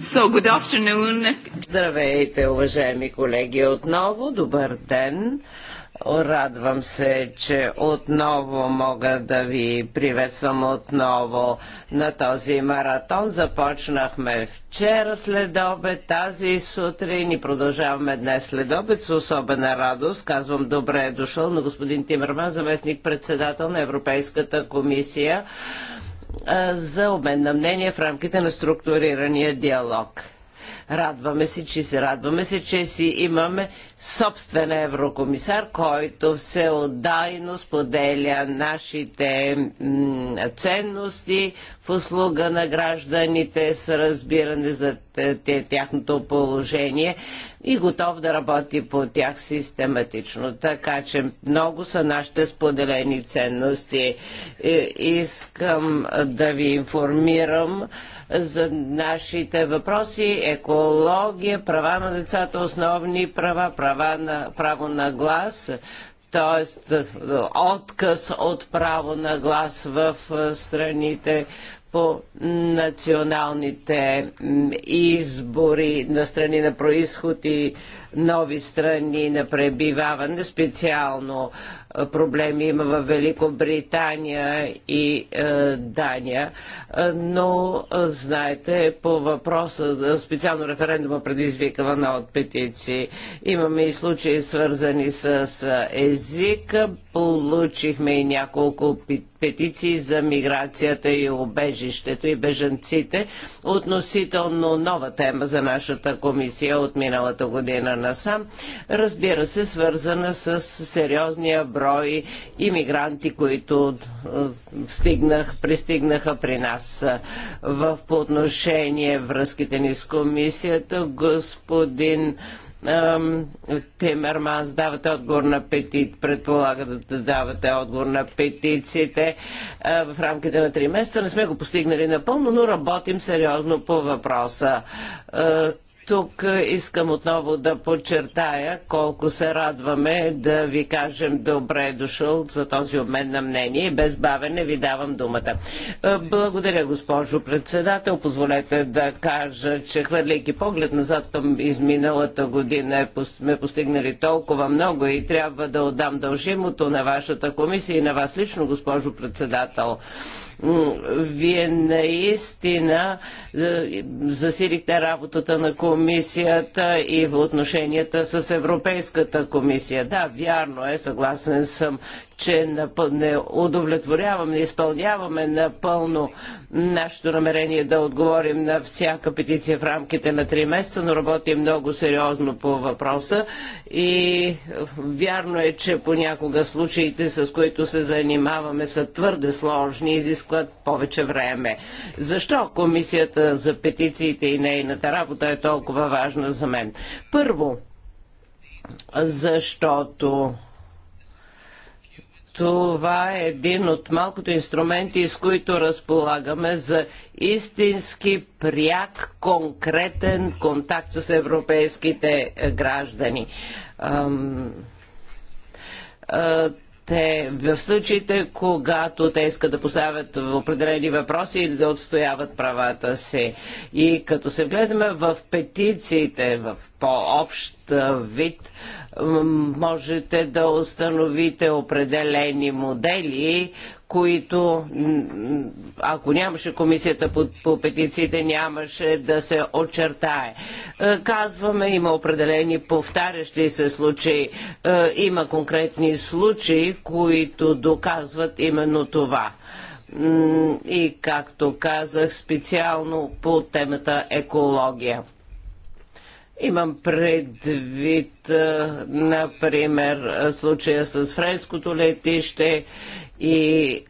So, good afternoon. Здравейте, уважаеми колеги, отново. Добър ден. Радвам се, че отново мога да ви приветствам отново на този маратон. Започнахме вчера след обед, тази сутрин и продължаваме днес след обед с особена радост. Казвам добре е дошъл на господин Тимерман, заместник председател на Европейската комисия за обмен на мнение в рамките на структурирания диалог. Радваме се, че се радваме се, че си имаме собствен еврокомисар, който отдайно споделя нашите ценности в услуга на гражданите с разбиране за е, тяхното положение и готов да работи по тях систематично. Така че много са нашите споделени ценности. Е, искам да ви информирам за нашите въпроси екология, права на децата, основни права, права на, право на глас, т.е. отказ от право на глас в е, страните, по националните избори на страни на происход и нови страни на пребиваване. Специално проблеми има в Великобритания и Дания, но знаете по въпроса, специално референдума предизвикавана от петиции. Имаме и случаи свързани с езика. Получихме и няколко петиции за миграцията и обежището и бежанците. Относително нова тема за нашата комисия от миналата година насам, разбира се, свързана с сериозния брой иммигранти, които е, стигнах, пристигнаха при нас. В по отношение връзките ни с комисията, господин Тимерманс, давате отговор на петит, предполага да давате отговор на петициите е, в рамките на 3 месеца. Не сме го постигнали напълно, но работим сериозно по въпроса. Е, тук е, искам отново да подчертая колко се радваме да ви кажем добре дошъл за този обмен на мнение. Без бавене ви давам думата. Е, благодаря, госпожо председател. Позволете да кажа, че хвърляйки поглед назад към изминалата година е сме постигнали толкова много и трябва да отдам дължимото на вашата комисия и на вас лично, госпожо председател. Вие наистина е, засилихте работата на комисията и в отношенията с Европейската комисия. Да, вярно е, съгласен съм, че не удовлетворяваме, не изпълняваме напълно нашето намерение да отговорим на всяка петиция в рамките на 3 месеца, но работим много сериозно по въпроса и е, вярно е, че понякога случаите, с които се занимаваме, са твърде сложни и изискват повече време. Защо Комисията за петициите и нейната работа е толкова важна за мен? Първо, защото това е един от малкото инструменти, с които разполагаме за истински пряк, конкретен контакт с европейските граждани. те, в случаите, когато те искат да поставят определени въпроси или да отстояват правата си. И като се гледаме в петициите, в по-общ вид можете да установите определени модели, които ако нямаше комисията по, по петициите, нямаше да се очертае. Казваме, има определени повтарящи се случаи, има конкретни случаи, които доказват именно това и както казах специално по темата екология. Имам предвид, например, случая с френското летище и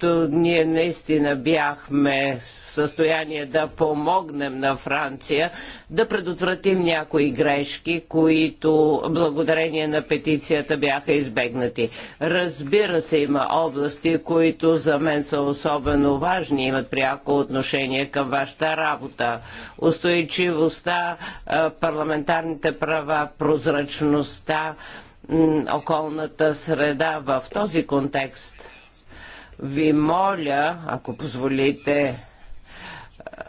то ние наистина бяхме състояние да помогнем на Франция да предотвратим някои грешки, които благодарение на петицията бяха избегнати. Разбира се, има области, които за мен са особено важни, имат пряко отношение към вашата работа. Устойчивостта, парламентарните права, прозрачността, околната среда в този контекст. Ви моля, ако позволите,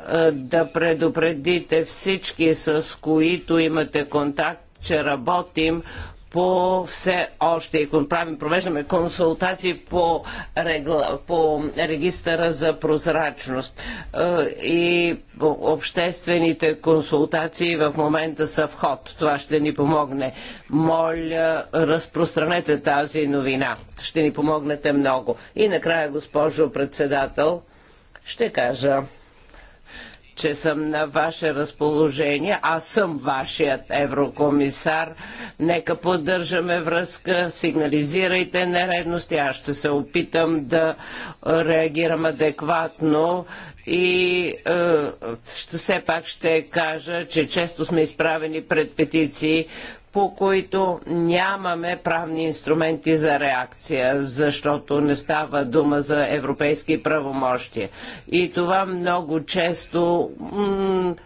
е, да предупредите всички, с които имате контакт, че работим по все още и правим, провеждаме консултации по, регла, по регистъра за прозрачност. Е, и обществените консултации в момента са в ход. Това ще ни помогне. Моля, разпространете тази новина. Ще ни помогнете много. И накрая, госпожо председател, ще кажа че съм на ваше разположение. Аз съм вашият еврокомисар. Нека поддържаме връзка, сигнализирайте нередности. Аз ще се опитам да реагирам адекватно и е, ще, все пак ще кажа, че често сме изправени пред петиции, по които нямаме правни инструменти за реакция, защото не става дума за европейски правомощия. И това много често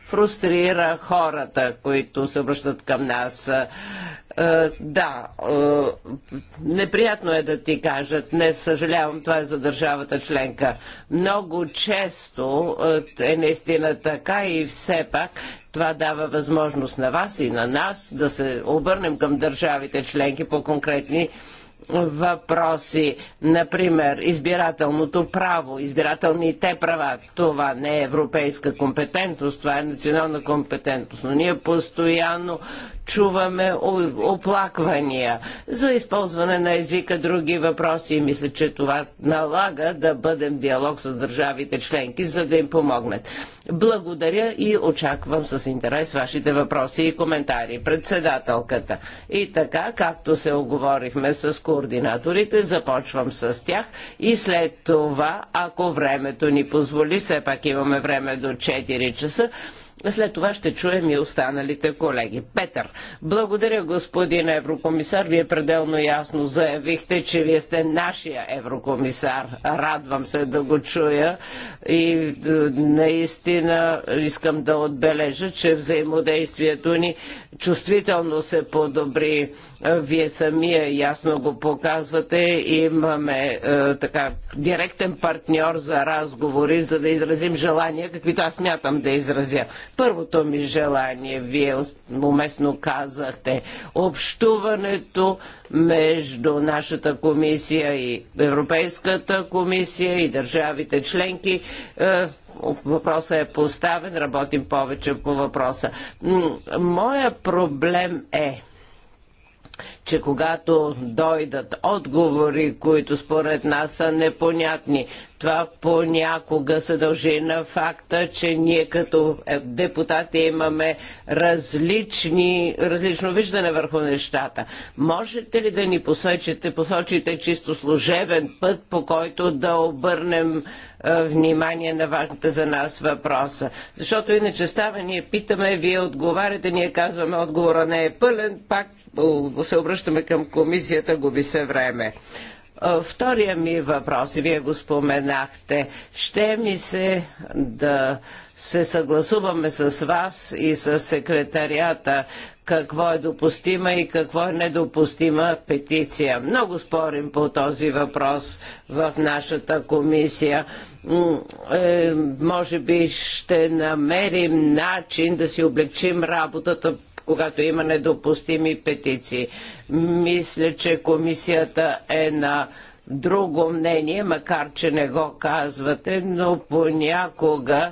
фрустрира хората, които се обръщат към нас. Е, да, е, неприятно е да ти кажат, не съжалявам, това е за държавата членка. Много често е, е наистина така и все пак това дава възможност на вас и на нас да се обърнем към държавите членки по конкретни въпроси, например избирателното право, избирателните права. Това не е европейска компетентност, това е национална компетентност, но ние постоянно чуваме оплаквания за използване на езика, други въпроси и мисля, че това налага да бъдем в диалог с държавите членки, за да им помогнат. Благодаря и очаквам с интерес вашите въпроси и коментари. Председателката. И така, както се оговорихме с координаторите, започвам с тях и след това, ако времето ни позволи, все пак имаме време до 4 часа, след това ще чуем и останалите колеги. Петър, благодаря господин еврокомисар. Вие пределно ясно заявихте, че вие сте нашия еврокомисар. Радвам се да го чуя и е, наистина искам да отбележа, че взаимодействието ни чувствително се подобри. Вие самия ясно го показвате. Имаме е, така директен партньор за разговори, за да изразим желания, каквито аз мятам да изразя първото ми желание. Вие уместно казахте общуването между нашата комисия и Европейската комисия и държавите членки е, въпросът е поставен, работим повече по въпроса. Моя проблем е, че когато дойдат отговори, които според нас са непонятни, това понякога се дължи на факта, че ние като депутати имаме различни, различно виждане върху нещата. Можете ли да ни посочите, посочите чисто служебен път, по който да обърнем е, внимание на важните за нас въпроса? Защото иначе става, ние питаме, вие отговаряте, ние казваме, отговора не е пълен, пак се обръщаме обръщаме към комисията, губи се време. Втория ми въпрос, и вие го споменахте, ще ми се да се съгласуваме с вас и с секретарията какво е допустима и какво е недопустима петиция. Много спорим по този въпрос в нашата комисия. Е, може би ще намерим начин да си облегчим работата когато има недопустими петиции. Мисля, че комисията е на друго мнение, макар че не го казвате, но понякога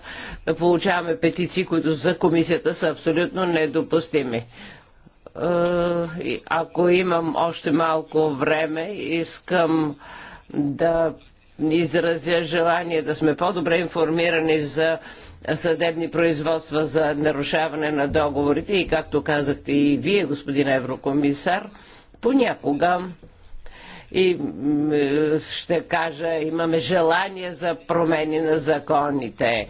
получаваме петиции, които за комисията са абсолютно недопустими е, ако имам още малко време, искам да изразя желание да сме по-добре информирани за съдебни производства за нарушаване на договорите и както казахте и вие, господин еврокомисар, понякога и е, ще кажа, имаме желание за промени на законите е,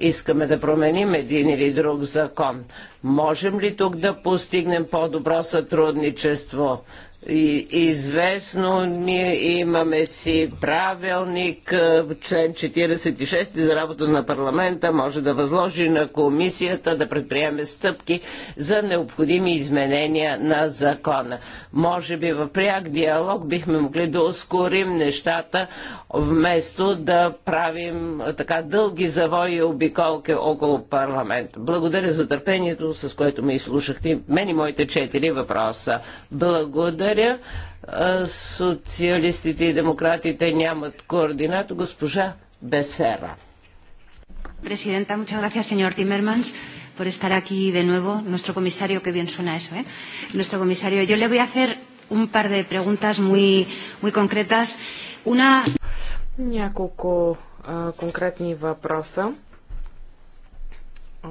искаме да променим един или друг закон. Можем ли тук да постигнем по-добро сътрудничество? И, известно, ние имаме си правилник, член 46 за работа на парламента може да възложи на комисията да предприеме стъпки за необходими изменения на закона. Може би в пряк диалог бихме могли да ускорим нещата, вместо да правим така дълги завои и обиколки около парламента. Благодаря за търпението, с което ме изслушахте. Мен и моите четири въпроса. Благодаря благодаря. Социалистите и демократите нямат координат. Госпожа Бесера. Presidenta, muchas gracias, señor Timmermans, por estar aquí de nuevo. Nuestro comisario, qué bien suena eso, ¿eh? Nuestro comisario. Yo le voy a hacer un par de preguntas muy, muy concretas. Una... Няколко а, конкретни въпроса. А,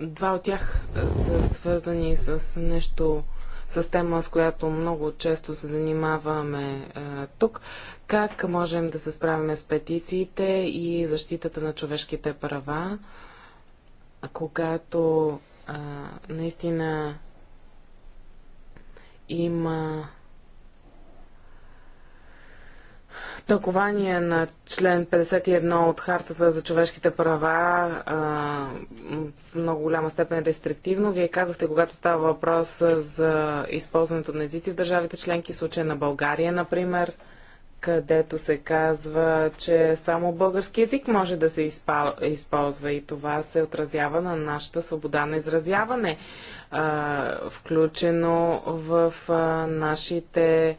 два от тях са свързани с нещо с тема, с която много често се занимаваме а, тук. Как можем да се справим с петициите и защитата на човешките права, когато а, наистина има тълкование на член 51 от Хартата за човешките права в много голяма степен е рестриктивно. Вие казахте, когато става въпрос за използването на езици в държавите членки, случай на България, например, където се казва, че само български язик може да се използва и това се отразява на нашата свобода на изразяване, включено в нашите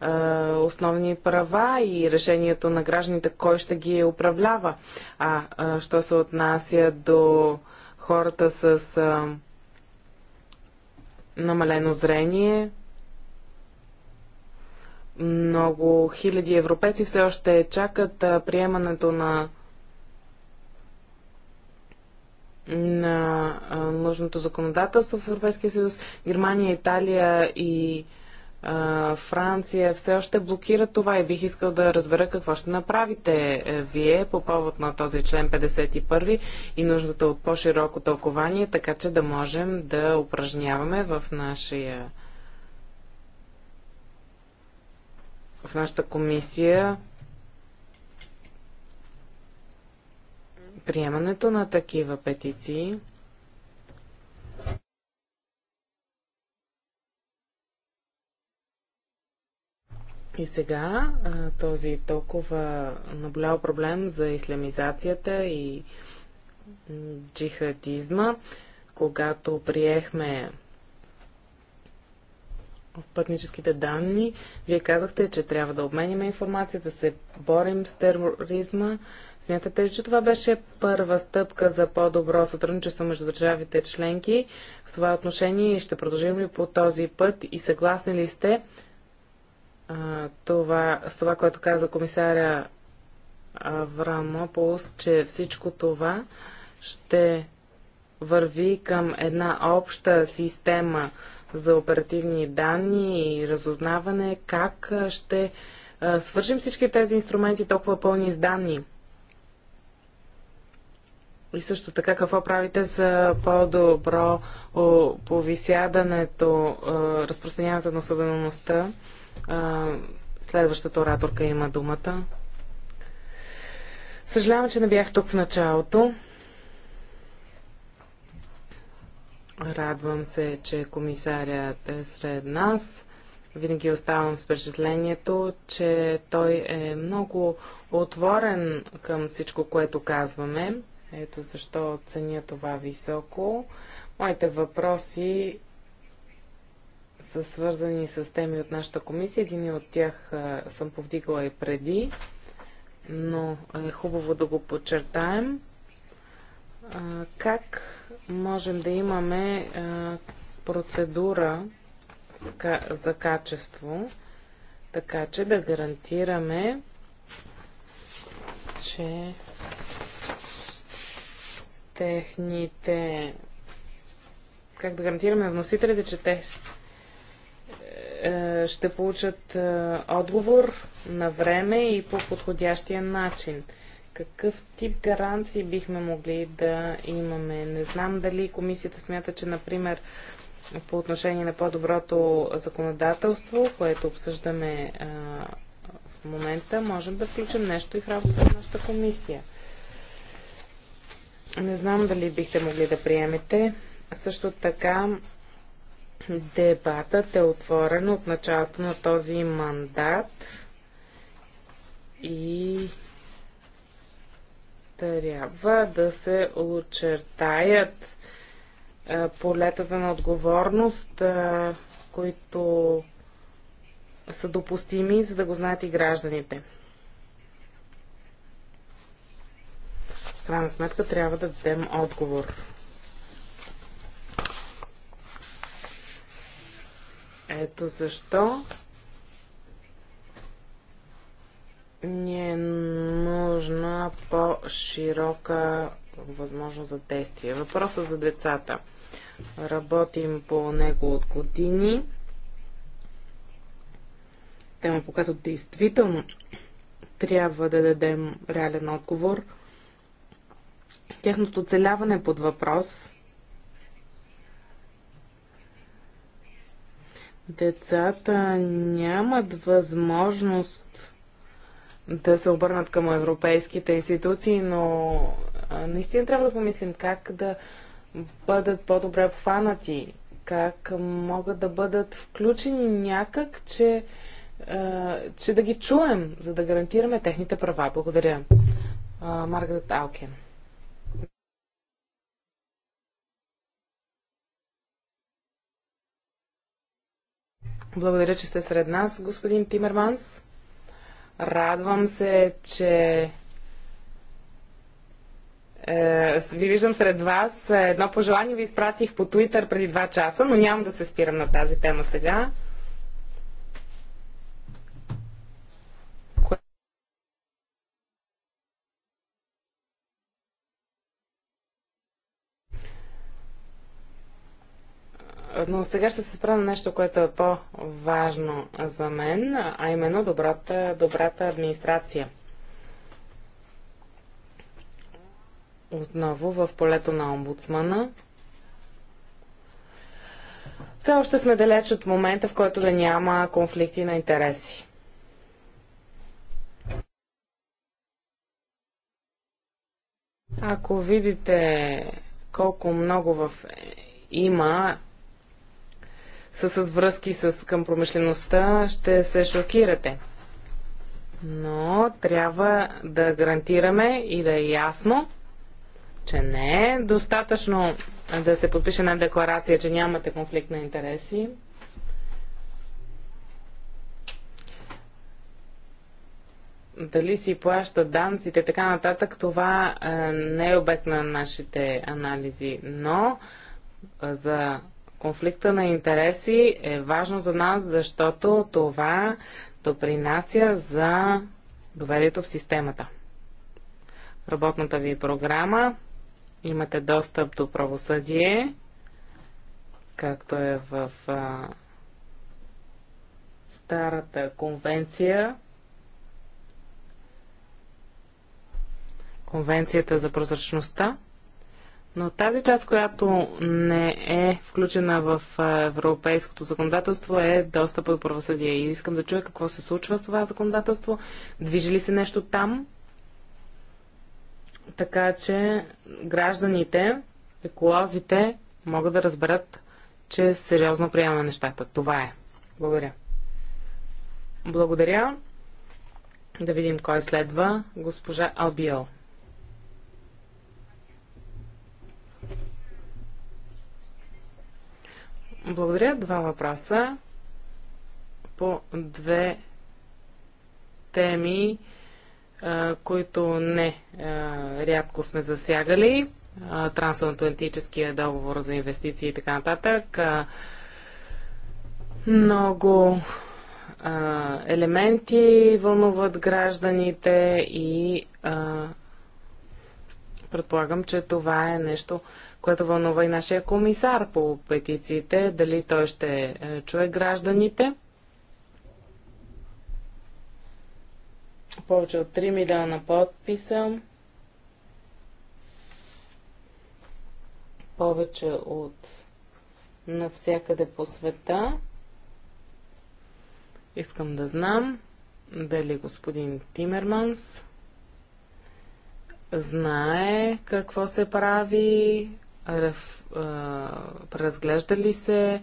основни права и решението на гражданите кой ще ги управлява. А що се отнася до хората с намалено зрение, много хиляди европейци все още чакат приемането на на нужното законодателство в Европейския съюз. Германия, Италия и Франция все още блокира това и бих искал да разбера какво ще направите е, вие по повод на този член 51 и нуждата от по-широко тълкование, така че да можем да упражняваме в нашия в нашата комисия приемането на такива петиции. И сега този толкова наболял проблем за ислямизацията и джихадизма, когато приехме пътническите данни, вие казахте, че трябва да обменяме информация, да се борим с тероризма. Смятате ли, че това беше първа стъпка за по-добро сътрудничество между държавите членки в това отношение и ще продължим ли по този път и съгласни ли сте а, това, с това, което каза комисаря Аврамополос, че всичко това ще върви към една обща система за оперативни данни и разузнаване, как ще а, свържим всички тези инструменти толкова пълни с данни. И също така, какво правите за по-добро повисядането, разпространяването на особеността Следващата ораторка има думата. Съжалявам, че не бях тук в началото. Радвам се, че комисарят е сред нас. Винаги оставам с впечатлението, че той е много отворен към всичко, което казваме. Ето защо ценя това високо. Моите въпроси са свързани с теми от нашата комисия. Един от тях а, съм повдигала и преди, но е хубаво да го подчертаем. А, как можем да имаме а, процедура за качество, така че да гарантираме, че техните. Как да гарантираме вносителите, че те е, ще получат е, отговор на време и по подходящия начин. Какъв тип гаранции бихме могли да имаме? Не знам дали комисията смята, че, например, по отношение на по-доброто законодателство, което обсъждаме е, в момента, можем да включим нещо и в работа на нашата комисия. Не знам дали бихте могли да приемете. Също така Дебатът е отворен от началото на този мандат и трябва да се очертаят полетата на отговорност, които са допустими, за да го знаят и гражданите. В крайна сметка трябва да дадем отговор. Ето защо ни е нужна по-широка възможност за действие. Въпроса за децата. Работим по него от години. Тема, по която действително трябва да дадем реален отговор. Тяхното оцеляване е под въпрос Децата нямат възможност да се обърнат към европейските институции, но наистина трябва да помислим как да бъдат по-добре обхванати, как могат да бъдат включени някак, че, че да ги чуем, за да гарантираме техните права. Благодаря. Маргарет Алкен. Благодаря, че сте сред нас, господин Тимерманс. Радвам се, че е, ви виждам сред вас. Едно пожелание ви изпратих по Twitter преди два часа, но нямам да се спирам на тази тема сега. но сега ще се спра на нещо, което е по-важно за мен, а именно добрата, добрата администрация. Отново в полето на омбудсмана. Все още сме далеч от момента, в който да няма конфликти на интереси. Ако видите колко много в има са с връзки с, към промишлеността, ще се шокирате. Но трябва да гарантираме и да е ясно, че не е достатъчно да се подпише една декларация, че нямате конфликт на интереси. Дали си плаща данците, така нататък, това е, не е обект на нашите анализи. Но за конфликта на интереси е важно за нас, защото това допринася за доверието в системата. В работната ви програма имате достъп до правосъдие, както е в а, старата конвенция. Конвенцията за прозрачността но тази част, която не е включена в европейското законодателство, е доста до правосъдие. И искам да чуя какво се случва с това законодателство. Движи ли се нещо там? Така че гражданите, еколозите могат да разберат, че сериозно приемаме нещата. Това е. Благодаря. Благодаря. Да видим кой следва. Госпожа Албиел. Благодаря. Два въпроса по две теми, които не рядко сме засягали. Трансатлантическия договор за инвестиции и така нататък. Много елементи вълнуват гражданите и Предполагам, че това е нещо, което вълнува и нашия комисар по петициите, дали той ще е, чуе гражданите. Повече от 3 милиона подписа. Повече от навсякъде по света. Искам да знам дали господин Тимерманс знае какво се прави, разглежда ли се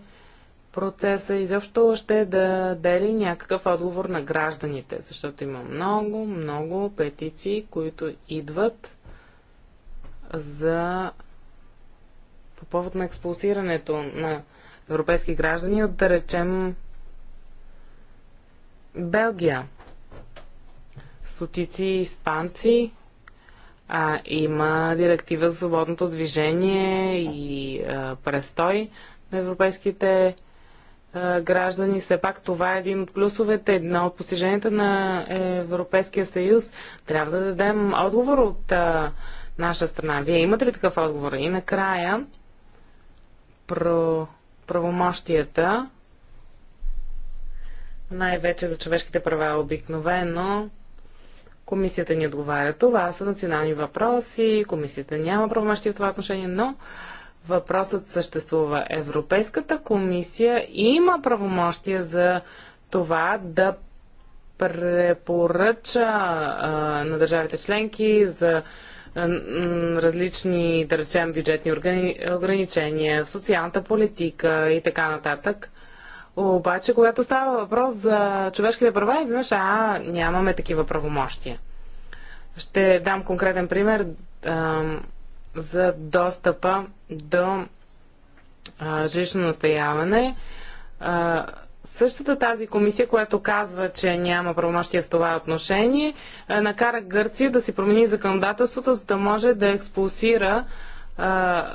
процеса, и защо ще да дели някакъв отговор на гражданите, защото има много, много петиции, които идват за по повод на експулсирането на европейски граждани от, да речем, Белгия. Стотици испанци а, има директива за свободното движение и а, престой на европейските а, граждани. Все пак това е един от плюсовете, едно от постиженията на Европейския съюз. Трябва да дадем отговор от а, наша страна. Вие имате ли такъв отговор? И накрая, про правомощията, най-вече за човешките права обикновено, Комисията ни отговаря. Това са национални въпроси, комисията няма правомащи в това отношение, но въпросът съществува. Европейската комисия има правомощия за това да препоръча а, на държавите членки за а, различни, да речем, бюджетни органи... ограничения социалната политика и така нататък. Обаче, когато става въпрос за човешките права, изведнъж, а, нямаме такива правомощия. Ще дам конкретен пример а, за достъпа до а, жилищно настояване. А, същата тази комисия, която казва, че няма правомощия в това отношение, накара Гърция да си промени законодателството, за да може да експулсира а,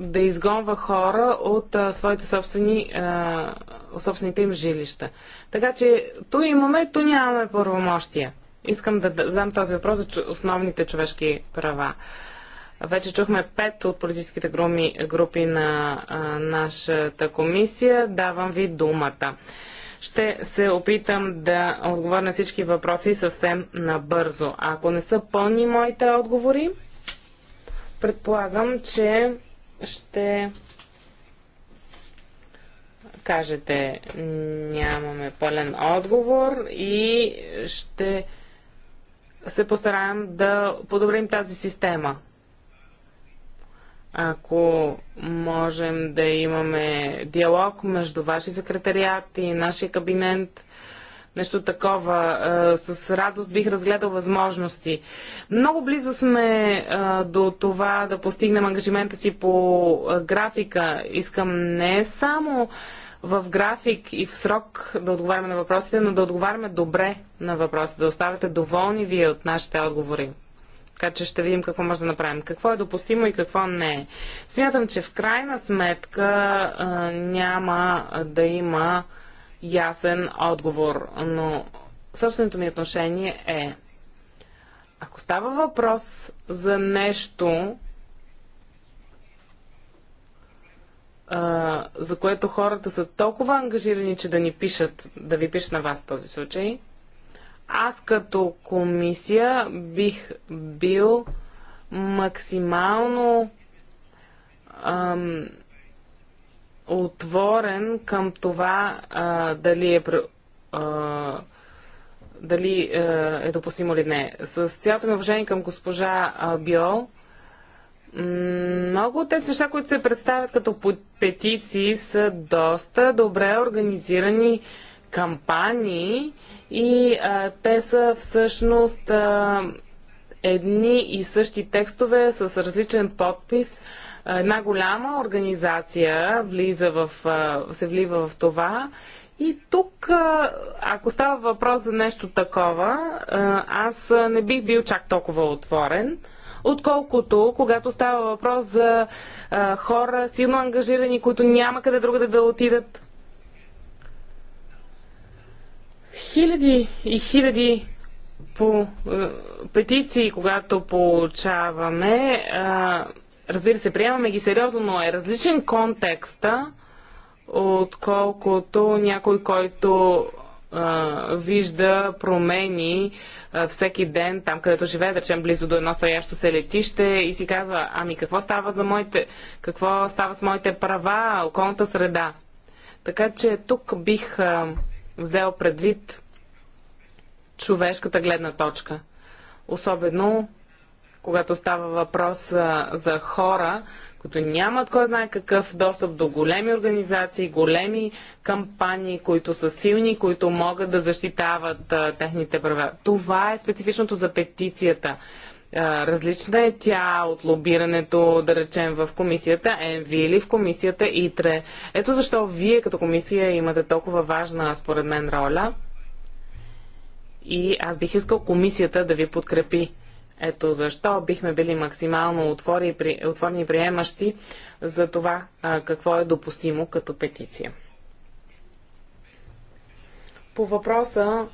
да изгонва хора от а, своите собствени, а, собствените им жилища. Така че то имаме, ту нямаме първомощия. Искам да, да задам този въпрос за основните човешки права. Вече чухме пет от политическите групи, групи на а, нашата комисия. Давам ви думата. Ще се опитам да отговоря на всички въпроси съвсем набързо. Ако не са пълни моите отговори, предполагам, че ще кажете нямаме пълен отговор и ще се постараем да подобрим тази система. Ако можем да имаме диалог между вашия секретариат и нашия кабинет, нещо такова. А, с радост бих разгледал възможности. Много близо сме а, до това да постигнем ангажимента си по а, графика. Искам не само в график и в срок да отговаряме на въпросите, но да отговаряме добре на въпросите, да оставате доволни вие от нашите отговори. Така че ще видим какво може да направим. Какво е допустимо и какво не е. Смятам, че в крайна сметка а, няма да има ясен отговор, но собственото ми отношение е, ако става въпрос за нещо, а, за което хората са толкова ангажирани, че да ни пишат, да ви пишат на вас в този случай, аз като комисия бих бил максимално отворен към това а, дали е. А, дали е допустимо или не. С цялото ми уважение към госпожа Биол, много от тези неща, които се представят като петиции, са доста добре организирани кампании и а, те са всъщност а, едни и същи текстове с различен подпис. Една голяма организация влиза в, се влива в това. И тук, ако става въпрос за нещо такова, аз не бих бил чак толкова отворен отколкото когато става въпрос за а, хора силно ангажирани, които няма къде другаде да отидат. Хиляди и хиляди по е, петиции, когато получаваме, е, разбира се, приемаме ги сериозно, но е различен контекста, отколкото някой, който е, вижда промени е, всеки ден, там където живее, да речем близо до едно стоящо се летище и си казва, ами какво става, за моите, какво става с моите права, околната среда. Така че тук бих е, взел предвид човешката гледна точка. Особено когато става въпрос а, за хора, които нямат кой знае какъв достъп до големи организации, големи кампании, които са силни, които могат да защитават а, техните права. Това е специфичното за петицията. А, различна е тя от лобирането, да речем, в комисията ЕНВИ или в комисията ИТРЕ. Ето защо вие като комисия имате толкова важна, според мен, роля и аз бих искал комисията да ви подкрепи. Ето защо бихме били максимално отвори, отворни и приемащи за това а, какво е допустимо като петиция. По въпроса,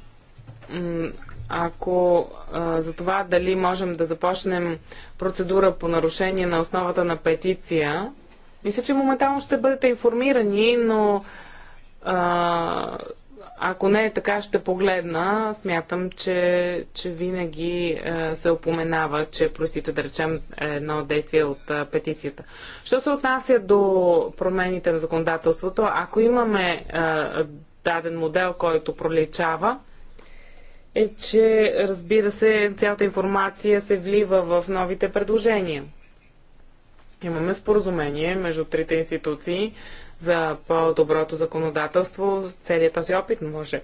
ако а, за това дали можем да започнем процедура по нарушение на основата на петиция, мисля, че моментално ще бъдете информирани, но а, ако не е така, ще погледна. Смятам, че, че винаги е, се опоменава, че проистича да речем е едно действие от е, петицията. Що се отнася до промените на законодателството, ако имаме даден модел, който проличава, е, че разбира се, цялата информация се влива в новите предложения. Имаме споразумение между трите институции за по-доброто законодателство. Целият този опит може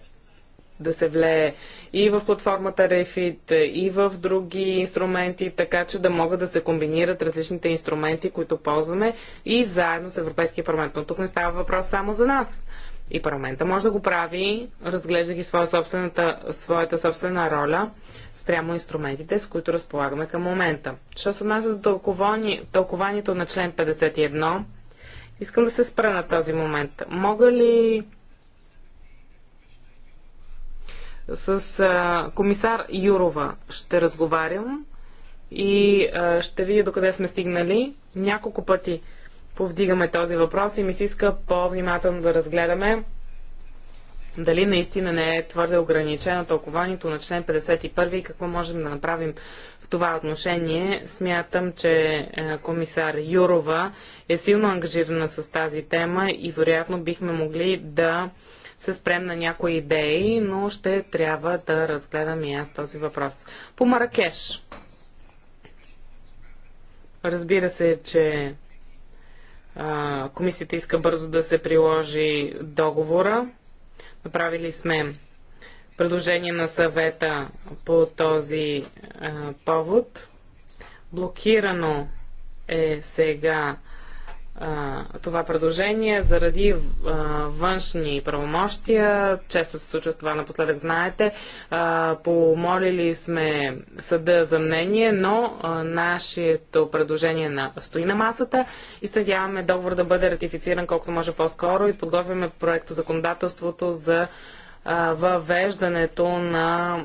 да се влее и в платформата Refit, и в други инструменти, така че да могат да се комбинират различните инструменти, които ползваме и заедно с Европейския парламент. Но тук не става въпрос само за нас. И парламента може да го прави, разглеждайки своя собствената, своята собствена роля спрямо инструментите, с които разполагаме към момента. Що се отнася до тълкованието на член 51, Искам да се спра на този момент. Мога ли с а, комисар Юрова ще разговарям и а, ще видя докъде сме стигнали. Няколко пъти повдигаме този въпрос и ми се иска по-внимателно да разгледаме дали наистина не е твърде ограничено тълкованието на член 51 и какво можем да направим в това отношение. Смятам, че е, комисар Юрова е силно ангажирана с тази тема и вероятно бихме могли да се спрем на някои идеи, но ще трябва да разгледам и аз този въпрос. По Маракеш. Разбира се, че а, комисията иска бързо да се приложи договора. Направили сме предложение на съвета по този а, повод. Блокирано е сега това предложение заради а, външни правомощия. Често се случва с това напоследък, знаете. А, помолили сме съда за мнение, но а, нашето предложение на, стои на масата и надяваме договор да бъде ратифициран колкото може по-скоро и подготвяме проекто законодателството за въвеждането на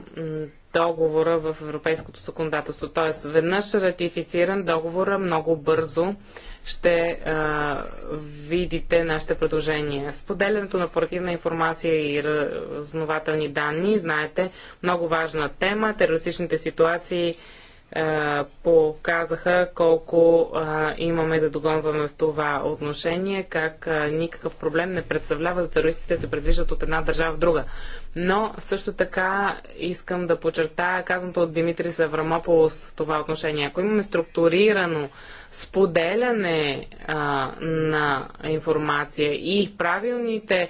договора в европейското законодателство. Т.е. веднъж ратифициран договора много бързо ще а, видите нашите предложения. Споделянето на оперативна информация и разнователни данни, знаете, много важна тема. Терористичните ситуации показаха колко а, имаме да догонваме в това отношение, как а, никакъв проблем не представлява за терористите се предвиждат от една държава в друга. Но също така искам да подчертая казаното от Димитри Саврамополос в това отношение. Ако имаме структурирано споделяне а, на информация и правилните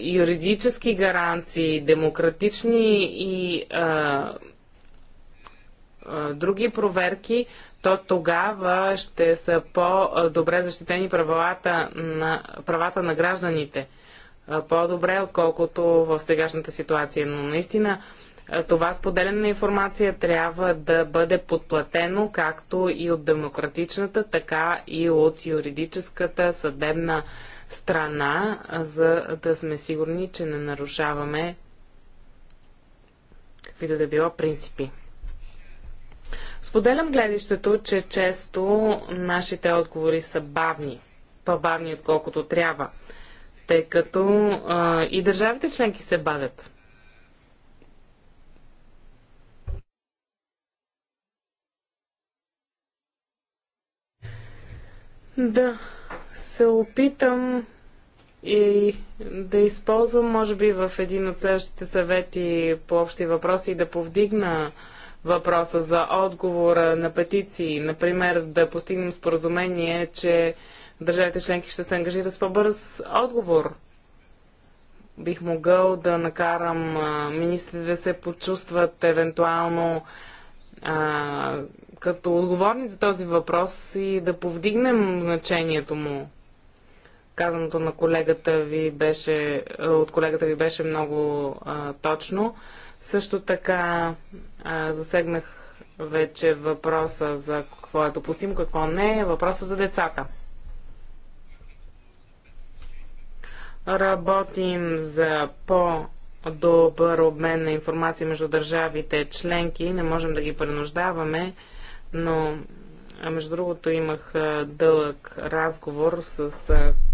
юридически гаранции, демократични и други проверки, то тогава ще са по-добре защитени правата на, правата на гражданите. По-добре, отколкото в сегашната ситуация. Но наистина това споделяне на информация трябва да бъде подплатено както и от демократичната, така и от юридическата съдебна страна, за да сме сигурни, че не нарушаваме какви да било принципи. Споделям гледището, че често нашите отговори са бавни, по-бавни отколкото трябва, тъй като а, и държавите членки се бавят. Да се опитам и да използвам, може би, в един от следващите съвети по общи въпроси и да повдигна въпроса за отговора на петиции, например да постигнем споразумение, че държавите членки ще се ангажират с по-бърз отговор. Бих могъл да накарам министрите да се почувстват евентуално а, като отговорни за този въпрос и да повдигнем значението му. Казаното на колегата ви беше, от колегата ви беше много а, точно. Също така а, засегнах вече въпроса за какво е допустимо, какво не е, въпроса за децата. Работим за по- добър обмен на информация между държавите членки. Не можем да ги принуждаваме, но между другото имах дълъг разговор с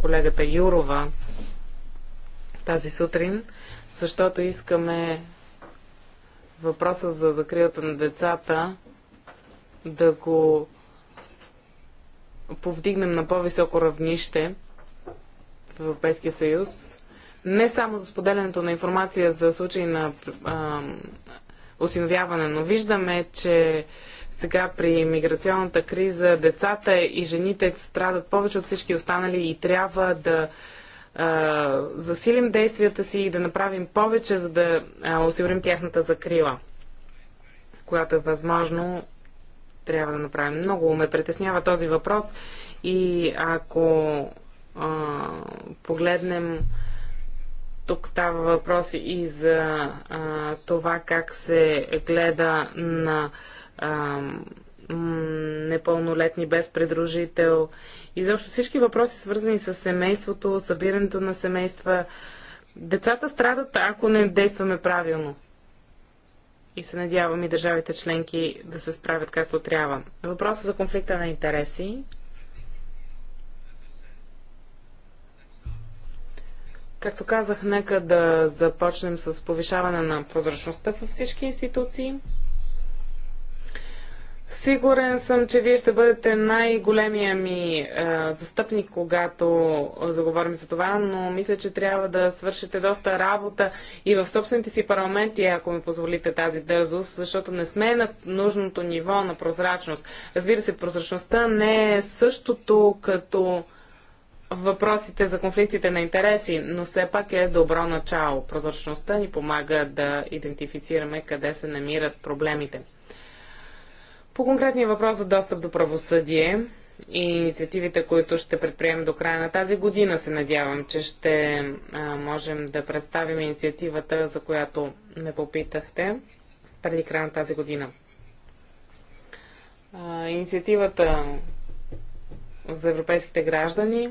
колегата Юрова тази сутрин, защото искаме въпроса за закрилата на децата да го повдигнем на по-високо равнище в Европейския съюз. Не само за споделянето на информация за случаи на осиновяване, но виждаме, че сега при миграционната криза децата и жените страдат повече от всички останали и трябва да засилим действията си и да направим повече, за да осигурим тяхната закрила, която е възможно трябва да направим. Много ме притеснява този въпрос и ако а, погледнем тук става въпрос и за а, това как се гледа на а, непълнолетни без предружител. И защо всички въпроси, свързани с семейството, събирането на семейства, децата страдат, ако не действаме правилно. И се надявам и държавите членки да се справят както трябва. Въпросът за конфликта на интереси. Както казах, нека да започнем с повишаване на прозрачността във всички институции. Сигурен съм, че вие ще бъдете най-големия ми а, е, застъпник, когато заговорим за това, но мисля, че трябва да свършите доста работа и в собствените си парламенти, ако ми позволите тази дързост, защото не сме на нужното ниво на прозрачност. Разбира се, прозрачността не е същото като въпросите за конфликтите на интереси, но все пак е добро начало. Прозрачността ни помага да идентифицираме къде се намират проблемите. По конкретния въпрос за достъп до правосъдие и инициативите, които ще предприемем до края на тази година, се надявам, че ще а, можем да представим инициативата, за която ме попитахте преди края на тази година. А, инициативата за европейските граждани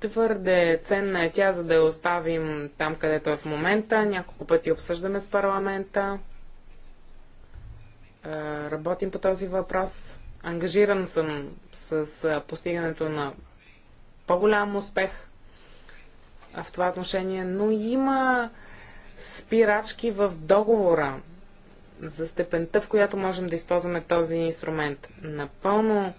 Твърде ценна е тя, за да я оставим там, където е в момента. Няколко пъти обсъждаме с парламента. Е, работим по този въпрос. Ангажиран съм с е, постигането на по-голям успех в това отношение, но има спирачки в договора за степента, в която можем да използваме този инструмент. Напълно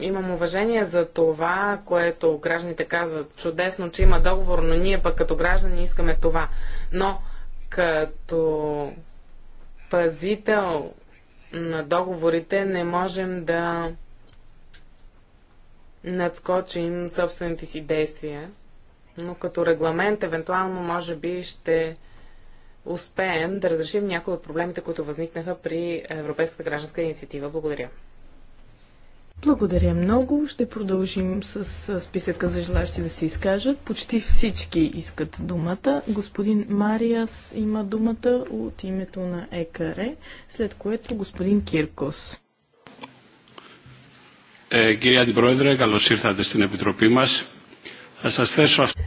имам уважение за това, което гражданите казват. Чудесно, че има договор, но ние пък като граждани искаме това. Но като пазител на договорите не можем да надскочим собствените си действия, но като регламент евентуално може би ще успеем да разрешим някои от проблемите, които възникнаха при Европейската гражданска инициатива. Благодаря. Благодаря много. Ще продължим с списъка за желащи да се изкажат. Почти всички искат думата. Господин Мариас има думата от името на ЕКАРЕ, след което господин Киркос. Е, κυρία Αντιπρόεδρε, καλώς ήρθατε στην Επιτροπή μας. Θα σας θέσω αυτό.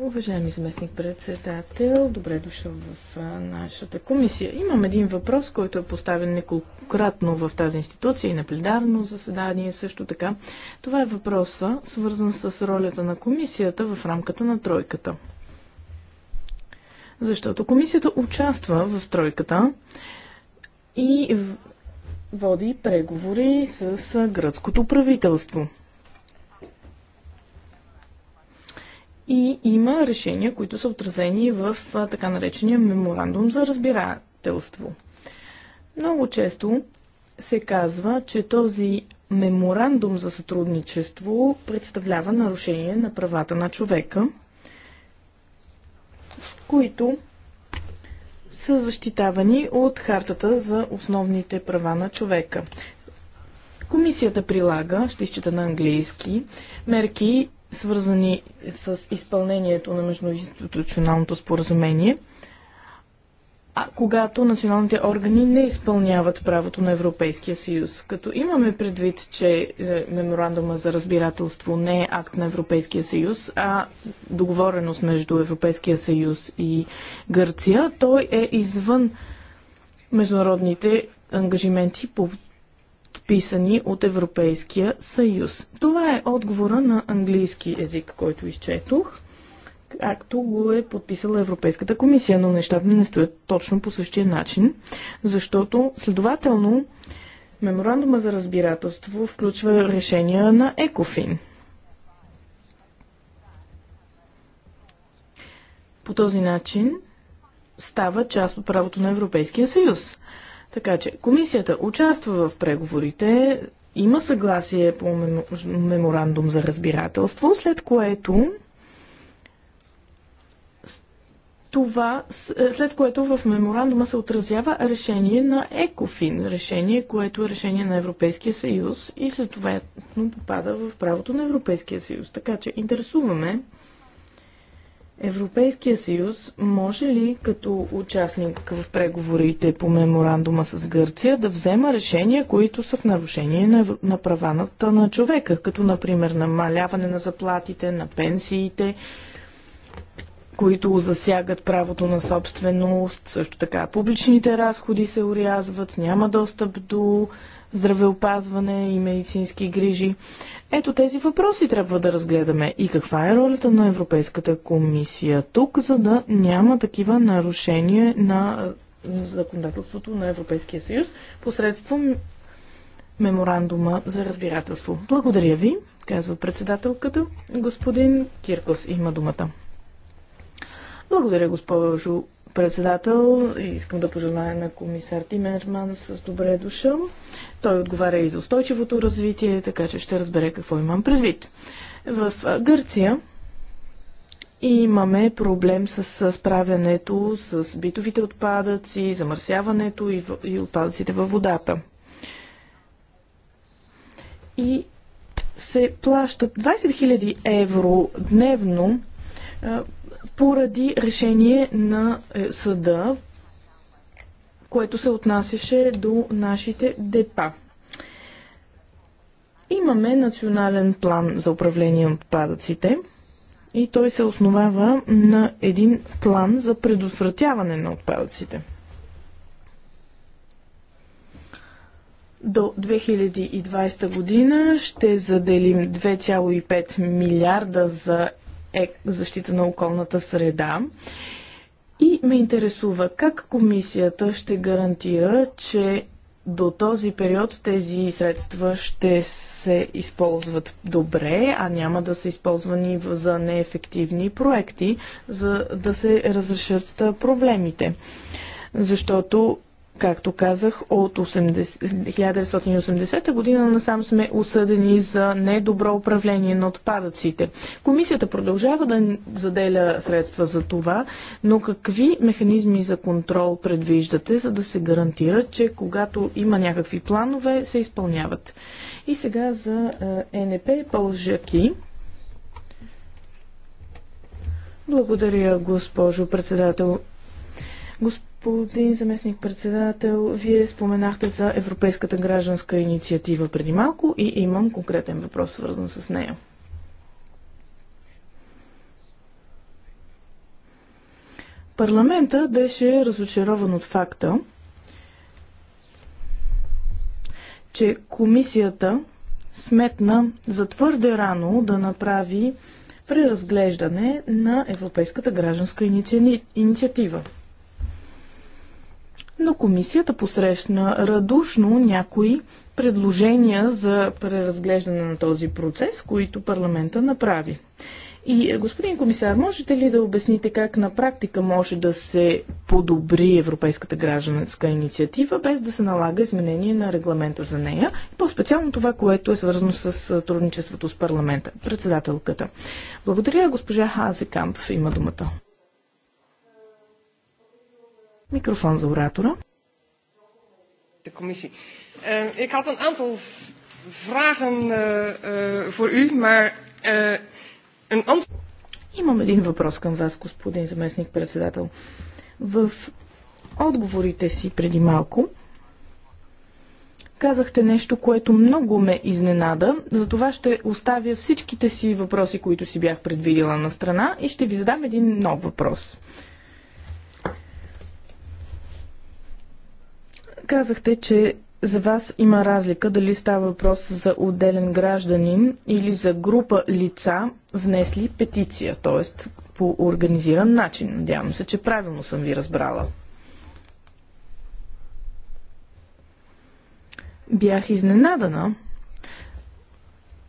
Уважаеми заместник председател, добре дошъл в нашата комисия. Имам един въпрос, който е поставен неколкократно в тази институция и на пледарно заседание също така. Това е въпроса, свързан с ролята на комисията в рамката на тройката. Защото комисията участва в тройката и води преговори с гръцкото правителство. и има решения, които са отразени в така наречения меморандум за разбирателство. Много често се казва, че този меморандум за сътрудничество представлява нарушение на правата на човека, които са защитавани от Хартата за основните права на човека. Комисията прилага, ще изчита на английски, мерки свързани с изпълнението на междуинституционалното споразумение, а когато националните органи не изпълняват правото на Европейския съюз. Като имаме предвид, че е, меморандума за разбирателство не е акт на Европейския съюз, а договореност между Европейския съюз и Гърция, той е извън международните ангажименти по вписани от Европейския съюз. Това е отговора на английски език, който изчетох, както го е подписала Европейската комисия, но нещата не стоят точно по същия начин, защото следователно меморандума за разбирателство включва решения на ЕКОФИН. По този начин става част от правото на Европейския съюз. Така че комисията участва в преговорите, има съгласие по меморандум за разбирателство, след което това, е, след което в меморандума се отразява решение на ЕКОФИН, решение, което е решение на Европейския съюз и след това попада в правото на Европейския съюз. Така че интересуваме Европейския съюз може ли като участник в преговорите по меморандума с Гърция да взема решения, които са в нарушение на, на праваната на човека, като например намаляване на заплатите, на пенсиите, които засягат правото на собственост, също така публичните разходи се урязват, няма достъп до здравеопазване и медицински грижи. Ето тези въпроси трябва да разгледаме и каква е ролята на Европейската комисия тук, за да няма такива нарушения на е, законодателството на Европейския съюз посредством меморандума за разбирателство. Благодаря ви, казва председателката. Господин Киркос има думата. Благодаря, госпожо председател. Искам да пожелая на комисар Тимерман с добре дошъл. Той отговаря и за устойчивото развитие, така че ще разбере какво имам предвид. В Гърция имаме проблем с справянето с битовите отпадъци, замърсяването и отпадъците във водата. И се плащат 20 000 евро дневно поради решение на е, съда, което се отнасяше до нашите депа. Имаме национален план за управление на отпадъците и той се основава на един план за предотвратяване на отпадъците. До 2020 година ще заделим 2,5 милиарда за е, защита на околната среда. И ме интересува как комисията ще гарантира, че до този период тези средства ще се използват добре, а няма да са използвани за неефективни проекти, за да се разрешат проблемите. Защото Както казах, от 80, 1980 година насам сме осъдени за недобро управление на отпадъците. Комисията продължава да заделя средства за това, но какви механизми за контрол предвиждате, за да се гарантира, че когато има някакви планове, се изпълняват? И сега за ЕНП Пължаки. Благодаря, госпожо председател. Госп господин заместник-председател, вие споменахте за Европейската гражданска инициатива преди малко и имам конкретен въпрос, свързан с нея. Парламента беше разочарован от факта, че комисията сметна за твърде рано да направи преразглеждане на Европейската гражданска инициатива но комисията посрещна радушно някои предложения за преразглеждане на този процес, които парламента направи. И, е, господин комисар, можете ли да обясните как на практика може да се подобри Европейската гражданска инициатива, без да се налага изменение на регламента за нея, и по-специално това, което е свързано с сътрудничеството с парламента, председателката? Благодаря, госпожа Хазекамп има думата. Микрофон за оратора. Ehm, ik had een aantal vragen eh, eh, voor u, maar eh, een antwoord. Имам един въпрос към вас, господин заместник председател. В отговорите си преди малко казахте нещо, което много ме изненада. Затова ще оставя всичките си въпроси, които си бях предвидила на страна и ще ви задам един нов въпрос. Казахте, че за вас има разлика дали става въпрос за отделен гражданин или за група лица, внесли петиция, т.е. по организиран начин. Надявам се, че правилно съм ви разбрала. Бях изненадана,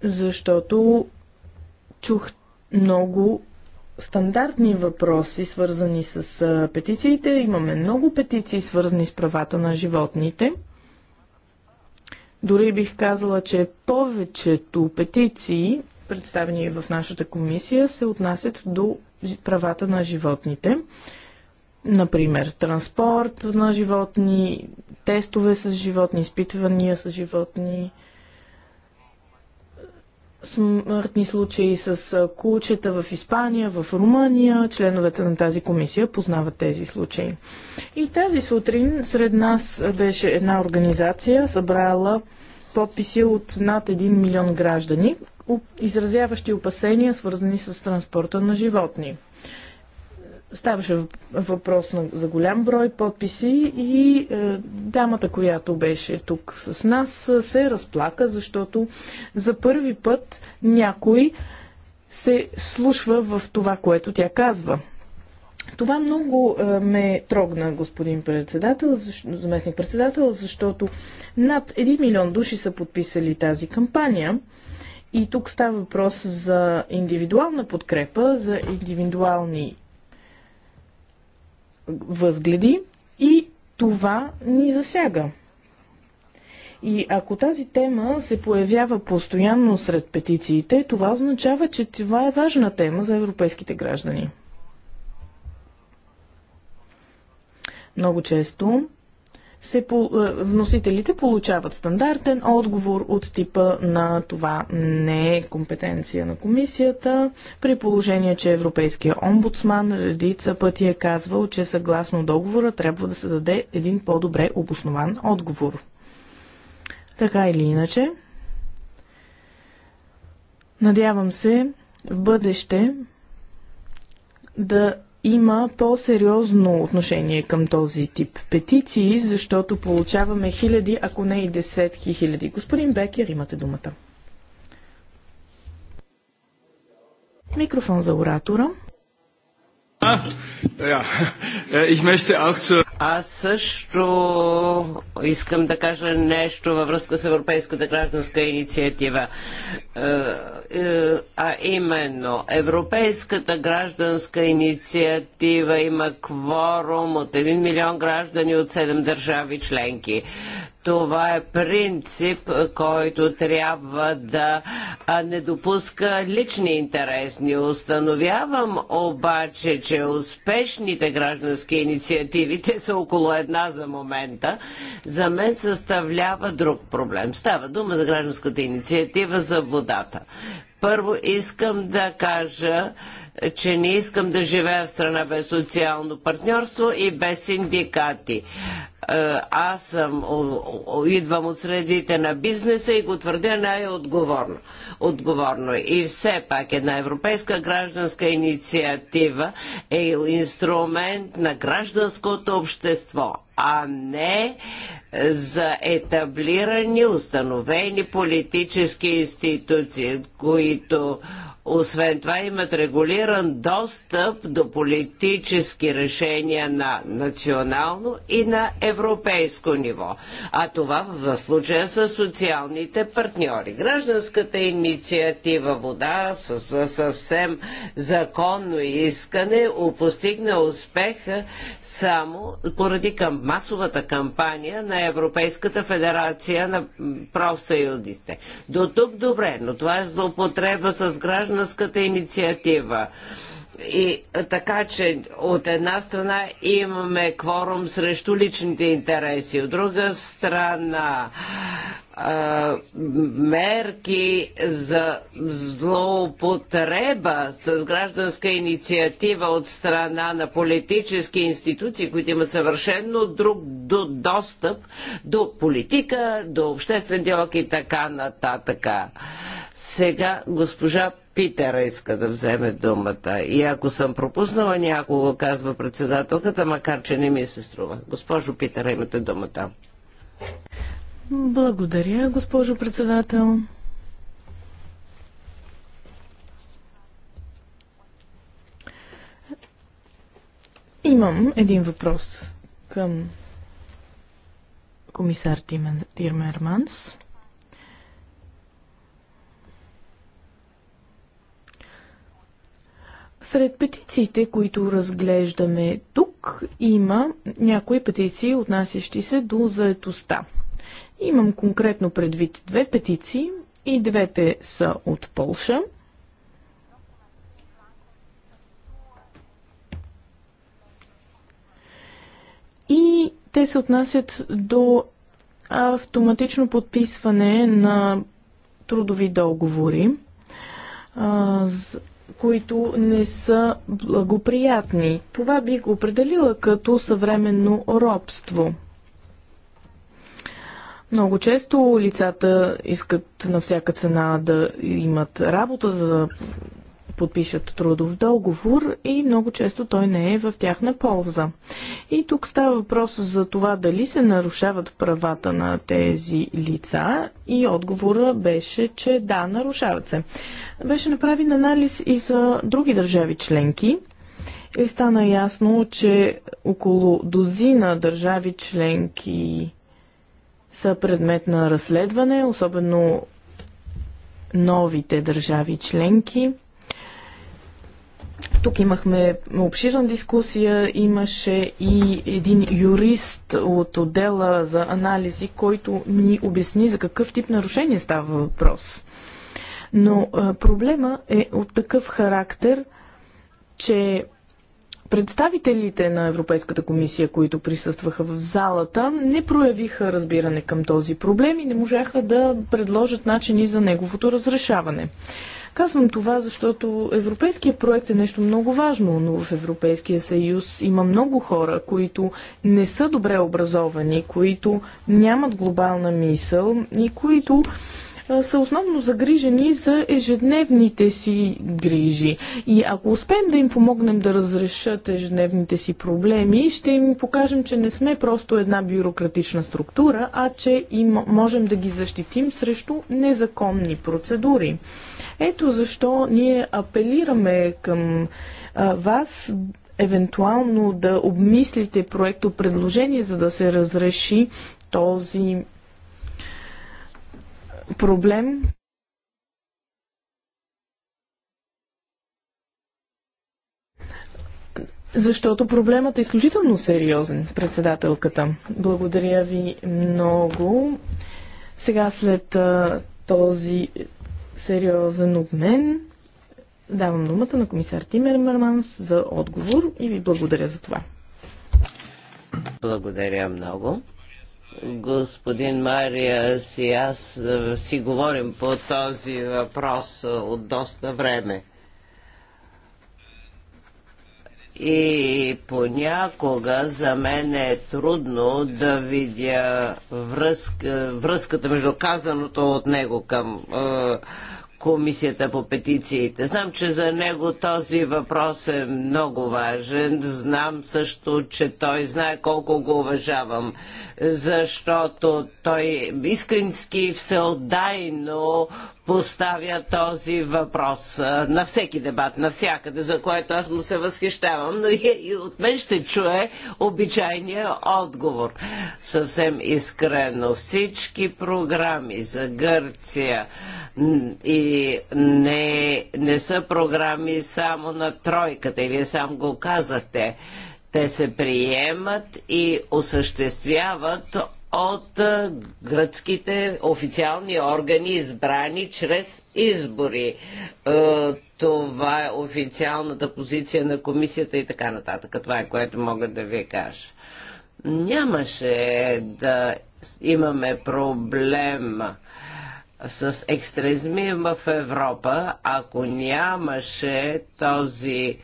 защото чух много стандартни въпроси, свързани с петициите. Имаме много петиции, свързани с правата на животните. Дори бих казала, че повечето петиции, представени в нашата комисия, се отнасят до правата на животните. Например, транспорт на животни, тестове с животни, изпитвания с животни, смъртни случаи с кучета в Испания, в Румъния. Членовете на тази комисия познават тези случаи. И тази сутрин сред нас беше една организация, събрала подписи от над 1 милион граждани, изразяващи опасения, свързани с транспорта на животни. Ставаше въпрос на, за голям брой подписи и е, дамата, която беше тук с нас, се разплака, защото за първи път някой се слушва в това, което тя казва. Това много е, ме трогна, господин председател, заместник председател, защото над 1 милион души са подписали тази кампания. И тук става въпрос за индивидуална подкрепа, за индивидуални възгледи и това ни засяга. И ако тази тема се появява постоянно сред петициите, това означава, че това е важна тема за европейските граждани. Много често се, е, вносителите получават стандартен отговор от типа на това не е компетенция на комисията, при положение, че Европейския омбудсман редица пъти е казвал, че съгласно договора трябва да се даде един по-добре обоснован отговор. Така или иначе, надявам се в бъдеще да има по-сериозно отношение към този тип петиции, защото получаваме хиляди, ако не и десетки хиляди. Господин Бекер, имате думата. Микрофон за оратора. А, ja, ich möchte auch zur аз също искам да кажа нещо във връзка с Европейската гражданска инициатива. Е, е, а именно, Европейската гражданска инициатива има кворум от 1 милион граждани от 7 държави членки. Това е принцип, който трябва да не допуска лични интересни. Установявам обаче, че успешните граждански инициативи, те са около една за момента, за мен съставлява друг проблем. Става дума за гражданската инициатива за водата. Първо искам да кажа, че не искам да живея в страна без социално партньорство и без синдикати. Е, аз съм, идвам от средите на бизнеса и го твърдя най-отговорно. Отговорно. И все пак една европейска гражданска инициатива е инструмент на гражданското общество, а не е, за етаблирани, установени политически институции, които освен това имат регулиран достъп до политически решения на национално и на европейско ниво. А това в случая са социалните партньори. Гражданската инициатива Вода с съвсем законно искане постигна успех само поради към масовата кампания на Европейската федерация на профсъюзите. До тук добре, но това е злоупотреба с граждан гражданската инициатива. И така че от една страна имаме кворум срещу личните интереси, от друга страна а, мерки за злоупотреба с гражданска инициатива от страна на политически институции, които имат съвършенно друг до достъп до политика, до обществен диалог и така нататък. Сега госпожа Питера иска да вземе думата. И ако съм пропуснала някого, казва председателката, макар че не ми се струва. Госпожо Питера, имате думата. Благодаря, госпожо председател. Имам един въпрос към комисар Тирмерманс. Сред петициите, които разглеждаме тук, има някои петиции, отнасящи се до заетостта. Имам конкретно предвид две петиции и двете са от Полша. И те се отнасят до автоматично подписване на трудови договори които не са благоприятни. Това би го определила като съвременно робство. Много често лицата искат на всяка цена да имат работа, да подпишат трудов договор и много често той не е в тяхна полза. И тук става въпрос за това дали се нарушават правата на тези лица и отговора беше, че да, нарушават се. Беше направен анализ и за други държави членки и стана ясно, че около дозина държави членки са предмет на разследване, особено новите държави членки. Тук имахме обширна дискусия, имаше и един юрист от отдела за анализи, който ни обясни за какъв тип нарушение става въпрос. Но а, проблема е от такъв характер, че Представителите на Европейската комисия, които присъстваха в залата, не проявиха разбиране към този проблем и не можаха да предложат начини за неговото разрешаване. Казвам това, защото европейският проект е нещо много важно, но в Европейския съюз има много хора, които не са добре образовани, които нямат глобална мисъл и които са основно загрижени за ежедневните си грижи. И ако успеем да им помогнем да разрешат ежедневните си проблеми, ще им покажем, че не сме просто една бюрократична структура, а че им можем да ги защитим срещу незаконни процедури. Ето защо ние апелираме към а, вас евентуално да обмислите проекто предложение, за да се разреши този проблем. Защото проблемът е изключително сериозен, председателката. Благодаря ви много. Сега след а, този сериозен обмен, давам думата на комисар Тимер Мерманс за отговор и ви благодаря за това. Благодаря много господин Мария си аз си говорим по този въпрос от доста време. И понякога за мен е трудно да видя връзка, връзката между казаното от него към е, Комисията по петициите. Знам, че за него този въпрос е много важен. Знам също, че той знае колко го уважавам, защото той искренски всеотдайно поставя този въпрос на всеки дебат, навсякъде, за което аз му се възхищавам, но и от мен ще чуе обичайния отговор. Съвсем искрено всички програми за Гърция и не, не са програми само на тройката, и вие сам го казахте те се приемат и осъществяват от гръцките официални органи, избрани чрез избори. Това е официалната позиция на комисията и така нататък. Това е което мога да ви кажа. Нямаше да имаме проблем с екстремизма в Европа, ако нямаше този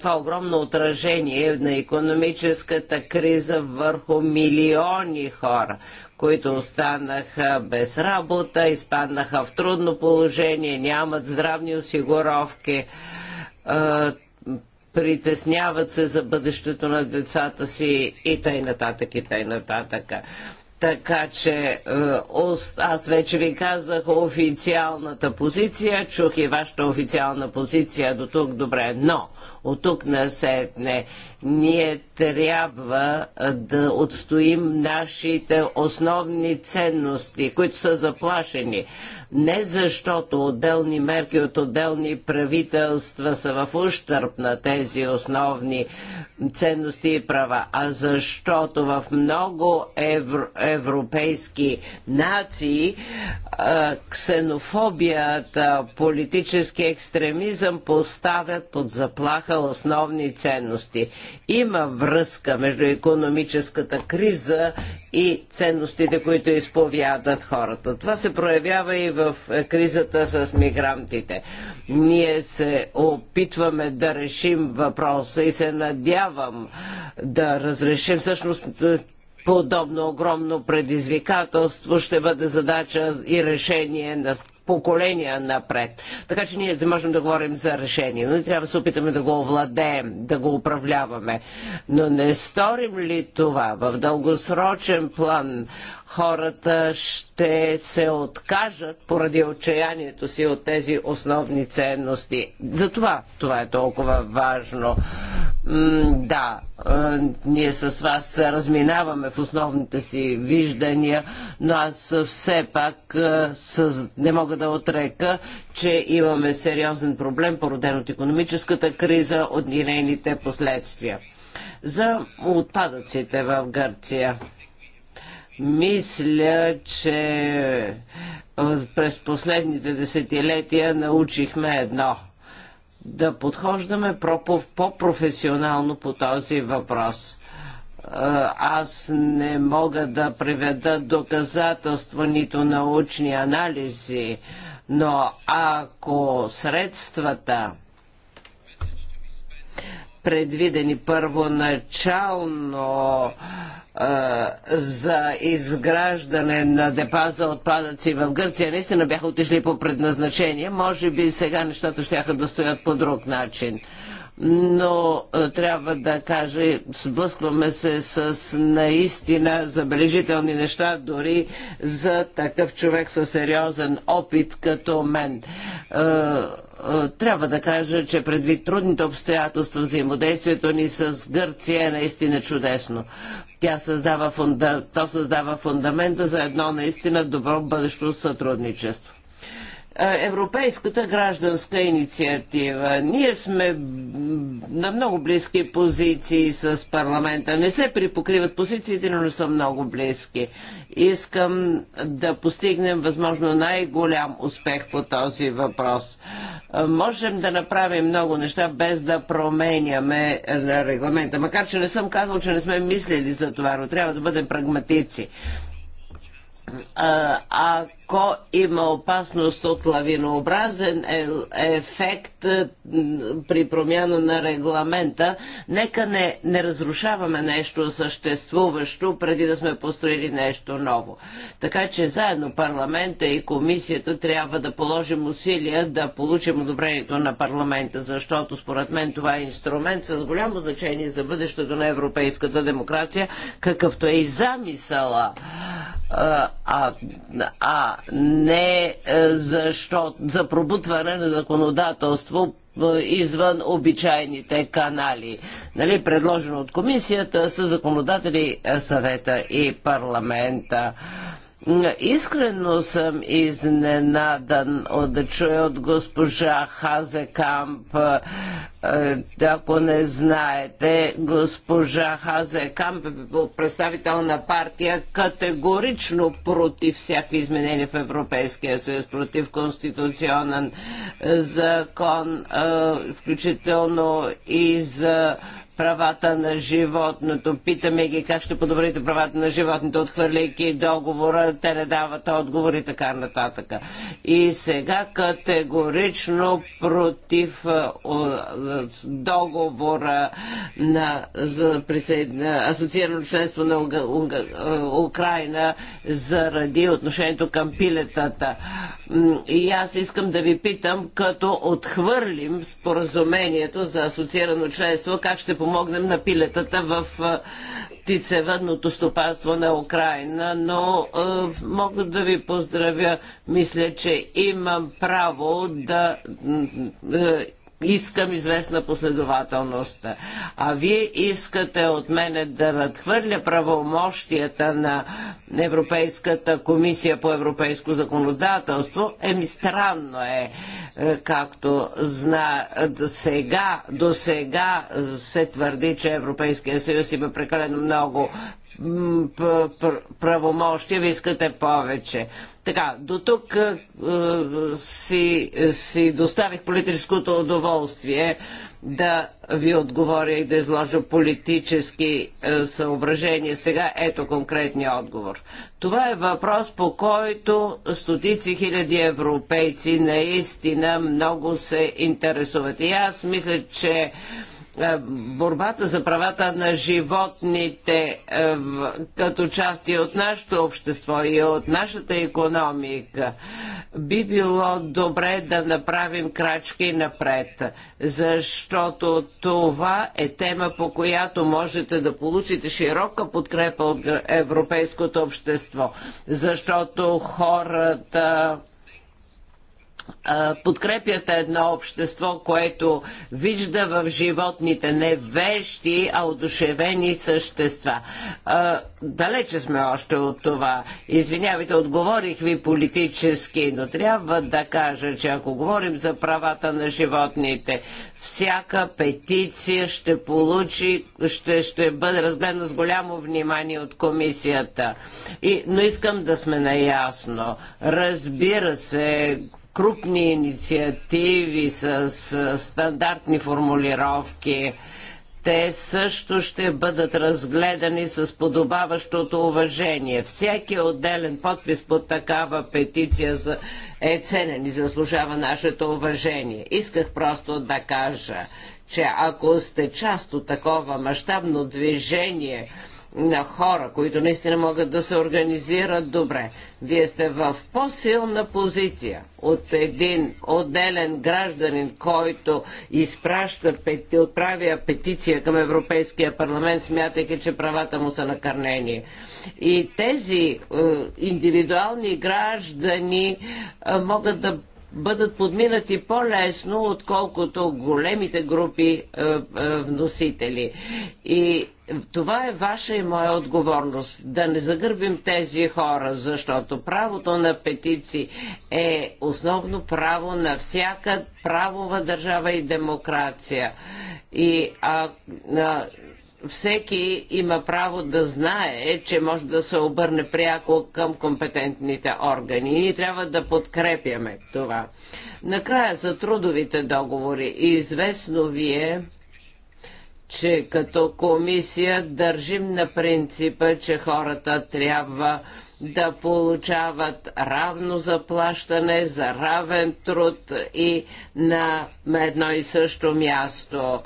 това огромно отражение на економическата криза върху милиони хора, които останаха без работа, изпаднаха в трудно положение, нямат здравни осигуровки, притесняват се за бъдещето на децата си и тъй нататък и тъй нататък. Така че е, аз вече ви казах официалната позиция, чух и вашата официална позиция до тук добре, но от тук на сетне ние трябва е, да отстоим нашите основни ценности, които са заплашени. Не защото отделни мерки от отделни правителства са в ущърп на тези основни ценности и права, а защото в много евро, европейски нации ксенофобията, политически екстремизъм поставят под заплаха основни ценности. Има връзка между економическата криза и ценностите, които изповядат хората. Това се проявява и в кризата с мигрантите. Ние се опитваме да решим въпроса и се надявам да разрешим всъщност Подобно огромно предизвикателство ще бъде задача и решение на поколения напред. Така че ние можем да говорим за решение, но трябва да се опитаме да го овладеем, да го управляваме. Но не сторим ли това в дългосрочен план, хората ще се откажат поради отчаянието си от тези основни ценности. Затова това е толкова важно. М да, ние с вас разминаваме в основните си виждания, но аз все пак не мога да да отрека, че имаме сериозен проблем, породен от економическата криза, от нейните последствия. За отпадъците в Гърция. Мисля, че през последните десетилетия научихме едно – да подхождаме по-професионално по този въпрос аз не мога да приведа доказателства нито научни анализи, но ако средствата предвидени първоначално за изграждане на депа за отпадъци в Гърция, наистина бяха отишли по предназначение. Може би сега нещата ще да стоят по друг начин но е, трябва да кажа, сблъскваме се с наистина забележителни неща, дори за такъв човек със сериозен опит като мен е, е, трябва да кажа, че предвид трудните обстоятелства, взаимодействието ни с Гърция е наистина чудесно. Тя създава фунда... То създава фундамента за едно наистина добро бъдещо сътрудничество. Европейската гражданска инициатива. Ние сме на много близки позиции с парламента. Не се припокриват позициите, но са много близки. Искам да постигнем възможно най-голям успех по този въпрос. Можем да направим много неща без да променяме регламента. Макар, че не съм казал, че не сме мислили за това, но трябва да бъдем прагматици. А, ако има опасност от лавинообразен ефект е, при промяна на регламента, нека не, не разрушаваме нещо съществуващо, преди да сме построили нещо ново. Така че заедно парламента и комисията трябва да положим усилия да получим одобрението на парламента, защото според мен това е инструмент с голямо значение за бъдещето на европейската демокрация, какъвто е и замисъла. Е, а, а, не е, защо, за пробутване на законодателство е, извън обичайните канали. Нали, предложено от комисията са законодатели е, съвета и парламента. Искрено съм изненадан от да чуя от госпожа Хазекамп. Ако не знаете, госпожа Хазекамп е представител на партия категорично против всякакви изменения в Европейския съюз, против конституционен закон, включително и за правата на животното. Питаме ги как ще подобрите правата на животните, отхвърляйки договора, те не дават отговори и така нататък. И сега категорично против договора на, за асоциирано членство на Уга, Уга, Украина заради отношението към пилетата. И аз искам да ви питам, като отхвърлим споразумението за асоциирано членство, как ще помогнем на пилетата в птицевъдното стопанство на Украина, но е, мога да ви поздравя. Мисля, че имам право да е, искам известна последователност. А вие искате от мене да надхвърля правомощията на Европейската комисия по европейско законодателство. Еми странно е, е, както зна сега, до сега се твърди, че Европейския съюз има прекалено много правомощия, ви искате повече. Така, до тук е, си, си доставих политическото удоволствие да ви отговоря и да изложа политически е, съображения. Сега ето конкретния отговор. Това е въпрос, по който стотици хиляди европейци наистина много се интересуват. И аз мисля, че е, борбата за правата на животните е, като части от нашето общество и от нашата економика, би било добре да направим крачки напред, защото това е тема, по която можете да получите широка подкрепа от европейското общество, защото хората подкрепят едно общество, което вижда в животните не вещи, а одушевени същества. Далече сме още от това. Извинявайте, отговорих ви политически, но трябва да кажа, че ако говорим за правата на животните, всяка петиция ще получи, ще, ще бъде разгледана с голямо внимание от комисията. И, но искам да сме наясно. Разбира се, крупни инициативи с стандартни формулировки, те също ще бъдат разгледани с подобаващото уважение. Всеки отделен подпис под такава петиция е ценен и заслужава нашето уважение. Исках просто да кажа, че ако сте част от такова мащабно движение, на хора, които наистина могат да се организират добре. Вие сте в по-силна позиция от един отделен гражданин, който изпраща, пети, отправя петиция към Европейския парламент, смятайки, че правата му са накърнени. И тези е, индивидуални граждани е, могат да бъдат подминати по-лесно, отколкото големите групи е, е, вносители. И това е ваша и моя отговорност. Да не загърбим тези хора, защото правото на петиции е основно право на всяка правова държава и демокрация. И а, а, всеки има право да знае, че може да се обърне пряко към компетентните органи и ние трябва да подкрепяме това. Накрая за трудовите договори. Известно ви е, че като комисия държим на принципа, че хората трябва да получават равно заплащане за равен труд и на едно и също място.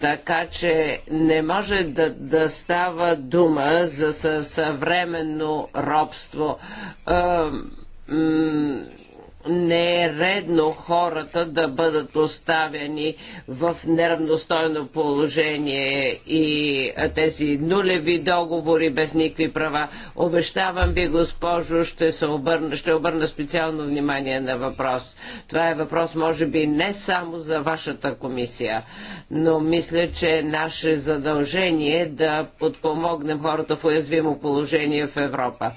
Така че не може да, да става дума за съвременно робство не е редно хората да бъдат оставени в неравностойно положение и тези нулеви договори без никакви права. Обещавам ви, госпожо, ще, се обърна, ще обърна специално внимание на въпрос. Това е въпрос, може би, не само за вашата комисия, но мисля, че е наше задължение е да подпомогнем хората в уязвимо положение в Европа.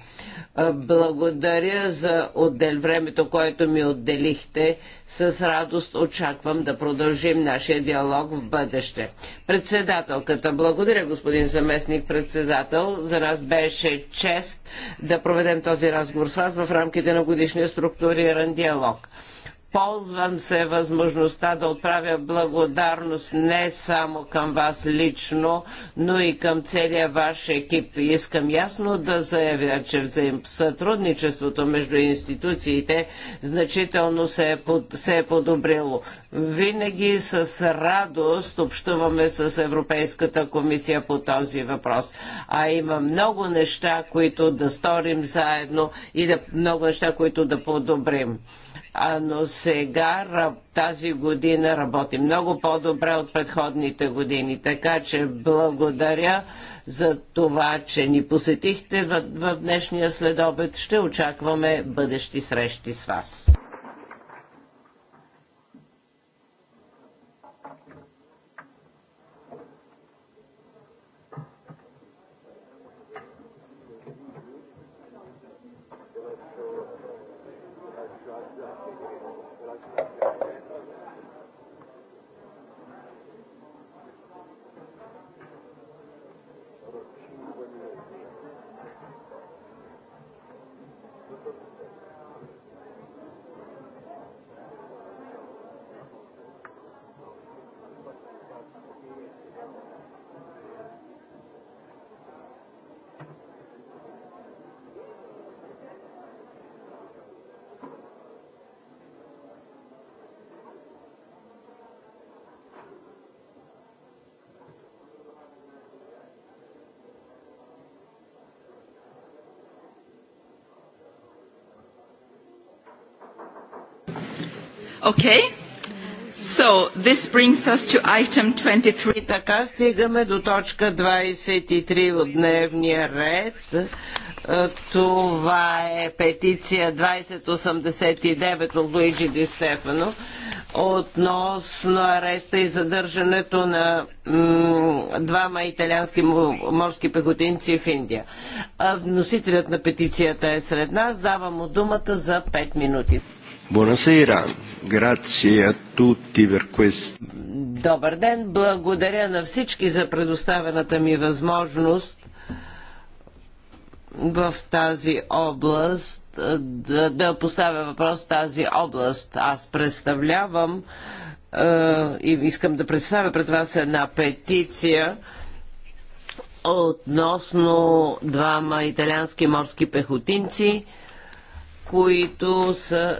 Благодаря за отдел времето, което ми отделихте. С радост очаквам да продължим нашия диалог в бъдеще. Председателката, благодаря господин заместник председател. За нас беше чест да проведем този разговор с вас в рамките на годишния структуриран диалог. Ползвам се възможността да отправя благодарност не само към вас лично, но и към целия ваш екип. Искам ясно да заявя, че взаим... сътрудничеството между институциите значително се е, под... се е подобрило. Винаги с радост общуваме с Европейската комисия по този въпрос. А има много неща, които да сторим заедно и да... много неща, които да подобрим а, но сега тази година работи много по-добре от предходните години. Така че благодаря за това, че ни посетихте в, в днешния следобед. Ще очакваме бъдещи срещи с вас. Okay. So, this brings us to item 23. И така стигаме до точка 23 от дневния ред. Това е петиция 2089 от Луиджи Ди Стефано относно ареста и задържането на двама италиански морски пехотинци в Индия. Вносителят на петицията е сред нас. Давам му думата за 5 минути. Buonasera, grazie a tutti per questo. Добър ден, благодаря на всички за предоставената ми възможност в тази област да, да поставя въпрос в тази област. Аз представлявам е, и искам да представя пред вас една петиция относно двама италиански морски пехотинци, които са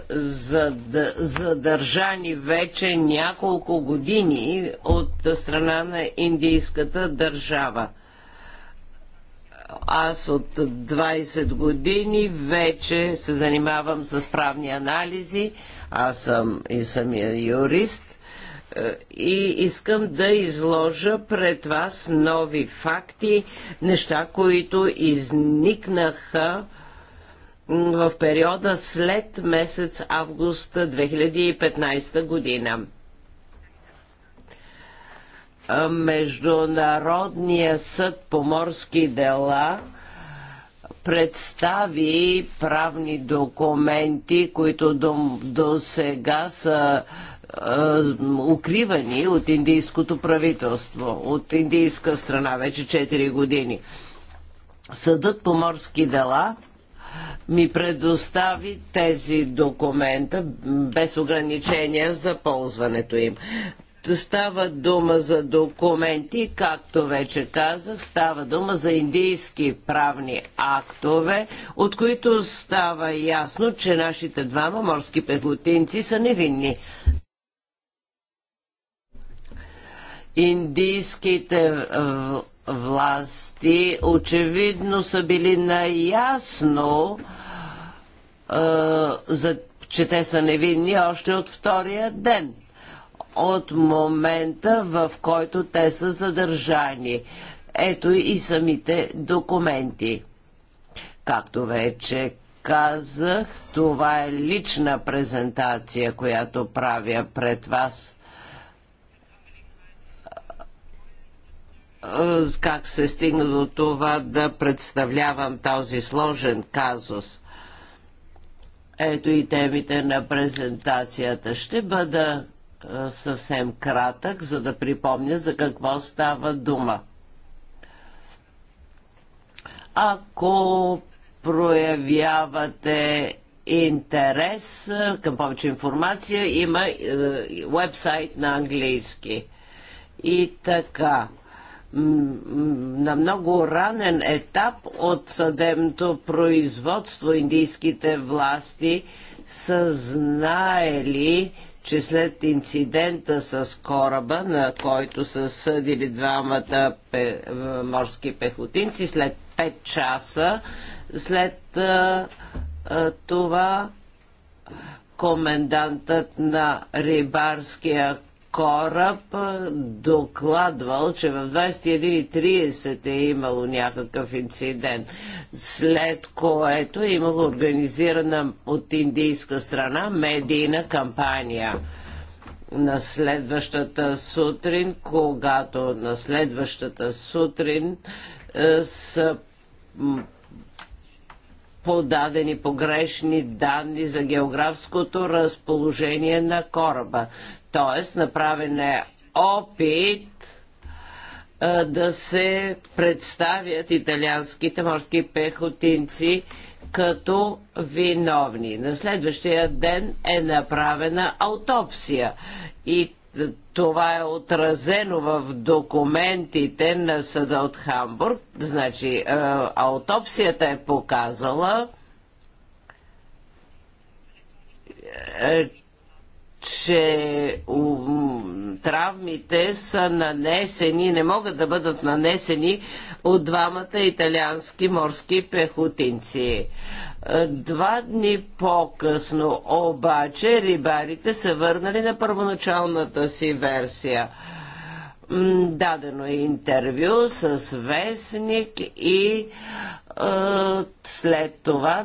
задържани вече няколко години от страна на индийската държава. Аз от 20 години вече се занимавам с правни анализи. Аз съм и самия юрист и искам да изложа пред вас нови факти, неща, които изникнаха в периода след месец август 2015 година. Международния съд по морски дела представи правни документи, които до, до сега са укривани от индийското правителство, от индийска страна вече 4 години. Съдът по морски дела ми предостави тези документа без ограничения за ползването им. Става дума за документи, както вече казах, става дума за индийски правни актове, от които става ясно, че нашите двама морски пехотинци са невинни. Индийските е, власти очевидно са били наясно е, за, че те са невинни още от втория ден от момента, в който те са задържани. Ето и самите документи. Както вече казах, това е лична презентация, която правя пред вас. Е, как се стигна до това да представлявам този сложен казус. Ето и темите на презентацията. Ще бъда е, съвсем кратък, за да припомня за какво става дума. Ако проявявате интерес е, към повече информация, има вебсайт на английски. И така, на много ранен етап от съдебното производство индийските власти са знаели, че след инцидента с кораба, на който са съдили двамата пе, е, морски пехотинци, след 5 часа, след а, е, а, е, това комендантът на рибарския кораб докладвал, че в 21.30 е имало някакъв инцидент, след което е имало организирана от индийска страна медийна кампания на следващата сутрин, когато на следващата сутрин е, са подадени погрешни данни за географското разположение на кораба. Тоест, направен е опит а, да се представят италианските морски пехотинци като виновни. На следващия ден е направена аутопсия и това е отразено в документите на съда от Хамбург. Значи, е, аутопсията е показала, е, че травмите са нанесени, не могат да бъдат нанесени от двамата италиански морски пехотинци. Е, два дни по-късно обаче рибарите са върнали на първоначалната си версия дадено е интервю с вестник и след това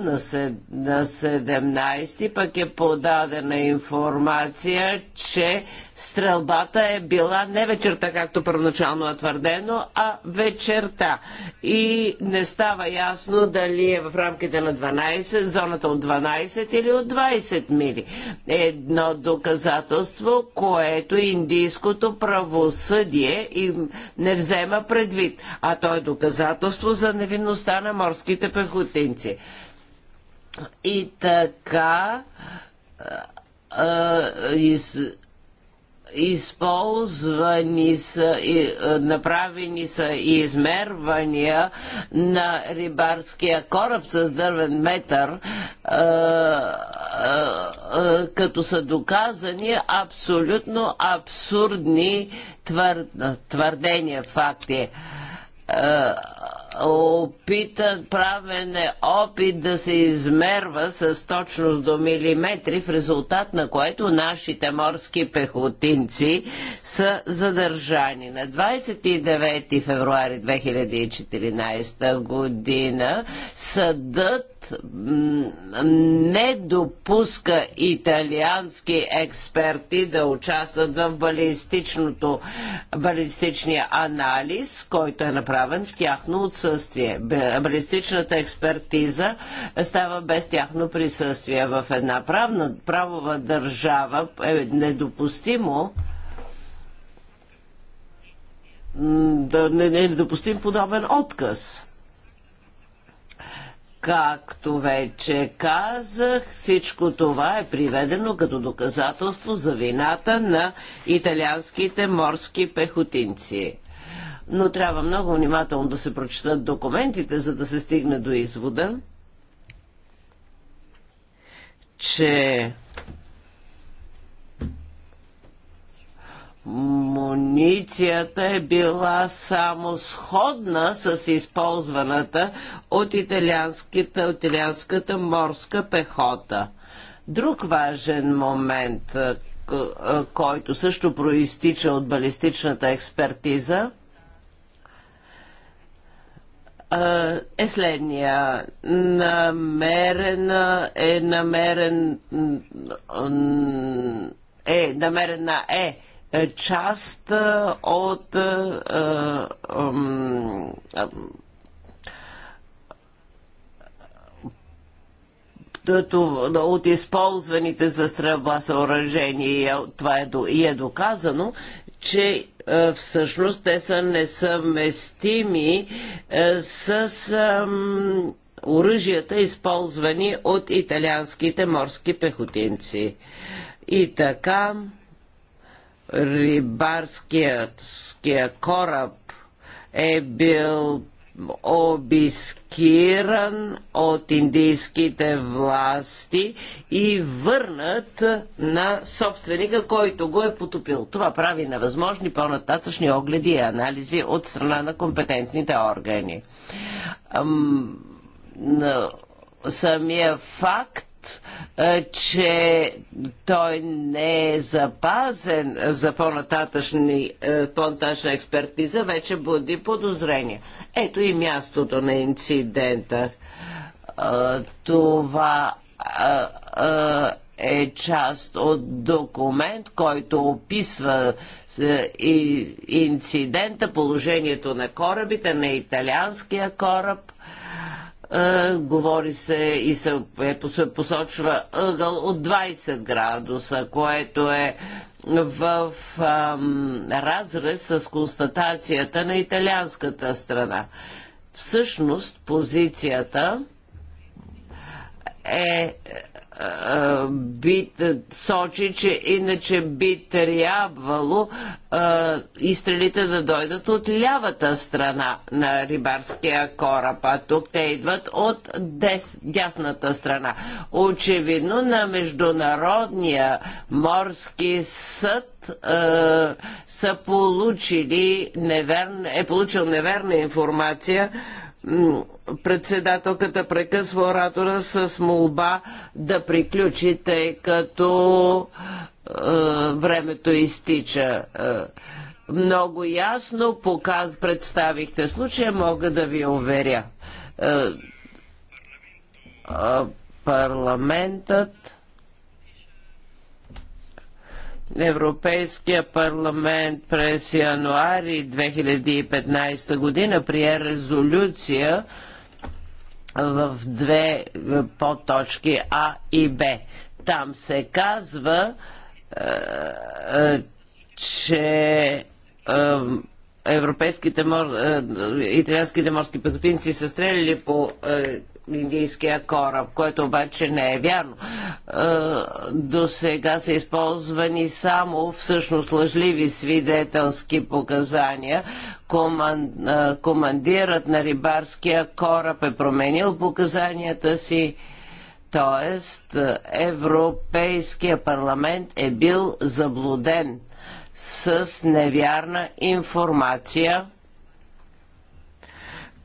на 17 пък е подадена информация, че стрелбата е била не вечерта, както първоначално е твърдено, а вечерта. И не става ясно дали е в рамките на 12, зоната от 12 или от 20 мили. Едно доказателство, което индийското правосъдие им не взема предвид, а то е доказателство за невинността на морските пехотинци. И така из, използвани са и е, направени са и измервания на рибарския кораб с дървен метър, е, е, като са доказани абсолютно абсурдни твърдения, факти опита, правен е опит да се измерва с точност до милиметри, в резултат на което нашите морски пехотинци са задържани. На 29 февруари 2014 година съдът не допуска италиански експерти да участват в балистичния анализ, който е направен в тяхно отсъствие отсъствие. Балистичната експертиза става без тяхно присъствие. В една правна, правова държава е недопустимо да не, не е допустим подобен отказ. Както вече казах, всичко това е приведено като доказателство за вината на италианските морски пехотинци но трябва много внимателно да се прочитат документите, за да се стигне до извода, че Муницията е била само сходна с използваната от италианската, от италианската морска пехота. Друг важен момент, който също проистича от балистичната експертиза, е следния. Намерена е намерен е намерена е, е част от е, е, от използваните за стрелба съоръжения, е, това е, и е доказано, че е, всъщност те са несъвместими е, с оръжията, използвани от италианските морски пехотинци. И така рибарският кораб е бил обискиран от индийските власти и върнат на собственика, който го е потопил. Това прави невъзможни по-нататъчни огледи и анализи от страна на компетентните органи. Самия факт, че той не е запазен за по нататъчна по експертиза, вече буди подозрения. Ето и мястото на инцидента. Това е част от документ, който описва инцидента, положението на корабите, на италианския кораб – е, говори се и се е, посочва ъгъл от 20 градуса, което е в ам, разрез с констатацията на италианската страна. Всъщност позицията е би, сочи, че иначе би трябвало изстрелите да дойдат от лявата страна на рибарския кораб, а тук те идват от дес, дясната страна. Очевидно на Международния морски съд а, са получили неверна, е получил неверна информация Председателката прекъсва оратора с молба да приключи, тъй като е, времето изтича. Е, много ясно показ, представихте случая, мога да ви уверя. Е, е парламентът Европейския парламент през януари 2015 година прие резолюция в две подточки А и Б. Там се казва, е, е, че е, европейските мор... италианските морски пехотинци са стреляли по индийския кораб, което обаче не е вярно. Е, до сега са използвани само всъщност лъжливи свидетелски показания. Е, Командират на рибарския кораб е променил показанията си. Тоест, Европейския парламент е бил заблуден с невярна информация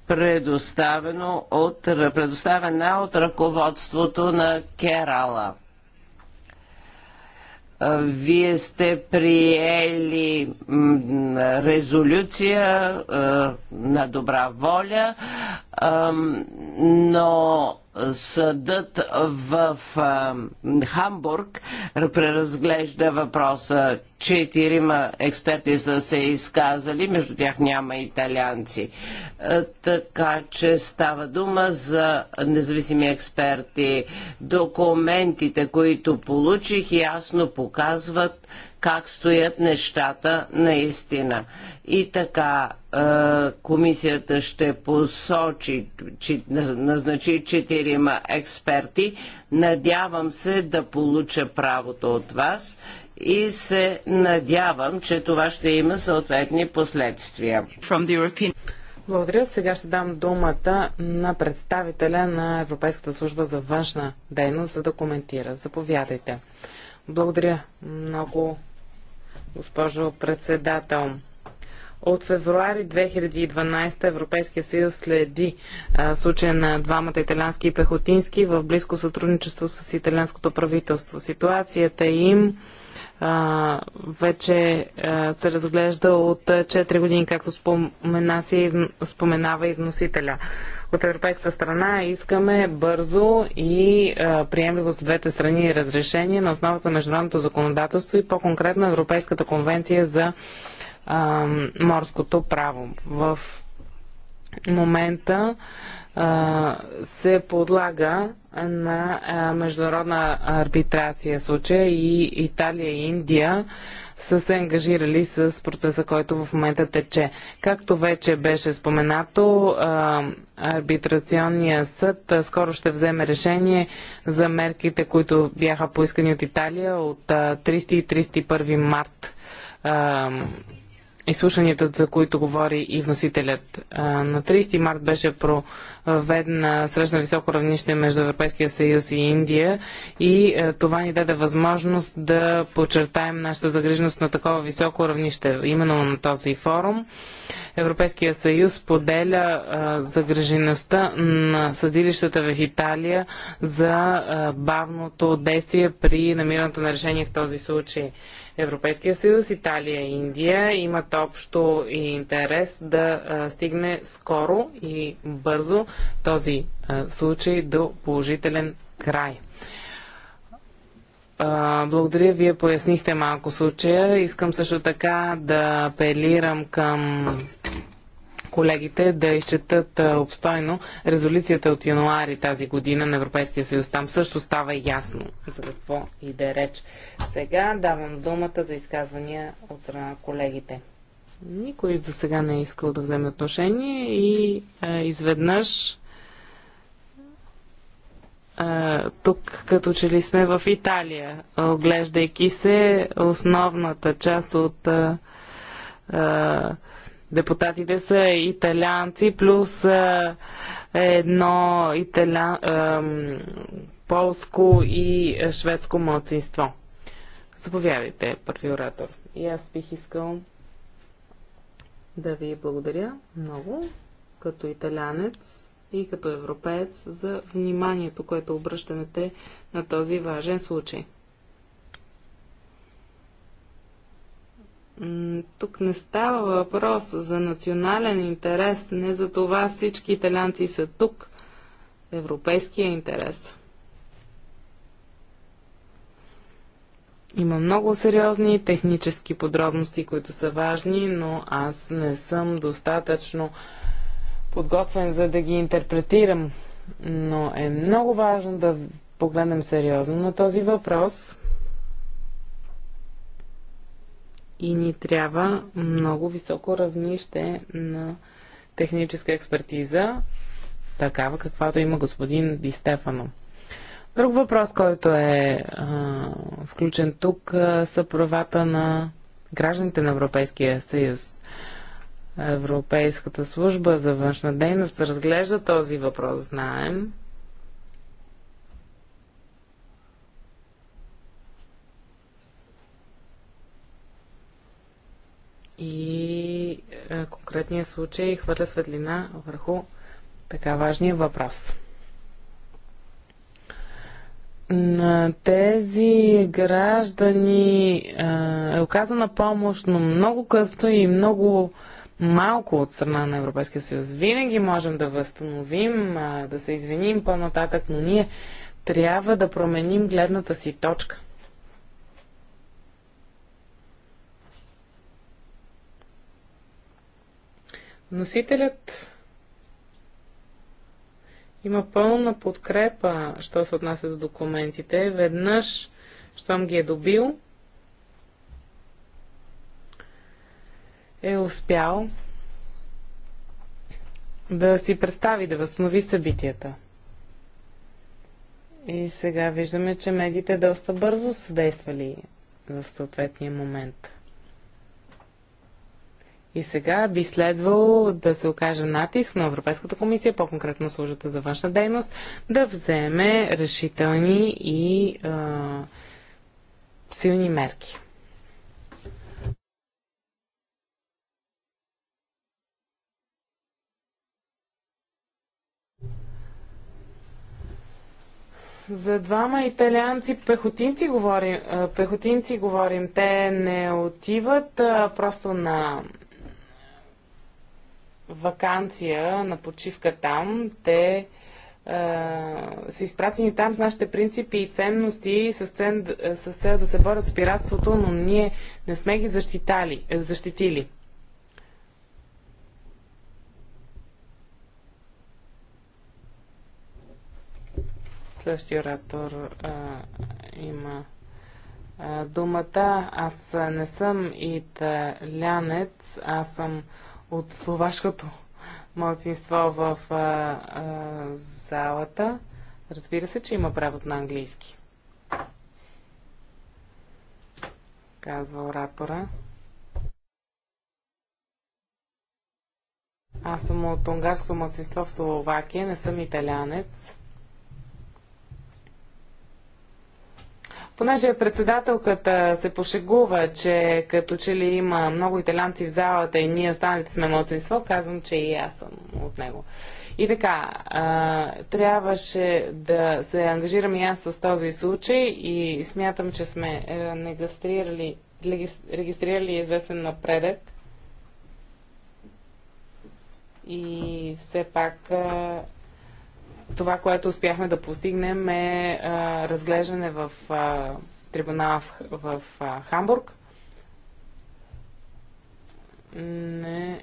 предоставено от, предоставена от ръководството на Керала. Вие сте приели резолюция на добра воля, но съдът в Хамбург преразглежда въпроса. Четирима експерти са се изказали, между тях няма италианци. Така че става дума за независими експерти. Документите, които получих, ясно показват, как стоят нещата наистина. И така, е, комисията ще посочи, назначи четирима експерти. Надявам се да получа правото от вас и се надявам, че това ще има съответни последствия. Благодаря. Сега ще дам думата на представителя на Европейската служба за външна дейност, за да коментира. Заповядайте. Благодаря много, госпожо председател. От февруари 2012 Европейския съюз следи а, случая на двамата италиански и пехотински в близко сътрудничество с италианското правителство. Ситуацията им а, вече а, се разглежда от 4 години, както спомена си, споменава и вносителя от европейска страна искаме бързо и приемливо с двете страни разрешение на основата на международното законодателство и по-конкретно Европейската конвенция за морското право. В момента се подлага на международна арбитрация случая и Италия и Индия са се ангажирали с процеса, който в момента тече. Както вече беше споменато, арбитрационният съд скоро ще вземе решение за мерките, които бяха поискани от Италия от 30 и 31 март изслушванията, за които говори и вносителят. На 30 март беше проведена среща на високо равнище между Европейския съюз и Индия и това ни даде възможност да подчертаем нашата загриженост на такова високо равнище. Именно на този форум Европейския съюз поделя загрижеността на съдилищата в Италия за бавното действие при намирането на решение в този случай. Европейския съюз, Италия и Индия имат общо и интерес да стигне скоро и бързо този случай до положителен край. Благодаря, вие пояснихте малко случая. Искам също така да апелирам към колегите да изчетат обстойно резолюцията от януари тази година на Европейския съюз. Там също става ясно за какво иде реч. Сега давам думата за изказвания от страна на колегите. Никой до сега не е искал да вземе отношение и а, изведнъж а, тук като че ли сме в Италия, оглеждайки се основната част от а, депутатите са италианци, плюс едно италя, полско и шведско младсинство. Заповядайте, първи оратор. И аз бих искал да ви благодаря много, като италянец и като европеец, за вниманието, което обръщате на този важен случай. Тук не става въпрос за национален интерес, не за това всички италянци са тук. Европейския интерес. Има много сериозни технически подробности, които са важни, но аз не съм достатъчно подготвен за да ги интерпретирам. Но е много важно да погледнем сериозно на този въпрос и ни трябва много високо равнище на техническа експертиза, такава каквато има господин Ди Стефано. Друг въпрос, който е а, включен тук, а, са правата на гражданите на Европейския съюз. Европейската служба за външна дейност разглежда този въпрос, знаем. и е, конкретния случай хвърля светлина върху така важния въпрос. На тези граждани е, е оказана помощ, но много късно и много малко от страна на Европейския съюз. Винаги можем да възстановим, е, да се извиним по-нататък, но ние трябва да променим гледната си точка. Носителят има пълна подкрепа, що се отнася до документите. Веднъж, щом ги е добил, е успял да си представи, да възстанови събитията. И сега виждаме, че медиите доста бързо са действали в съответния момент. И сега би следвало да се окаже натиск на Европейската комисия, по-конкретно службата за външна дейност, да вземе решителни и е, силни мерки. за двама италианци пехотинци говорим, пехотинци говорим. Те не отиват а, просто на вакансия на почивка там. Те са изпратени там с нашите принципи и ценности с, с цел да се борят с пиратството, но ние не сме ги защитали, е, защитили. Следващия оратор а, има а, думата. Аз не съм италянец, аз съм от словашкото младсинство в а, а, залата. Разбира се, че има превод на английски. Казва оратора. Аз съм от унгарското младсинство в Словакия, не съм италянец. Понеже председателката се пошегува, че като че ли има много италянци в залата и ние останалите сме младсинство, казвам, че и аз съм от него. И така, а, трябваше да се ангажирам и аз с този случай и смятам, че сме е, регистрирали, регистрирали известен напредък. И все пак а, това, което успяхме да постигнем е а, разглеждане в а, трибунала в, в а, Хамбург. Не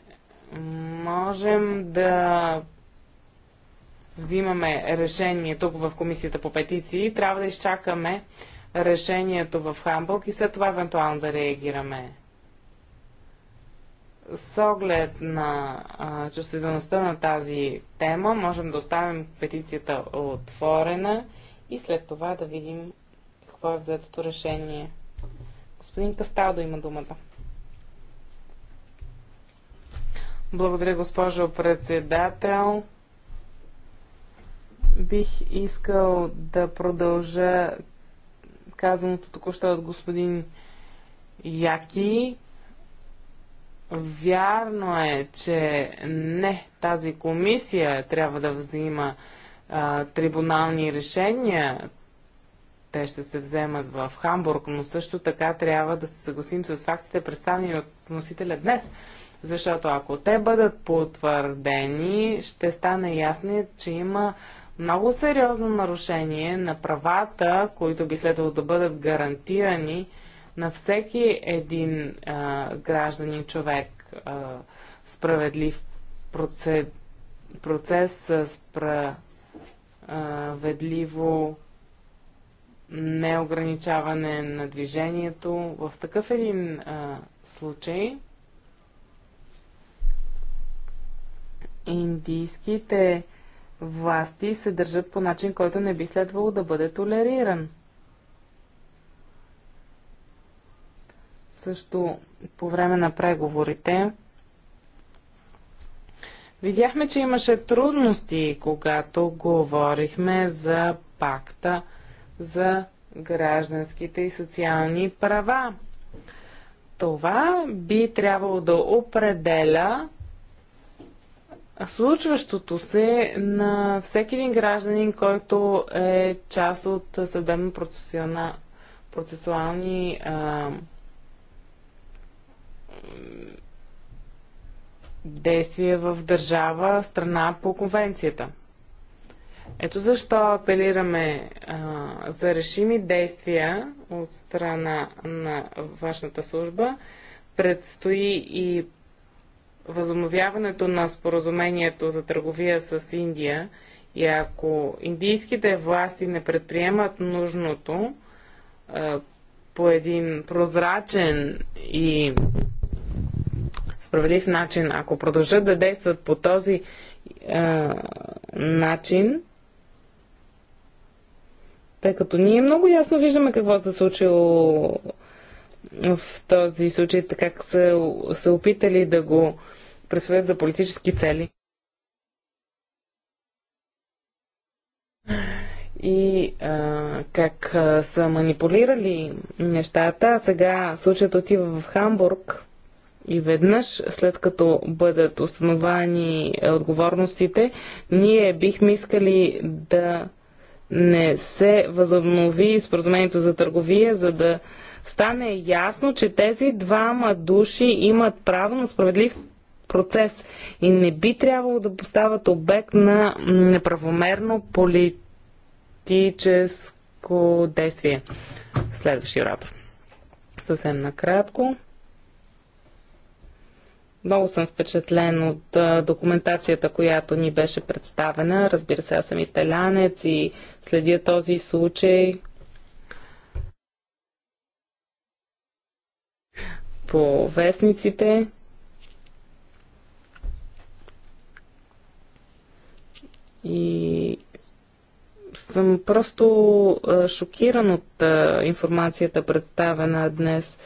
можем да взимаме решение тук в Комисията по петиции. Трябва да изчакаме решението в Хамбург и след това евентуално да реагираме. С оглед на а, чувствителността на тази тема, можем да оставим петицията отворена и след това да видим какво е взетото решение. Господин Касталдо има думата. Благодаря, госпожо председател. Бих искал да продължа казаното току-що от господин Яки Вярно е, че не тази комисия трябва да взима а, трибунални решения. Те ще се вземат в Хамбург, но също така трябва да се съгласим с фактите, представени от носителя днес. Защото ако те бъдат потвърдени, ще стане ясно, че има много сериозно нарушение на правата, които би следвало да бъдат гарантирани на всеки един а, гражданин човек а, справедлив процес, процес справедливо неограничаване на движението. В такъв един а, случай индийските власти се държат по начин, който не би следвало да бъде толериран. също по време на преговорите. Видяхме, че имаше трудности, когато говорихме за пакта за гражданските и социални права. Това би трябвало да определя случващото се на всеки един гражданин, който е част от съдебно-процесуални действие в държава, страна по конвенцията. Ето защо апелираме а, за решими действия от страна на вашата служба. Предстои и възобновяването на споразумението за търговия с Индия и ако индийските власти не предприемат нужното а, по един прозрачен и справедлив начин. Ако продължат да действат по този а, начин, тъй като ние много ясно виждаме какво се случило в този случай, как са се опитали да го присвоят за политически цели. и а, как а, са манипулирали нещата. Сега случаят отива в Хамбург и веднъж, след като бъдат установани отговорностите, ние бихме искали да не се възобнови споразумението за търговия, за да стане ясно, че тези двама души имат право на справедлив процес и не би трябвало да стават обект на неправомерно политическо действие. Следващия рапор. Съвсем накратко. Много съм впечатлен от документацията, която ни беше представена. Разбира се, аз съм италянец и следя този случай по вестниците. И съм просто шокиран от информацията представена днес.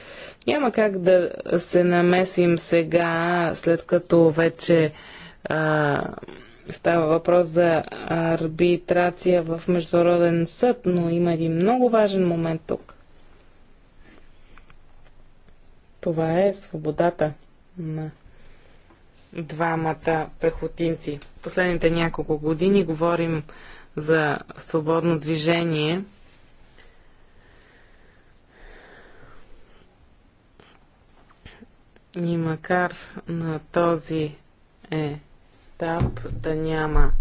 Няма как да се намесим сега, след като вече а, става въпрос за арбитрация в Международен съд, но има един много важен момент тук. Това е свободата на двамата пехотинци. Последните няколко години говорим за свободно движение. И макар на този етап да няма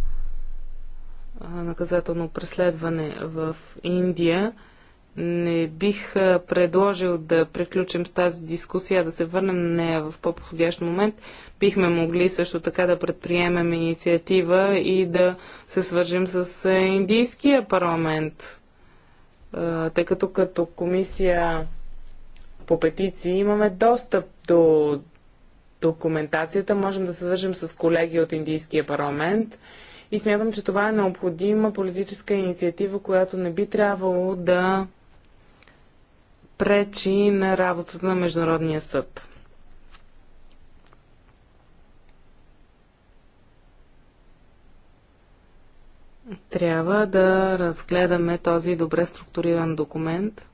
наказателно преследване в Индия, не бих предложил да приключим с тази дискусия, да се върнем на нея в по-подходящ момент. Бихме могли също така да предприемем инициатива и да се свържим с индийския парламент, тъй като като комисия по петиции имаме достъп до документацията, можем да се свържим с колеги от индийския парламент. И смятам, че това е необходима политическа инициатива, която не би трябвало да пречи на работата на Международния съд. Трябва да разгледаме този добре структуриран документ.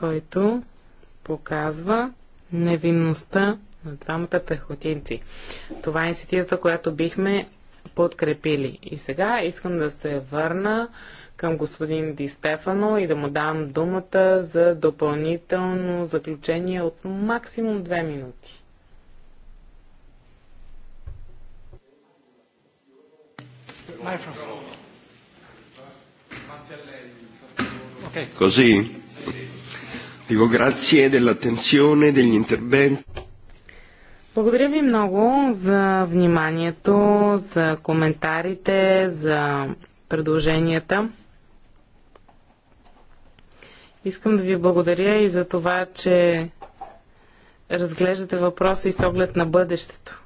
който показва невинността на двамата пехотинци. Това е инициативата, която бихме подкрепили. И сега искам да се върна към господин Ди Стефано и да му дам думата за допълнително заключение от максимум две минути. Okay. Così? Dico grazie dell'attenzione, degli interventi. Благодаря ви много за вниманието, за коментарите, за предложенията. Искам да ви благодаря и за това, че разглеждате въпроса и с оглед на бъдещето.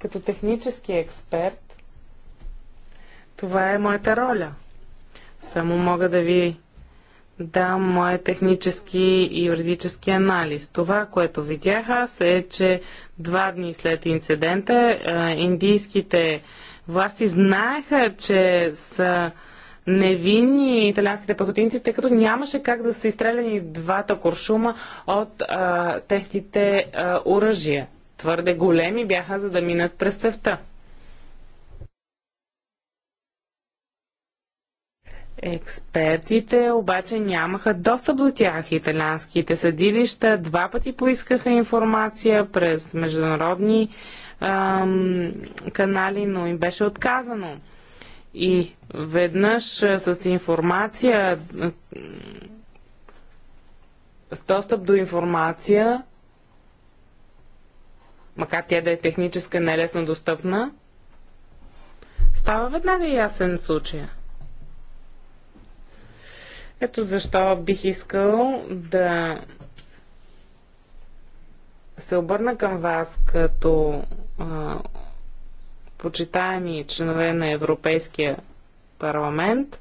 Като технически експерт, това е моята роля. Само мога да ви да, моят технически и юридически анализ. Това, което видях аз е, че два дни след инцидента индийските власти знаеха, че са невинни италианските пехотинци, тъй като нямаше как да са изстреляни двата куршума от а, техните оръжия. Твърде големи бяха, за да минат през цевта. Експертите обаче нямаха достъп до тях. Италианските съдилища два пъти поискаха информация през международни ам, канали, но им беше отказано. И веднъж с информация, с достъп до информация, макар тя да е техническа нелесно е достъпна, става веднага ясен случай. Ето защо бих искал да се обърна към вас като а, почитаеми членове на Европейския парламент.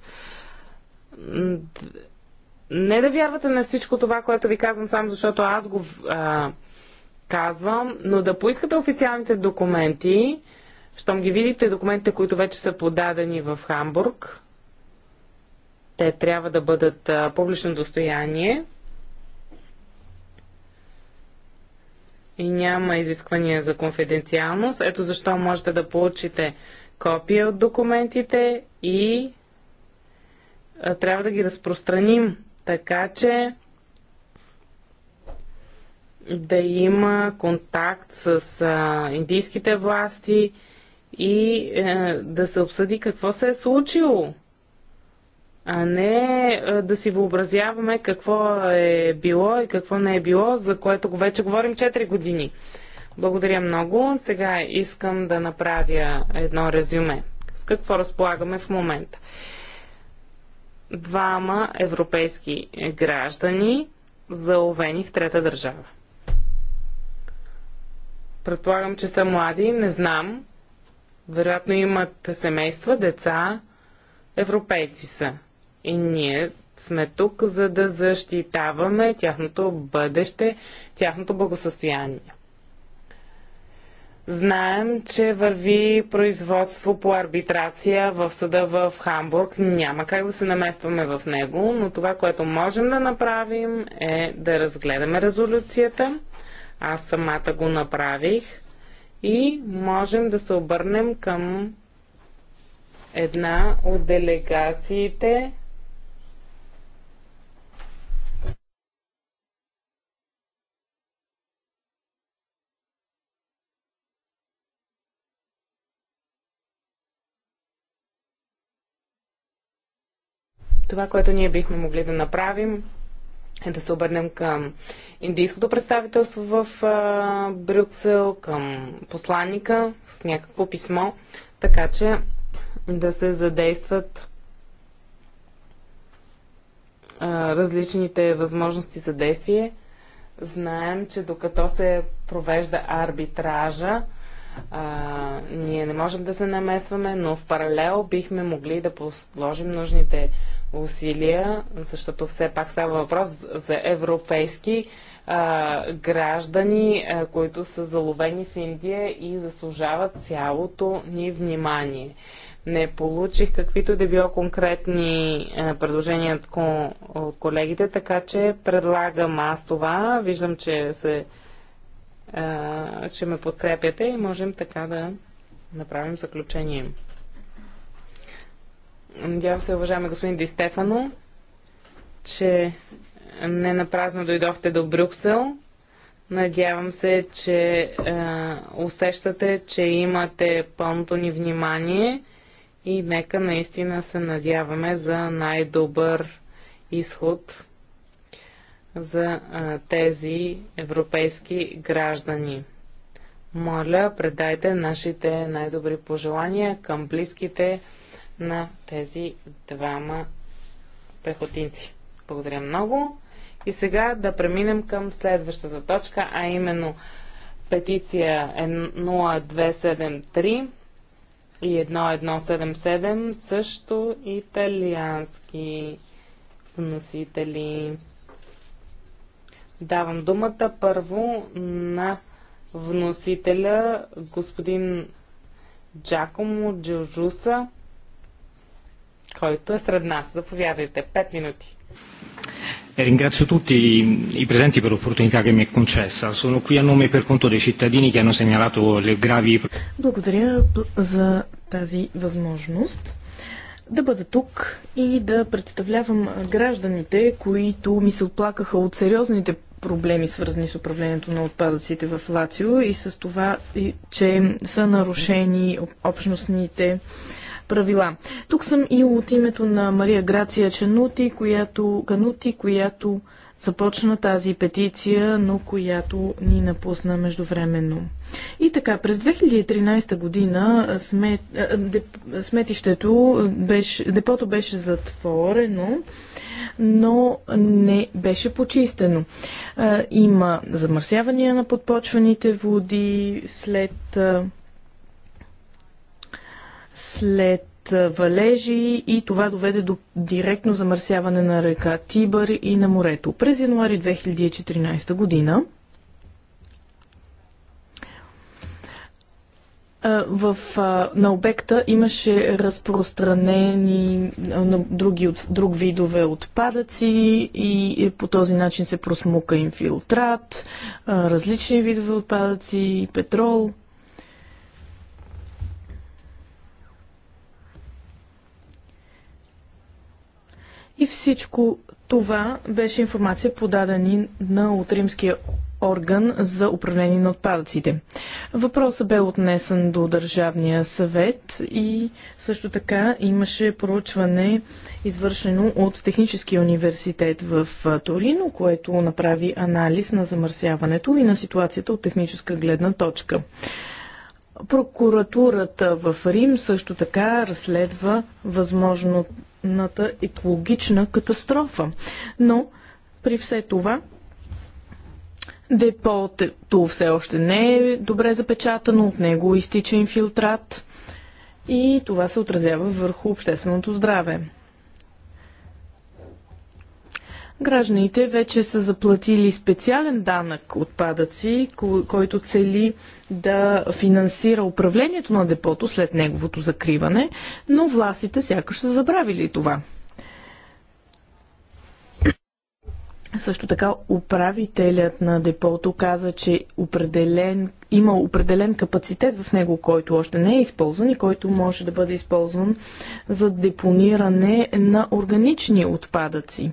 Не да вярвате на всичко това, което ви казвам само защото аз го а, казвам, но да поискате официалните документи, щом ги видите, документите, които вече са подадени в Хамбург, те трябва да бъдат публично достояние и няма изисквания за конфиденциалност. Ето защо можете да получите копия от документите и трябва да ги разпространим така, че да има контакт с индийските власти и е, да се обсъди какво се е случило а не да си въобразяваме какво е било и какво не е било, за което го вече говорим 4 години. Благодаря много. Сега искам да направя едно резюме. С какво разполагаме в момента? Двама европейски граждани, заловени в трета държава. Предполагам, че са млади, не знам. Вероятно имат семейства, деца. Европейци са. И ние сме тук, за да защитаваме тяхното бъдеще, тяхното благосъстояние. Знаем, че върви производство по арбитрация в съда в Хамбург. Няма как да се наместваме в него, но това, което можем да направим е да разгледаме резолюцията. Аз самата го направих и можем да се обърнем към една от делегациите Това, което ние бихме могли да направим, е да се обърнем към индийското представителство в а, Брюксел, към посланника с някакво писмо, така че да се задействат различните възможности за действие. Знаем, че докато се провежда арбитража, а, ние не можем да се намесваме, но в паралел бихме могли да положим нужните усилия, защото все пак става въпрос за европейски а, граждани, а, които са заловени в Индия и заслужават цялото ни внимание. Не получих каквито да било конкретни а, предложения от, от колегите, така че предлагам аз това. Виждам, че се че ме подкрепяте и можем така да направим заключение. Надявам се, уважаеми господин Ди Стефано, че не напразно дойдохте до Брюксел. Надявам се, че е, усещате, че имате пълното ни внимание и нека наистина се надяваме за най-добър изход за тези европейски граждани. Моля, предайте нашите най-добри пожелания към близките на тези двама пехотинци. Благодаря много. И сега да преминем към следващата точка, а именно петиция 0273 и 1177, също италиански вносители. Давам думата първо на вносителя господин Джакомо Джорджуса, който е сред нас. Заповядайте, 5 минути. Е, ringrazio tutti i presenti per l'opportunità che mi è concessa. Sono qui a nome per conto dei cittadini che hanno segnalato le gravi... Благодаря за тази възможност да бъда тук и да представлявам гражданите, които ми се оплакаха от сериозните проблеми, свързани с управлението на отпадъците в Лацио и с това, че са нарушени общностните правила. Тук съм и от името на Мария Грация Чанути, която, Канути, която започна тази петиция, но която ни напусна междувременно. И така, през 2013 година смет, деп, сметището беше, депото беше затворено но не беше почистено. Има замърсявания на подпочваните води след след валежи и това доведе до директно замърсяване на река Тибър и на морето. През януари 2014 година в, на обекта имаше разпространени на други, друг видове отпадъци и по този начин се просмука инфилтрат, различни видове отпадъци, петрол. И всичко това беше информация подадена от римския орган за управление на отпадъците. Въпросът бе отнесен до Държавния съвет и също така имаше проучване, извършено от Техническия университет в Торино, което направи анализ на замърсяването и на ситуацията от техническа гледна точка. Прокуратурата в Рим също така разследва възможно екологична катастрофа. Но при все това Депото все още не е добре запечатано, от него изтича инфилтрат и това се отразява върху общественото здраве. Гражданите вече са заплатили специален данък отпадъци, който цели да финансира управлението на депото след неговото закриване, но властите сякаш са забравили това. Също така управителят на депото каза, че определен, има определен капацитет в него, който още не е използван и който може да бъде използван за депониране на органични отпадъци.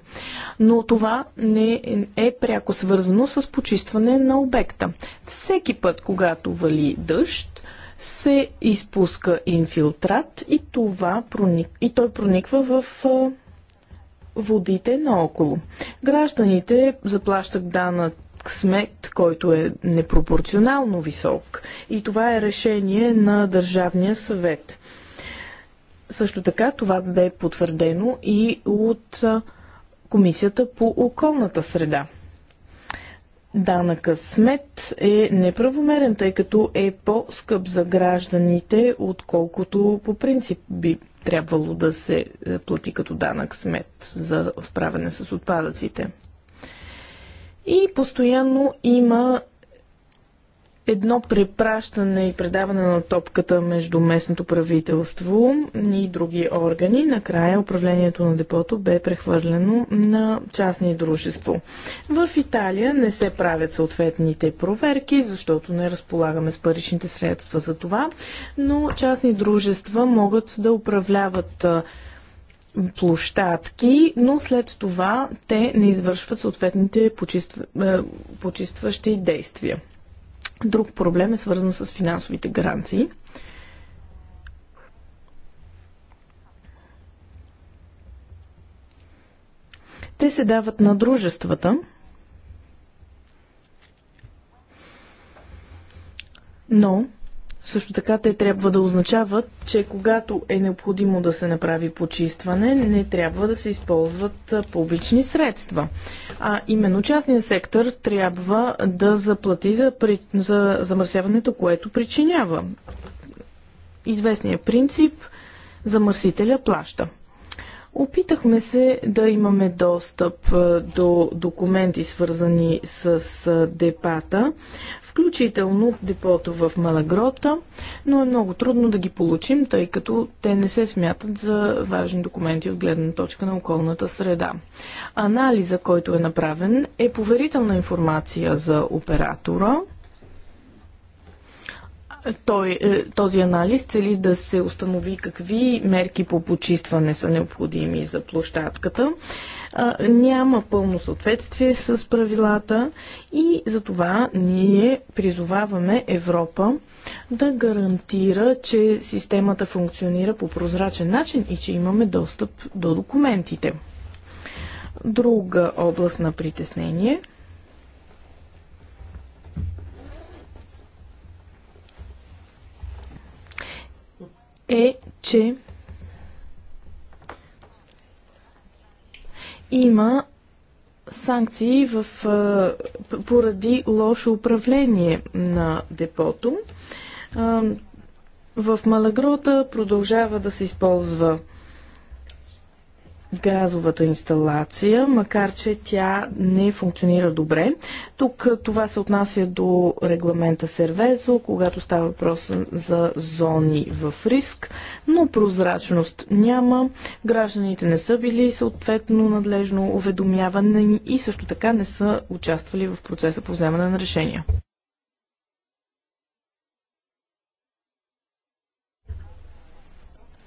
Но това не е пряко свързано с почистване на обекта. Всеки път, когато вали дъжд, се изпуска инфилтрат и, това проник... и той прониква в водите наоколо. Гражданите заплащат данък смет, който е непропорционално висок. И това е решение на Държавния съвет. Също така това бе потвърдено и от Комисията по околната среда. Данъка смет е неправомерен, тъй като е по-скъп за гражданите, отколкото по принцип би трябвало да се е, плати като данък смет за справяне с отпадъците. И постоянно има едно препращане и предаване на топката между местното правителство и други органи. Накрая управлението на депото бе прехвърлено на частни дружество. В Италия не се правят съответните проверки, защото не разполагаме с паричните средства за това, но частни дружества могат да управляват площадки, но след това те не извършват съответните почиства, почистващи действия. Друг проблем е свързан с финансовите гаранции. Те се дават на дружествата, но също така те трябва да означават, че когато е необходимо да се направи почистване, не трябва да се използват публични средства. А именно частният сектор трябва да заплати за, при... за замърсяването, което причинява. Известният принцип замърсителя плаща. Опитахме се да имаме достъп до документи, свързани с депата включително депото в Малагрота, но е много трудно да ги получим, тъй като те не се смятат за важни документи от гледна точка на околната среда. Анализа, който е направен, е поверителна информация за оператора, той, е, този анализ цели да се установи какви мерки по почистване са необходими за площадката няма пълно съответствие с правилата и затова ние призоваваме Европа да гарантира, че системата функционира по прозрачен начин и че имаме достъп до документите. Друга област на притеснение е, че има санкции в, поради лошо управление на депото. В Малагрота продължава да се използва газовата инсталация, макар че тя не функционира добре. Тук това се отнася до регламента Сервезо, когато става въпрос за зони в риск но прозрачност няма. Гражданите не са били съответно надлежно уведомявани и също така не са участвали в процеса по вземане на решения.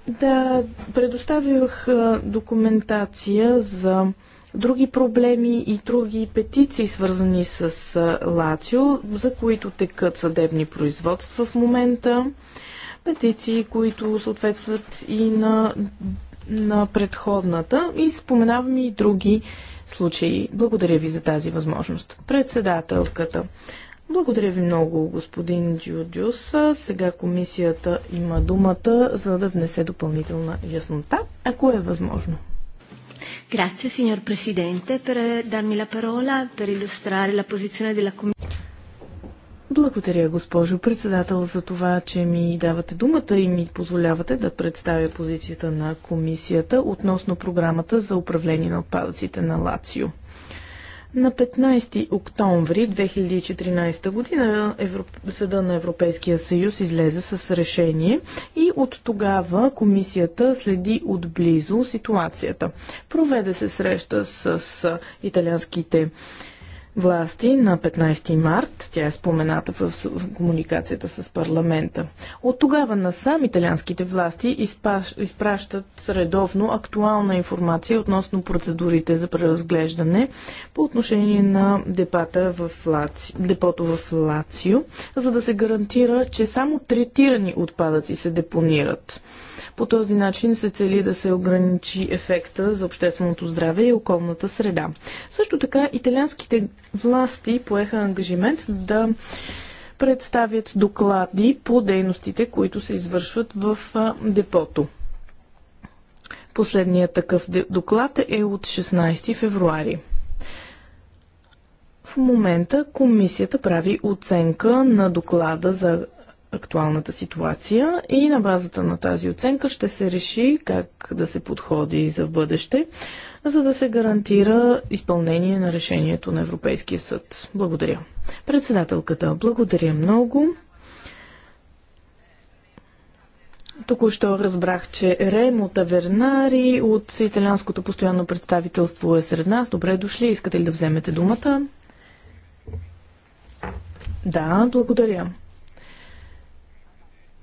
Да, предоставях документация за други проблеми и други петиции, свързани с Лацио, за които текат съдебни производства в момента петиции, които съответстват и на, на предходната. И споменавам и други случаи. Благодаря ви за тази възможност. Председателката. Благодаря ви много, господин Джуджус. Сега комисията има думата, за да внесе допълнителна яснота, ако е възможно. Grazie signor Presidente per darmi la parola per illustrare la posizione della Commissione. Благодаря, госпожо председател, за това, че ми давате думата и ми позволявате да представя позицията на комисията относно програмата за управление на отпадъците на Лацио. На 15 октомври 2014 година Съда на Европейския съюз излезе с решение и от тогава комисията следи отблизо ситуацията. Проведе се среща с италианските власти на 15 март. Тя е спомената в комуникацията с парламента. От тогава насам италианските власти изпращат редовно актуална информация относно процедурите за преразглеждане по отношение на депата в Лаци... депото в Лацио, за да се гарантира, че само третирани отпадъци се депонират. По този начин се цели да се ограничи ефекта за общественото здраве и околната среда. Също така, италианските власти поеха ангажимент да представят доклади по дейностите, които се извършват в депото. Последният такъв доклад е от 16 февруари. В момента комисията прави оценка на доклада за актуалната ситуация и на базата на тази оценка ще се реши как да се подходи за в бъдеще, за да се гарантира изпълнение на решението на Европейския съд. Благодаря. Председателката, благодаря много. Току-що разбрах, че Ремо Тавернари от Италианското постоянно представителство е сред нас. Добре дошли. Искате ли да вземете думата? Да, благодаря.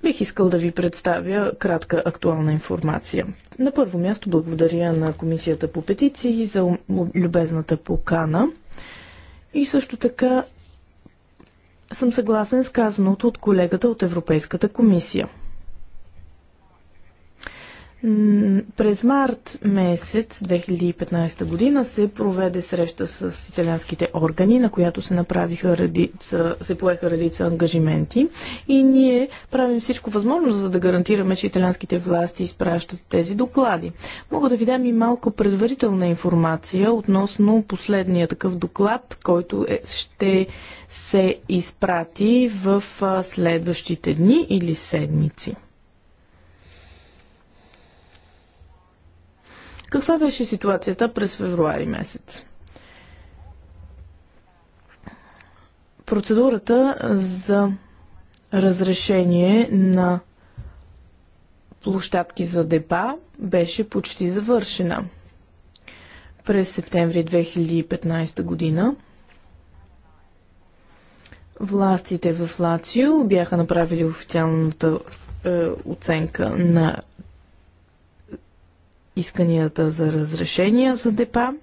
Бих искал да ви представя кратка актуална информация. На първо място благодаря на Комисията по петиции за любезната покана и също така съм съгласен с казаното от колегата от Европейската комисия – през март месец 2015 година се проведе среща с италианските органи, на която се направиха редица, се поеха редица ангажименти и ние правим всичко възможно, за да гарантираме, че италианските власти изпращат тези доклади. Мога да ви дам и малко предварителна информация относно последния такъв доклад, който е, ще се изпрати в следващите дни или седмици. Каква беше ситуацията през февруари месец? Процедурата за разрешение на площадки за депа беше почти завършена. През септември 2015 година властите в Лацио бяха направили официалната е, оценка на исканията за разрешения за депа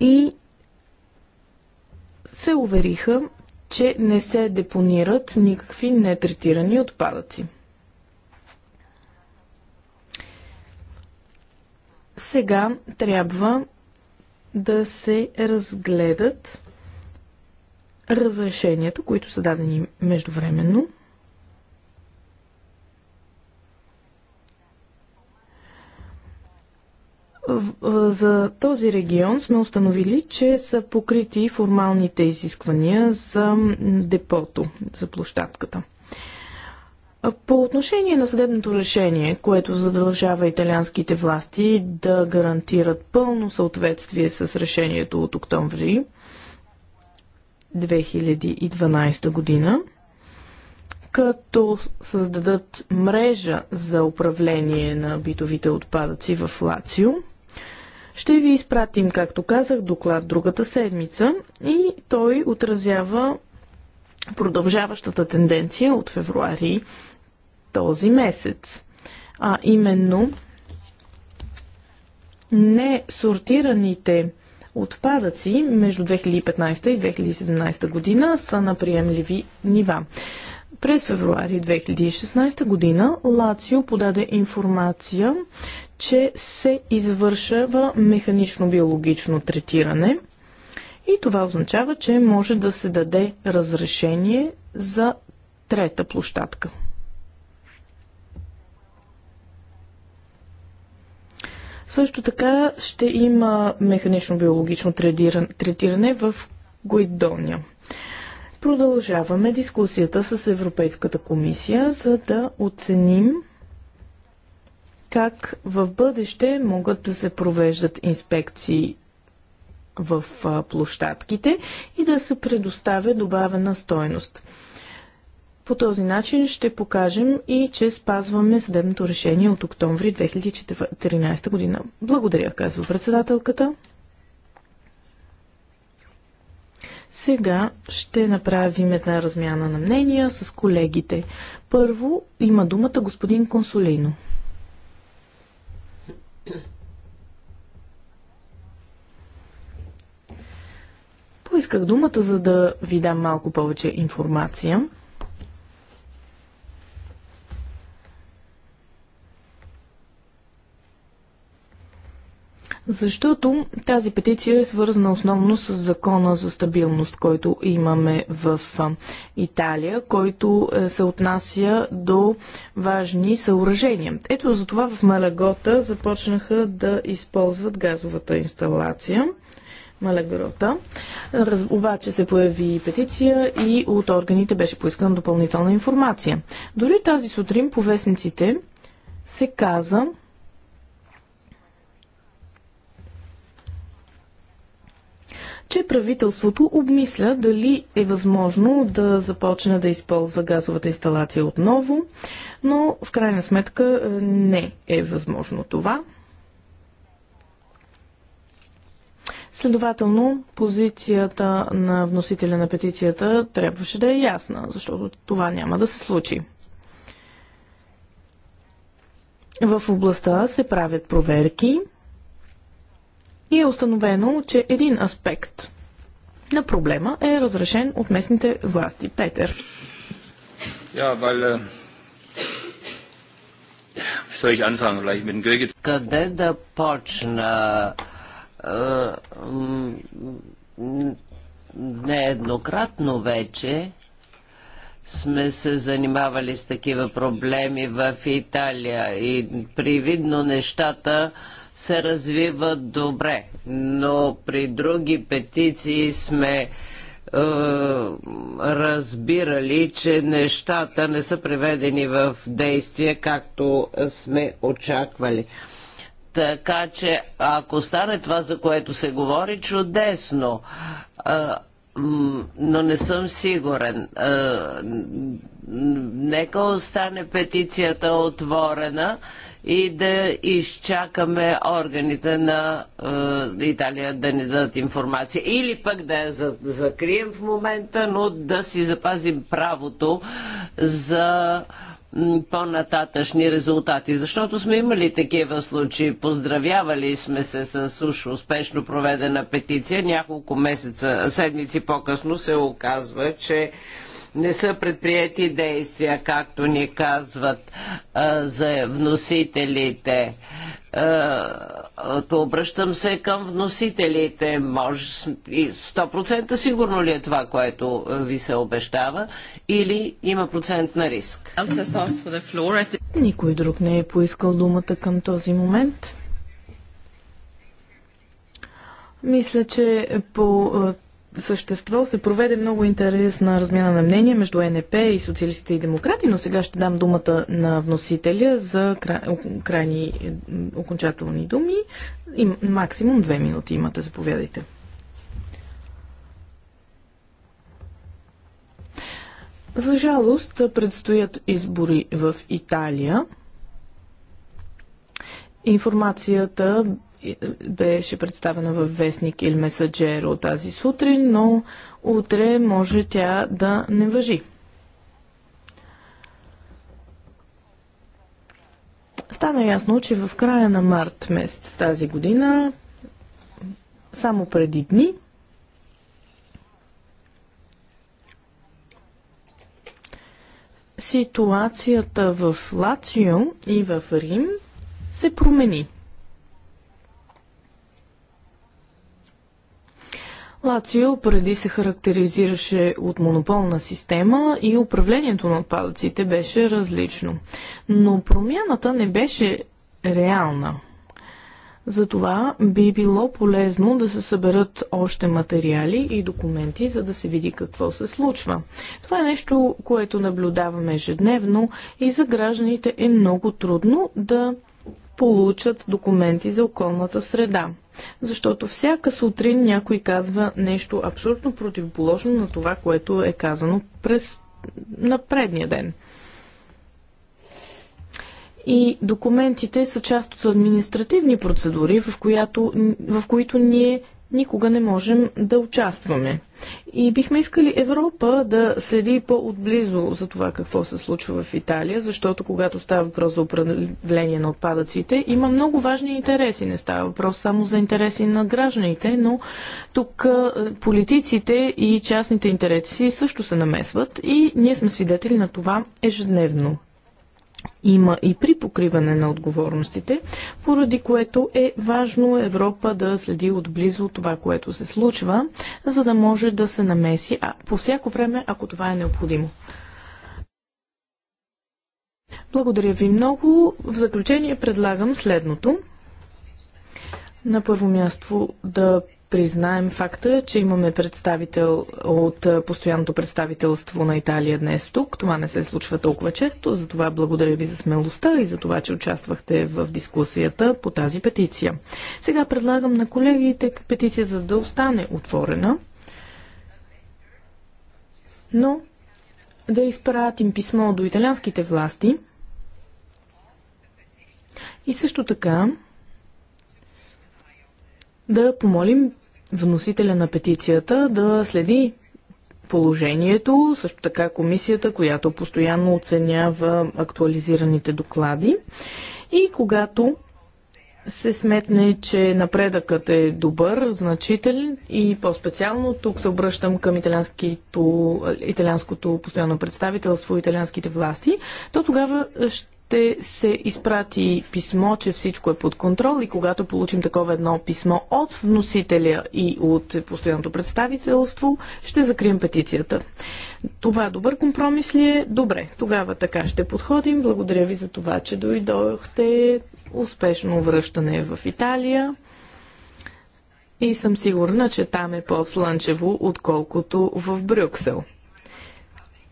и се увериха, че не се депонират никакви нетретирани отпадъци. Сега трябва да се разгледат разрешенията, които са дадени междувременно – за този регион сме установили, че са покрити формалните изисквания за депото, за площадката. По отношение на съдебното решение, което задължава италианските власти да гарантират пълно съответствие с решението от октомври 2012 година, като създадат мрежа за управление на битовите отпадъци в Лацио – ще ви изпратим, както казах, доклад другата седмица и той отразява продължаващата тенденция от февруари този месец. А именно не сортираните отпадъци между 2015 и 2017 година са на приемливи нива. През февруари 2016 година Лацио подаде информация, че се извършва механично биологично третиране и това означава, че може да се даде разрешение за трета площадка. Също така ще има механично биологично третиране в Гуидония. Продължаваме дискусията с Европейската комисия, за да оценим как в бъдеще могат да се провеждат инспекции в площадките и да се предоставя добавена стойност. По този начин ще покажем и, че спазваме съдебното решение от октомври 2013 година. Благодаря, казва председателката. Сега ще направим една размяна на мнения с колегите. Първо има думата господин Консолино. Поисках думата, за да ви дам малко повече информация. Защото тази петиция е свързана основно с закона за стабилност, който имаме в Италия, който е, се отнася до важни съоръжения. Ето за това в Малагота започнаха да използват газовата инсталация. Малегрота. обаче се появи петиция и от органите беше поискана допълнителна информация. Дори тази сутрин по вестниците се каза, че правителството обмисля дали е възможно да започне да използва газовата инсталация отново, но в крайна сметка е, не е възможно това. Следователно, позицията на вносителя на петицията трябваше да е ясна, защото това няма да се случи. В областта се правят проверки и е установено, че един аспект на проблема е разрешен от местните власти. Петър. Э, Къде да почна? Е, нееднократно вече сме се занимавали с такива проблеми в Италия и привидно нещата се развиват добре, но при други петиции сме е, разбирали, че нещата не са приведени в действие, както сме очаквали. Така че, ако стане това, за което се говори, чудесно. Е, но не съм сигурен. Нека остане петицията отворена и да изчакаме органите на Италия да ни дадат информация. Или пък да я закрием в момента, но да си запазим правото за по-нататъчни резултати, защото сме имали такива случаи. Поздравявали сме се с уж успешно проведена петиция. Няколко месеца, седмици по-късно се оказва, че не са предприяти действия, както ни казват а, за вносителите. А, то обръщам се към вносителите. Може 100% сигурно ли е това, което ви се обещава или има процент на риск? Никой друг не е поискал думата към този момент. Мисля, че по същество се проведе много интересна размяна на мнение между НП и социалистите и демократи, но сега ще дам думата на вносителя за крайни окончателни думи. И максимум две минути имате, заповядайте. За жалост предстоят избори в Италия. Информацията е, беше представена във вестник или месаджеро тази сутрин, но утре може тя да не въжи. Стана ясно, че в края на март месец тази година, само преди дни, ситуацията в Лацио и в Рим се промени – Лацио преди се характеризираше от монополна система и управлението на отпадъците беше различно. Но промяната не беше реална. Затова би било полезно да се съберат още материали и документи, за да се види какво се случва. Това е нещо, което наблюдаваме ежедневно и за гражданите е много трудно да получат документи за околната среда. Защото всяка сутрин някой казва нещо абсолютно противоположно на това, което е казано през на предния ден. И документите са част от административни процедури, в, която, в които ние никога не можем да участваме. И бихме искали Европа да следи по-отблизо за това какво се случва в Италия, защото когато става въпрос за управление на отпадъците, има много важни интереси. Не става въпрос само за интереси на гражданите, но тук политиците и частните интереси също се намесват и ние сме свидетели на това ежедневно има и при покриване на отговорностите, поради което е важно Европа да следи отблизо това, което се случва, за да може да се намеси а, по всяко време, ако това е необходимо. Благодаря ви много. В заключение предлагам следното. На първо място да признаем факта, че имаме представител от постоянното представителство на Италия днес тук. Това не се случва толкова често, затова благодаря ви за смелостта и за това, че участвахте в дискусията по тази петиция. Сега предлагам на колегите петицията да остане отворена, но да изпратим писмо до италианските власти и също така да помолим вносителя на петицията да следи положението, също така комисията, която постоянно оценява актуализираните доклади. И когато се сметне, че напредъкът е добър, значителен и по-специално тук се обръщам към италианското, постоянно представителство, италианските власти, то тогава ще ще се изпрати писмо, че всичко е под контрол и когато получим такова едно писмо от вносителя и от постоянното представителство, ще закрием петицията. Това добър компромис ли е? Добре, тогава така ще подходим. Благодаря ви за това, че дойдохте. Успешно връщане в Италия. И съм сигурна, че там е по-слънчево, отколкото в Брюксел.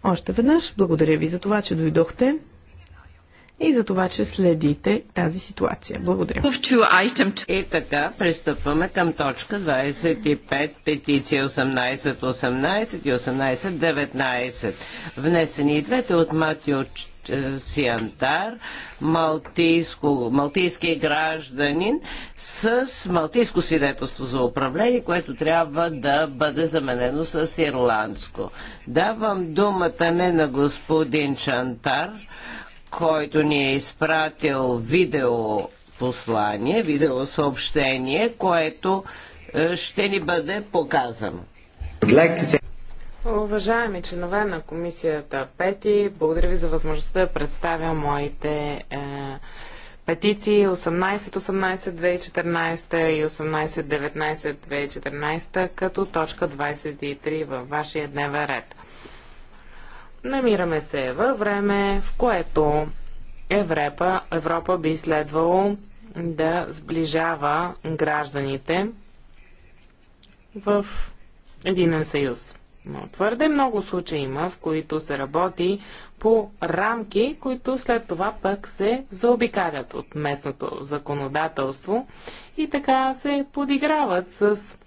Още веднъж благодаря ви за това, че дойдохте и за това, че следите тази ситуация. Благодаря. И така, пристъпваме към точка 25, петиция 1818 и 1819. Внесени и двете от Матио е, Сиантар, малтийско, малтийски гражданин с малтийско свидетелство за управление, което трябва да бъде заменено с ирландско. Давам думата не на господин Чантар, който ни е изпратил видео послание, видео съобщение, което е, ще ни бъде показано. Уважаеми членове на комисията Пети, благодаря ви за възможността да представя моите е, петиции 18-18-2014 и 18-19-2014 като точка 23 във вашия дневен ред. Намираме се във време, в което Европа, Европа би следвало да сближава гражданите в единен съюз. Но твърде много случаи има, в които се работи по рамки, които след това пък се заобикалят от местното законодателство и така се подиграват с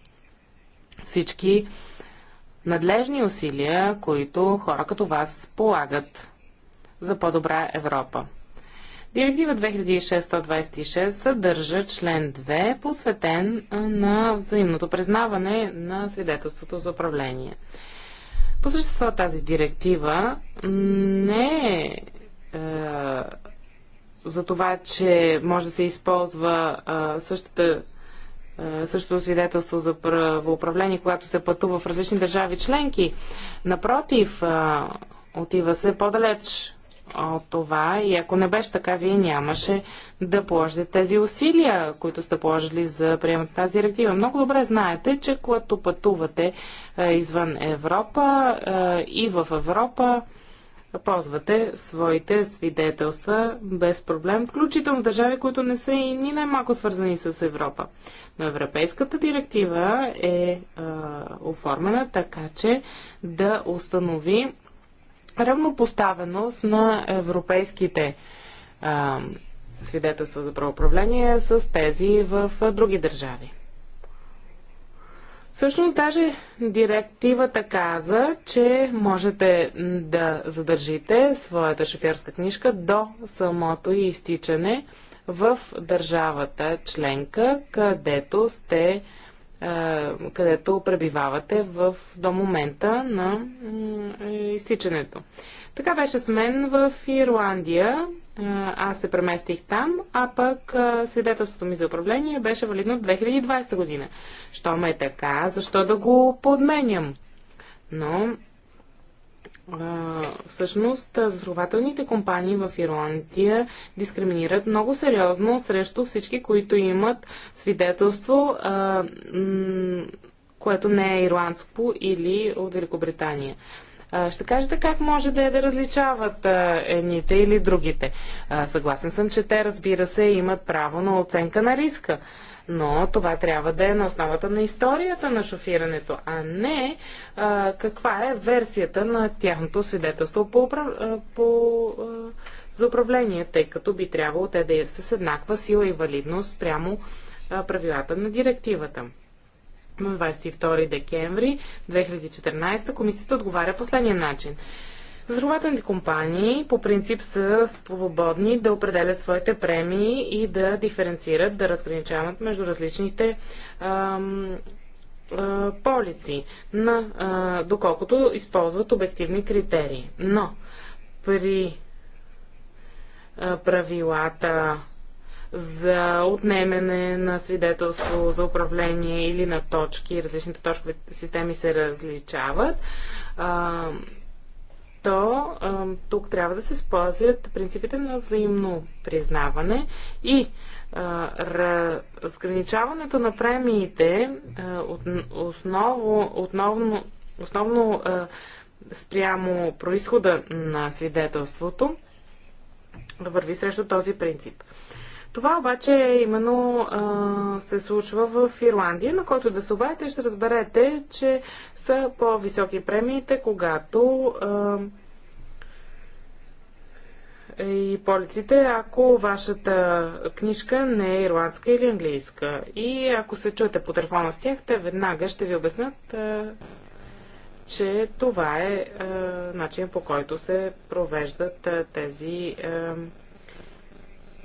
всички надлежни усилия, които хора като вас полагат за по-добра Европа. Директива 2626 съдържа член 2, посветен на взаимното признаване на свидетелството за управление. По същество тази директива не е, е за това, че може да се използва е, същата е, също свидетелство за правоуправление, когато се пътува в различни държави членки. Напротив, е, отива се по-далеч от това и ако не беше така, вие нямаше да положите тези усилия, които сте положили за приемането тази директива. Много добре знаете, че когато пътувате е, извън Европа и в Европа, ползвате своите свидетелства без проблем, включително в държави, които не са и ни най-малко свързани с Европа. Но Европейската директива е а, оформена така, че да установи равнопоставеност на европейските а, свидетелства за правоуправление с тези в други държави. Всъщност даже директивата каза, че можете да задържите своята шофьорска книжка до самото изтичане в държавата членка, където сте където пребивавате в, до момента на изтичането. Така беше с мен в Ирландия. Аз се преместих там, а пък свидетелството ми за управление беше валидно 2020 година. Що ме е така, защо да го подменям? Но всъщност застрахователните компании в Ирландия дискриминират много сериозно срещу всички, които имат свидетелство, което не е ирландско или от Великобритания ще кажете как може да е да различават едните или другите. Съгласен съм, че те, разбира се, имат право на оценка на риска. Но това трябва да е на основата на историята на шофирането, а не а, каква е версията на тяхното свидетелство по, по, за управление, тъй като би трябвало те да е с еднаква сила и валидност прямо правилата на директивата на 22 декември 2014 комисията отговаря последния начин. Застрахователните компании по принцип са свободни да определят своите премии и да диференцират, да разграничават между различните ам, а, полици, на, а, доколкото използват обективни критерии. Но при а, правилата за отнемане на свидетелство за управление или на точки, различните точкови системи се различават, то тук трябва да се спазят принципите на взаимно признаване и разграничаването на премиите основно, основно, основно спрямо происхода на свидетелството върви срещу този принцип. Това обаче именно а, се случва в Ирландия, на който да се обадите ще разберете, че са по-високи премиите, когато а, е и полиците, ако вашата книжка не е ирландска или английска. И ако се чуете по телефона с тях, те веднага ще ви обяснат, а, че това е а, начин по който се провеждат а, тези а,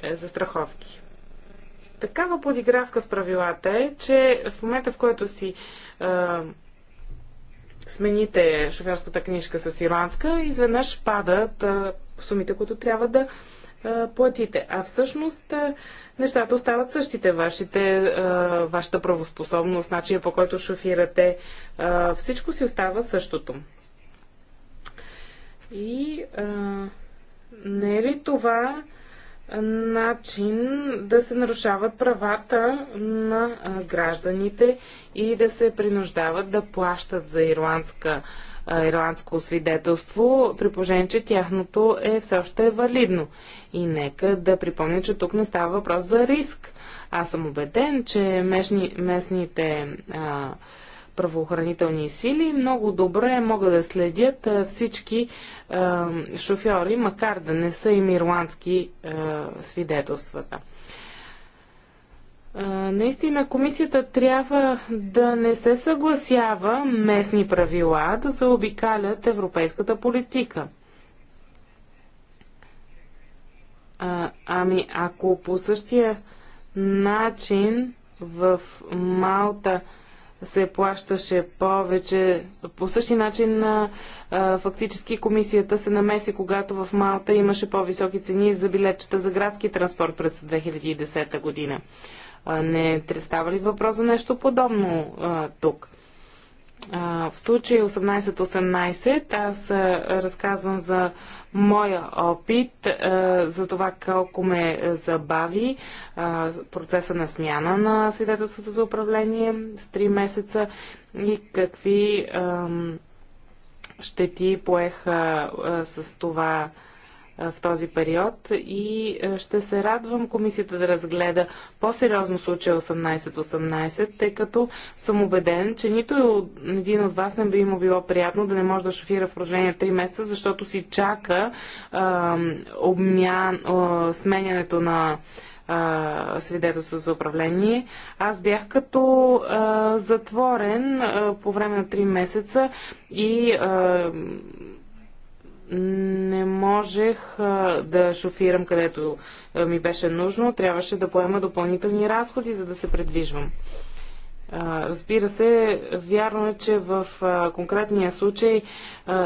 е, застраховки. Такава подигравка с правилата е, че в момента в който си а, смените шофьорската книжка с ирландска, изведнъж падат а, сумите, които трябва да а, платите. А всъщност а, нещата остават същите. Вашите, а, вашата правоспособност, начинът по който шофирате, а, всичко си остава същото. И а, не е ли това начин да се нарушават правата на гражданите и да се принуждават да плащат за ирландска, ирландско свидетелство, при положение, че тяхното е все още е валидно. И нека да припомня, че тук не става въпрос за риск. Аз съм убеден, че местни, местните а, правоохранителни сили много добре могат да следят всички шофьори, макар да не са им ирландски свидетелствата. Наистина комисията трябва да не се съгласява местни правила да заобикалят европейската политика. А, ами ако по същия начин в Малта а, се плащаше повече. По същия начин фактически комисията се намеси, когато в Малта имаше по-високи цени за билетчета за градски транспорт през 2010 година. Не е- става ли въпрос за нещо подобно тук? в случай 18-18 аз разказвам за моя опит, за това колко ме е, забави процеса на смяна на свидетелството за управление с 3 месеца и какви щети поеха с това в този период и ще се радвам комисията да разгледа по-сериозно случая 18-18, тъй като съм убеден, че нито един от вас не би му било приятно да не може да шофира в продължение 3 месеца, защото си чака а, обмян, а, сменянето на свидетелство за управление. Аз бях като а, затворен а, по време на 3 месеца и а, не можех да шофирам където ми беше нужно. Трябваше да поема допълнителни разходи, за да се предвижвам. Разбира се, вярно е, че в конкретния случай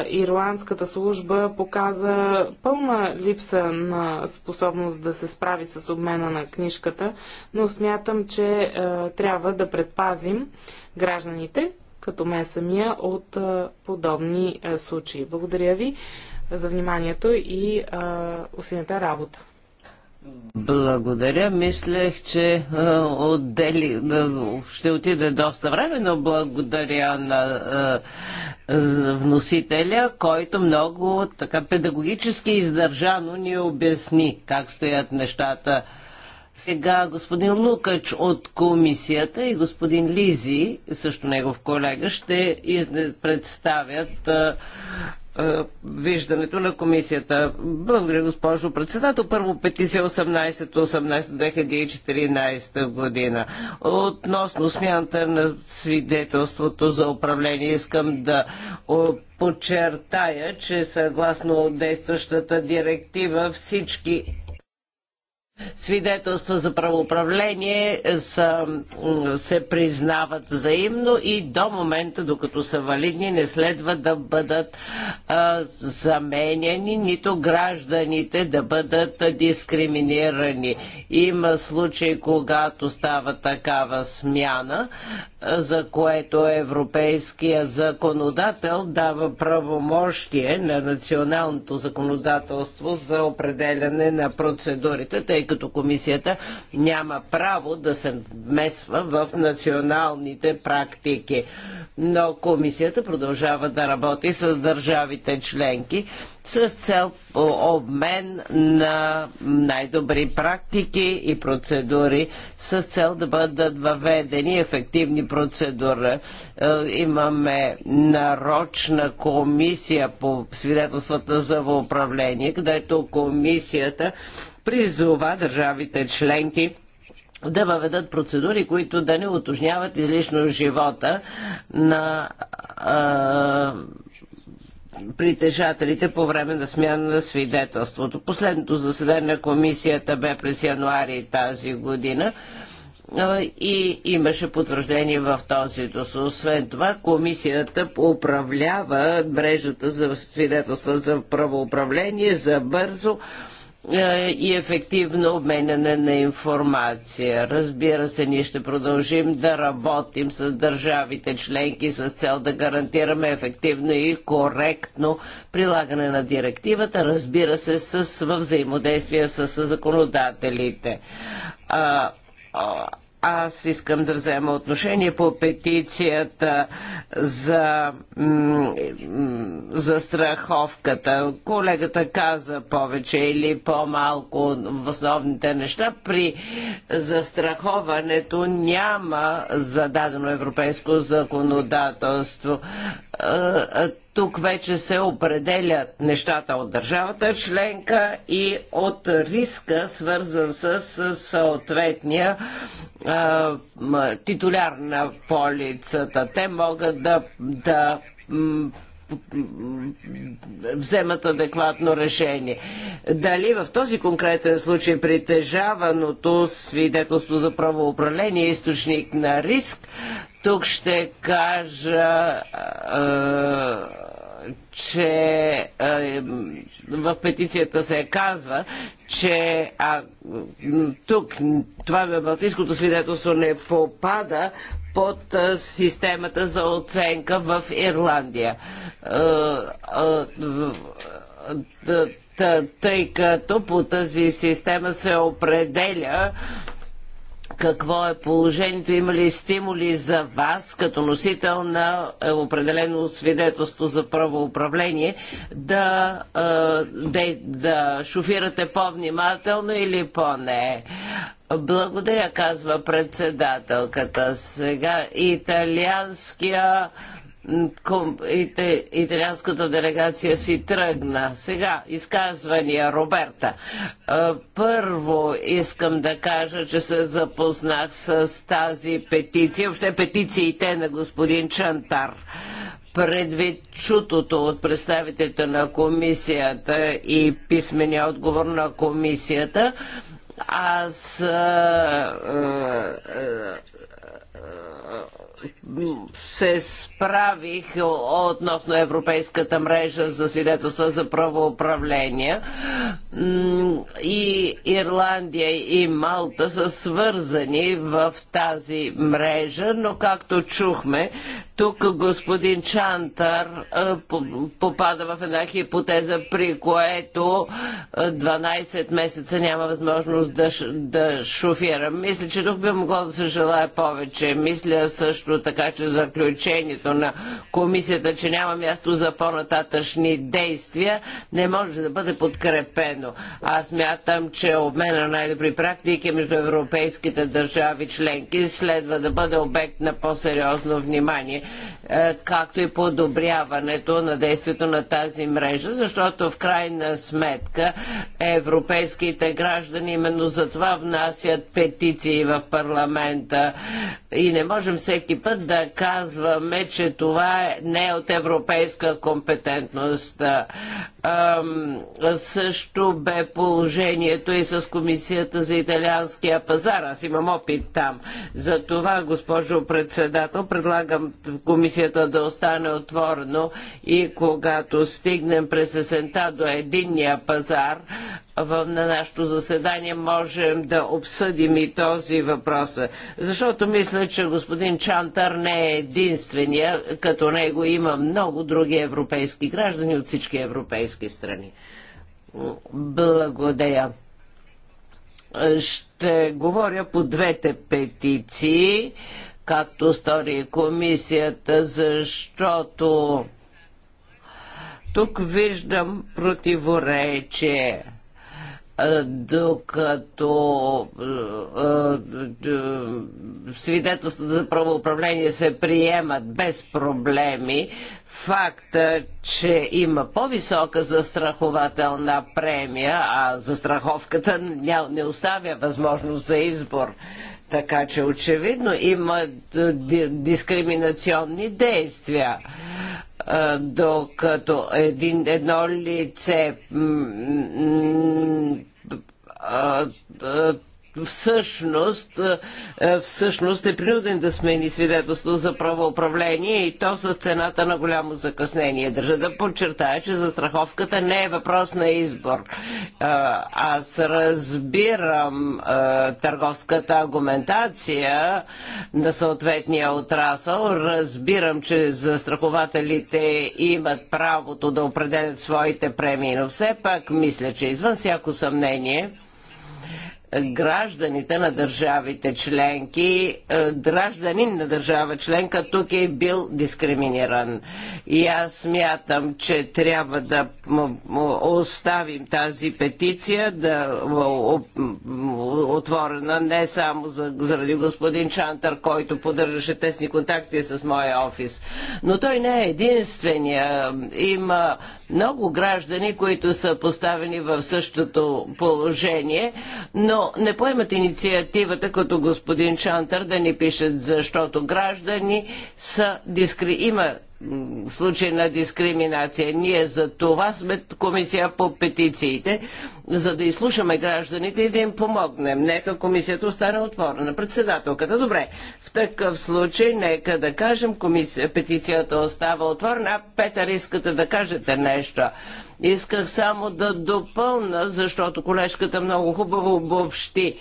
ирландската служба показа пълна липса на способност да се справи с обмена на книжката, но смятам, че трябва да предпазим гражданите като мен е самия, от подобни случаи. Благодаря ви за вниманието и усилената работа. Благодаря. Мислех, че отдели, ще отиде доста време, но благодаря на вносителя, който много така педагогически издържано ни обясни как стоят нещата сега господин Лукач от комисията и господин Лизи, също негов колега, ще представят виждането на комисията. Благодаря, госпожо председател. Първо петиция 18-18-2014 година. Относно смяната на свидетелството за управление искам да подчертая, че съгласно действащата директива всички свидетелства за правоуправление са, се признават взаимно и до момента, докато са валидни, не следва да бъдат а, заменяни, нито гражданите да бъдат дискриминирани. Има случаи, когато става такава смяна, за което европейския законодател дава правомощие на националното законодателство за определяне на процедурите, тъй като комисията няма право да се вмесва в националните практики. Но комисията продължава да работи с държавите членки с цел обмен на най-добри практики и процедури, с цел да бъдат въведени ефективни процедури. Е, имаме нарочна комисия по свидетелствата за управление, където комисията призова държавите членки да въведат процедури, които да не уточняват излишно живота на а, притежателите по време на смяна на свидетелството. Последното заседание на комисията бе през януари тази година и имаше потвърждение в този дос. Освен това, комисията управлява мрежата за свидетелства за правоуправление, за бързо е, и ефективно обменяне на информация. Разбира се, ние ще продължим да работим с държавите членки с цел да гарантираме ефективно и коректно прилагане на директивата, разбира се, с, във взаимодействие с, законодателите. А, а, аз искам да взема отношение по петицията за, за страховката. Колегата каза повече или по-малко в основните неща. При застраховането няма зададено европейско законодателство е, е, тук вече се определят нещата от държавата членка и от риска, свързан с съответния а, титуляр на полицата. Те могат да, да вземат адекватно решение. Дали в този конкретен случай притежаваното свидетелство за правоуправление е източник на риск, тук ще кажа че е, в петицията се казва, че а, тук това балтийското свидетелство не попада под системата за оценка в Ирландия тъй като по тази система се определя какво е положението, има ли стимули за вас, като носител на е, определено свидетелство за правоуправление, да, е, да, да шофирате по-внимателно или по-не? Благодаря, казва председателката. Сега италианския италианската делегация си тръгна. Сега, изказвания Роберта. Първо искам да кажа, че се запознах с тази петиция, въобще петициите на господин Чантар предвид чутото от представителите на комисията и писмения отговор на комисията, аз а, а, а, се справих относно Европейската мрежа за свидетелства за правоуправление и Ирландия и Малта са свързани в тази мрежа, но както чухме, тук господин Чантар попада в една хипотеза, при което 12 месеца няма възможност да, да шофирам. Мисля, че тук би могло да се желая повече. Мисля също също така, че заключението на комисията, че няма място за по-нататъчни действия, не може да бъде подкрепено. Аз мятам, че обмена на най-добри практики между европейските държави членки следва да бъде обект на по-сериозно внимание, е, както и подобряването на действието на тази мрежа, защото в крайна сметка европейските граждани именно за това внасят петиции в парламента и не можем всеки път да казваме, че това не е от европейска компетентност. Ам, също бе положението и с Комисията за италианския пазар. Аз имам опит там. За това, госпожо председател, предлагам Комисията да остане отворено и когато стигнем през есента до единния пазар, в, на нашето заседание можем да обсъдим и този въпрос. Защото мисля, че господин Чантър не е единствения, като него има много други европейски граждани от всички европейски страни. Благодаря. Ще говоря по двете петиции, както стори комисията, защото тук виждам противоречие докато свидетелствата за правоуправление се приемат без проблеми, факта, че има по-висока застрахователна премия, а застраховката не оставя възможност за избор. Така че очевидно има дискриминационни действия докато един, едно лице всъщност, е, е, всъщност е принуден да смени свидетелство за правоуправление и то с цената на голямо закъснение. Държа да подчертая, че застраховката не е въпрос на избор. Е, аз разбирам търговската аргументация на съответния отрасъл, разбирам, че застрахователите имат правото да определят своите премии, но все пак мисля, че извън всяко съмнение, гражданите на държавите членки, е, гражданин на държава членка тук е бил дискриминиран. И аз смятам, че трябва да оставим тази петиция да отворена не само заради господин Чантър, който поддържаше тесни контакти с моя офис, но той не е единствения. Има много граждани, които са поставени в същото положение, но но не поемат инициативата като господин Шантър, да ни пишат, защото граждани са дискри... има случай на дискриминация. Ние за това сме комисия по петициите, за да изслушаме гражданите и да им помогнем. Нека комисията остане отворена. Председателката, добре. В такъв случай, нека да кажем, комисия, петицията остава отворена. А, Петър, искате да кажете нещо. Исках само да допълна, защото колежката много хубаво обобщи.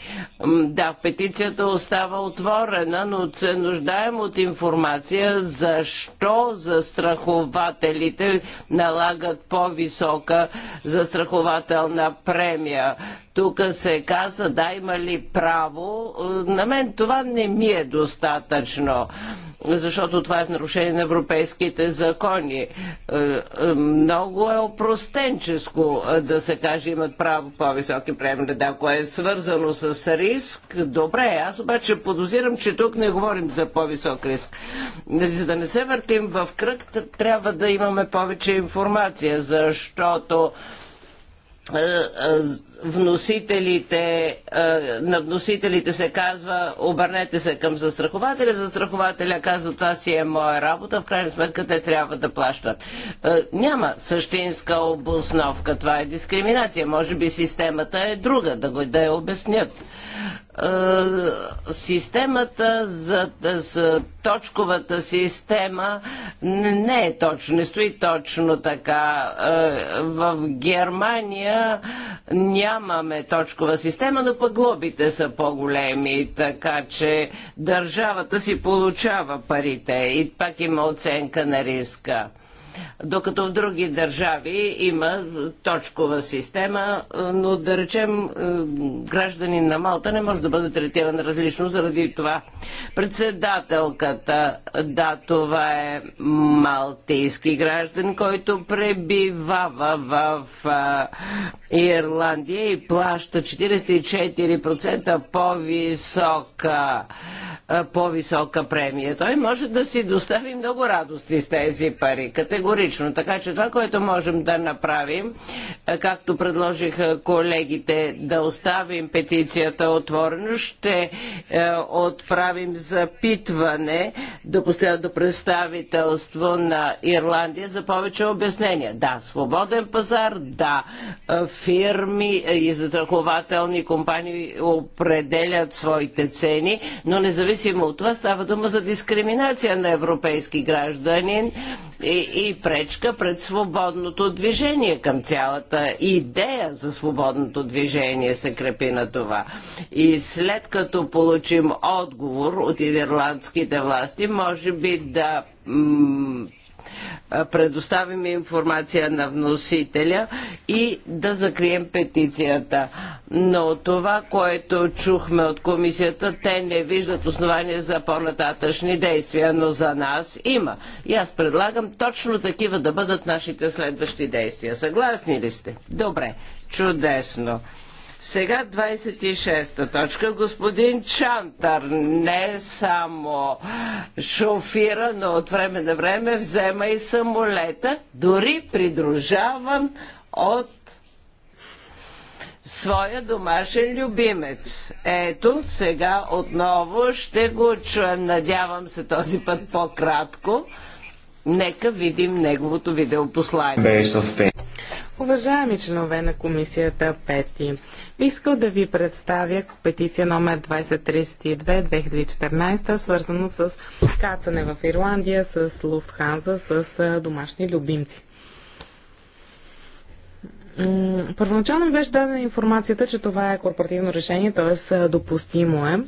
Да, петицията остава отворена, но се нуждаем от информация защо, застрахователите налагат по-висока застрахователна премия. Тук се каза, да, има ли право. Е, на мен това не ми е достатъчно, защото това е в нарушение на европейските закони. Е, е, много е опростенческо да се каже, имат право по-високи премии. Да, ако е свързано с риск, добре. Аз обаче подозирам, че тук не говорим за по-висок риск. За да не се въртим в кръг, трябва да имаме повече информация, защото вносителите, на вносителите се казва обърнете се към застрахователя, застрахователя казва това си е моя работа, в крайна сметка те трябва да плащат. Няма същинска обосновка, това е дискриминация. Може би системата е друга, да го да я обяснят. Системата за, за точковата система не е точно, не стои точно така. В Германия няма нямаме точкова система, но пък глобите са по-големи, така че държавата си получава парите и пак има оценка на риска. Докато в други държави има точкова система, е, но да речем е, гражданин на Малта не може да бъде третиран различно заради това. Председателката, да, това е малтийски граждан, който пребивава в е, Ирландия и плаща 44% по-висока по-висока премия. Той може да си достави много радости с тези пари. Категорично категорично. Така че това, което можем да направим, е, както предложиха колегите, да оставим петицията отворена, ще е, отправим запитване до последното представителство на Ирландия за повече обяснения. Да, свободен пазар, да, е, фирми и затрахователни компании определят своите цени, но независимо от това става дума за дискриминация на европейски гражданин и, и пречка пред свободното движение към цялата идея за свободното движение се крепи на това. И след като получим отговор от ирландските власти, може би да предоставим информация на вносителя и да закрием петицията. Но това, което чухме от комисията, те не виждат основания за по-нататъчни действия, но за нас има. И аз предлагам точно такива да бъдат нашите следващи действия. Съгласни ли сте? Добре, чудесно. Сега 26-та точка. Господин Чантър не само шофира, но от време на време взема и самолета, дори придружаван от своя домашен любимец. Ето, сега отново ще го чуем. Надявам се този път по-кратко. Нека видим неговото видеопослание. Уважаеми членове на комисията Пети, искал да ви представя петиция номер 2032-2014, свързано с кацане в Ирландия, с Луфтханза, с домашни любимци. Първоначално ми беше дадена информацията, че това е корпоративно решение, т.е. допустимо е.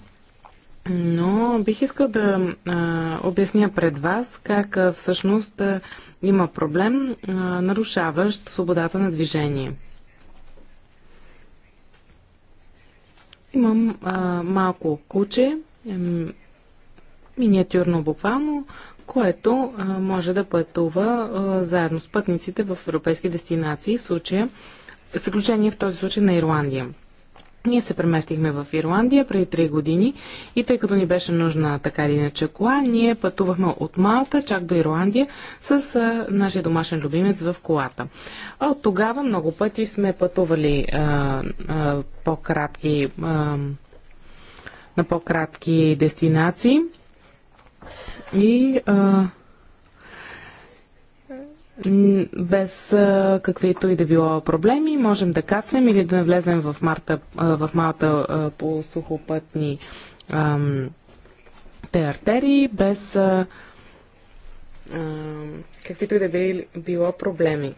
Но бих искал да а, обясня пред вас как а, всъщност а, има проблем, а, нарушаващ свободата на движение. Имам а, малко куче, миниатюрно буквално, което а, може да пътува а, заедно с пътниците в европейски дестинации, в случая, съключение в този случай на Ирландия. Ние се преместихме в Ирландия преди 3 години и тъй като ни беше нужна така или иначе кола, ние пътувахме от Малта чак до Ирландия с а, нашия домашен любимец в колата. От тогава много пъти сме пътували по-кратки на по-кратки дестинации и а, без каквито и да било проблеми. Можем да кацнем или да влезем в, Марта, в Малта по сухопътни те артерии, без каквито и да било проблеми.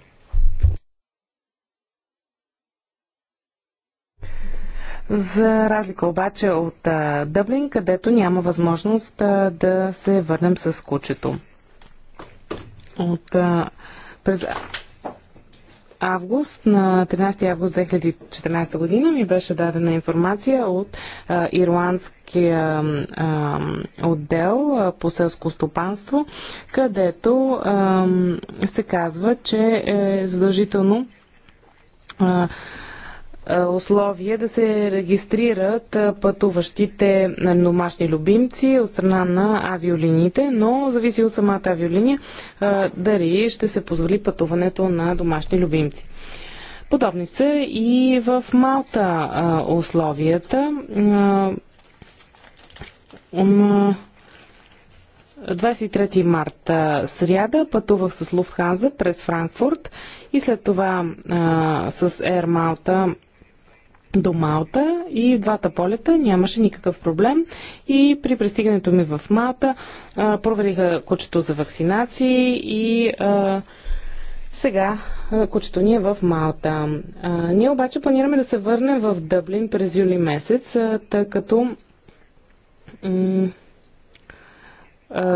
За разлика обаче от а, Дъблин, където няма възможност а, да се върнем с кучето от през август, на 13 август 2014 година ми беше дадена информация от а, ирландския а, отдел а, по селско стопанство, където а, се казва, че е задължително а, е, условие да се регистрират е, пътуващите е, домашни любимци от страна на авиолиниите, но зависи от самата авиолиния дали ще се позволи пътуването на домашни любимци. Подобни са и в Малта условията. 23 марта сряда пътувах с Луфтханза през Франкфурт и след това а, с Air Malta до Малта и в двата полета нямаше никакъв проблем. И при пристигането ми в Малта а, провериха кучето за вакцинации и а, сега кучето ни е в Малта. А, ние обаче планираме да се върнем в Дъблин през юли месец, а, тъй като а,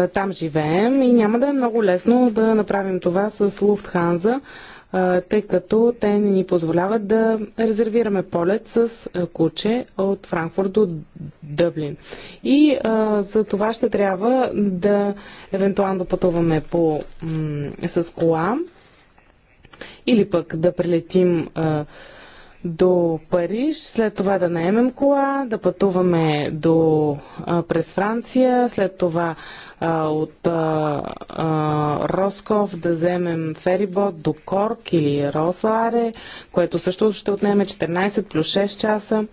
там живеем и няма да е много лесно да направим това с Луфтханза тъй като те не ни позволяват да резервираме полет с куче от Франкфурт до Дъблин. И а, за това ще трябва да евентуално пътуваме по, с кола или пък да прилетим. а, до Париж, след това да наемем кола, да пътуваме до, а, през Франция, след това а, от а, а, Росков да вземем ферибот до Корк или Росларе, което също ще отнеме 14 плюс 6 часа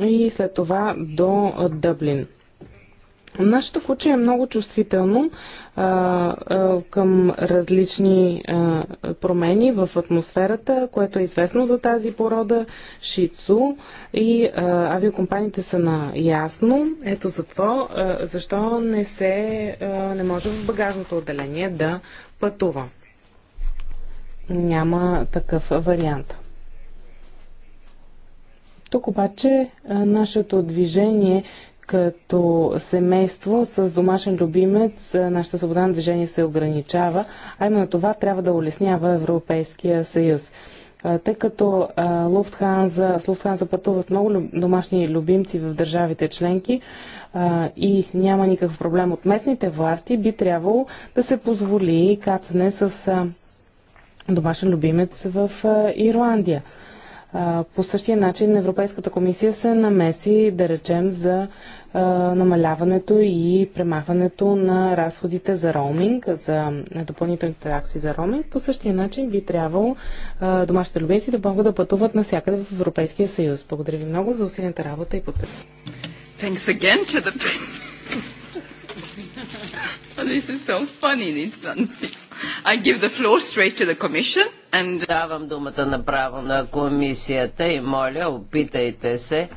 и след това до Дъблин. Нашето куче е много чувствително към различни промени в атмосферата, което е известно за тази порода шицу и авиокомпаниите са наясно. Ето затова, защо не се не може в багажното отделение да пътува. Няма такъв вариант. Тук обаче нашето движение като семейство с домашен любимец е, нашата свобода на движение се ограничава, а именно това трябва да улеснява Европейския съюз. Е, тъй като е, Луфтханза, с Луфтханза пътуват много домашни любимци в държавите членки и няма никакъв проблем от местните власти, би трябвало да се позволи кацане с домашен любимец в Ирландия. По същия начин Европейската комисия се намеси, да речем, за намаляването и премахването на разходите за роуминг, за допълнителните акции за роуминг. По същия начин би трябвало домашните любимци да могат да пътуват навсякъде в Европейския съюз. Благодаря ви много за усилената работа и подкрепа. Thanks again to the This is so funny I give the floor straight to the commission and... Давам думата направо на комисията и моля, опитайте се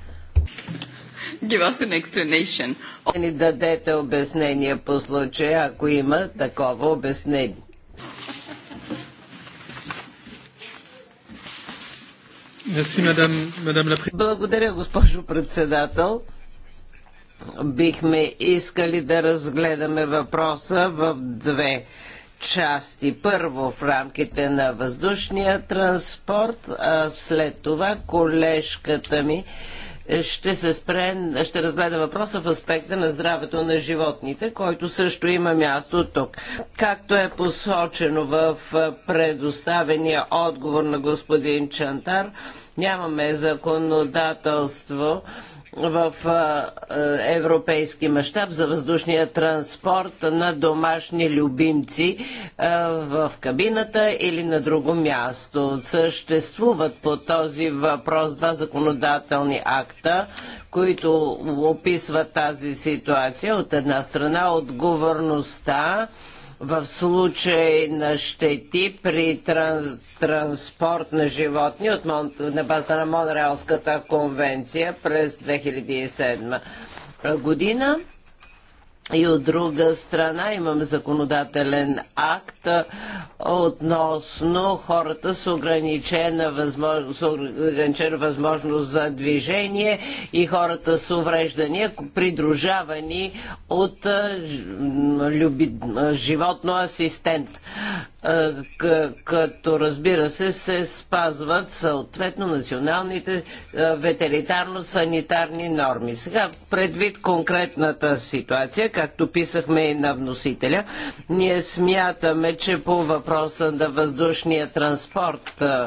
give us an explanation. Ни дадете обяснение по случая, ако има такова обяснение. Благодаря, госпожо председател. Бихме искали да разгледаме въпроса в две части. Първо в рамките на въздушния транспорт, а след това колежката ми ще се спре, ще разгледа въпроса в аспекта на здравето на животните, който също има място тук. Както е посочено в предоставения отговор на господин Чантар, нямаме законодателство в е, европейски мащаб за въздушния транспорт на домашни любимци в кабината или на друго място. Съществуват по този въпрос два законодателни акта, които описват тази ситуация. От една страна отговорността в случай на щети при транс, транспорт на животни от на базата на Монреалската конвенция през 2007 година и от друга страна имаме законодателен акт относно хората с ограничена, възможно, с ограничена възможност за движение и хората с увреждания, придружавани от любит, животно асистент. Е, като разбира се се спазват съответно националните е, ветеринарно-санитарни норми. Сега, предвид конкретната ситуация, както писахме и на вносителя, ние смятаме, че по въпроса на въздушния транспорт е,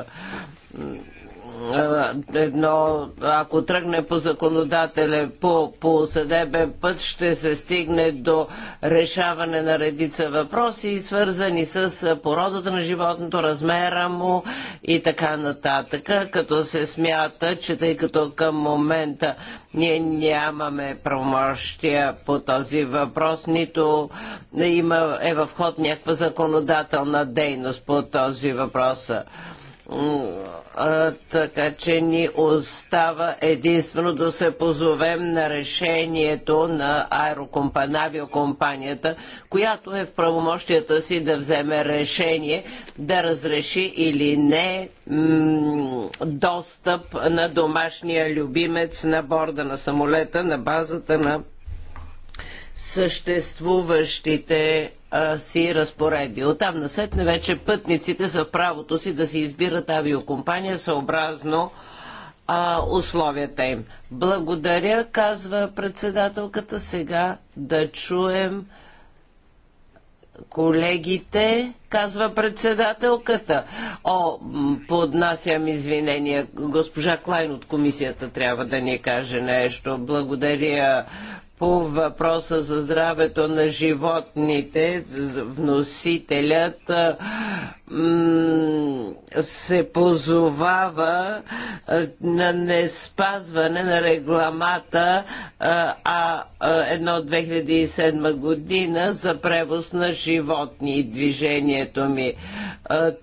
е, едно, ако тръгне по законодателя, по, по съдебен път, ще се стигне до решаване на редица въпроси, свързани с породата на животното, размера му и така нататък, като се смята, че тъй като към момента ние нямаме правомощия по този въпрос, нито има, е в ход някаква законодателна дейност по този въпрос така че ни остава единствено да се позовем на решението на авиокомпанията, която е в правомощията си да вземе решение да разреши или не достъп на домашния любимец на борда на самолета на базата на съществуващите си разпореди. Оттам насетне вече пътниците са в правото си да си избират авиокомпания съобразно а, условията им. Благодаря, казва председателката. Сега да чуем колегите, казва председателката. О, поднасям извинения. Госпожа Клайн от комисията трябва да ни каже нещо. Благодаря. По въпроса за здравето на животните, вносителят се позовава на неспазване на регламата а едно 2007 година за превоз на животни и движението ми,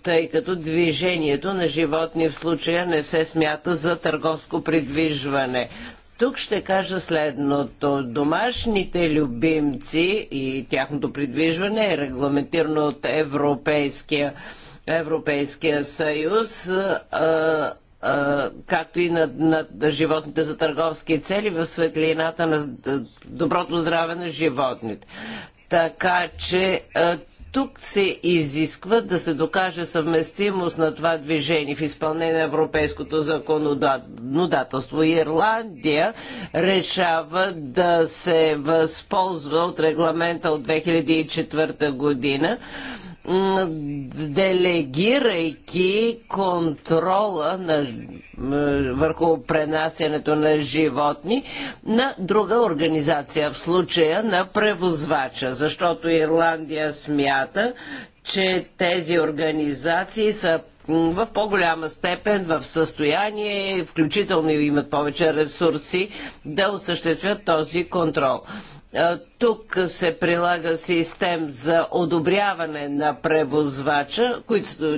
тъй като движението на животни в случая не се смята за търговско придвижване. Тук ще кажа следното. Домашните любимци и тяхното придвижване е регламентирано от Европейския, Европейския съюз, а, а, както и на, на животните за търговски цели в светлината на доброто здраве на животните. Така че тук се изисква да се докаже съвместимост на това движение в изпълнение на европейското законодателство. Ирландия решава да се възползва от регламента от 2004 година делегирайки контрола на, върху пренасянето на животни на друга организация, в случая на превозвача, защото Ирландия смята, че тези организации са в по-голяма степен в състояние, включително имат повече ресурси, да осъществят този контрол. Е, тук се прилага систем за одобряване на превозвача,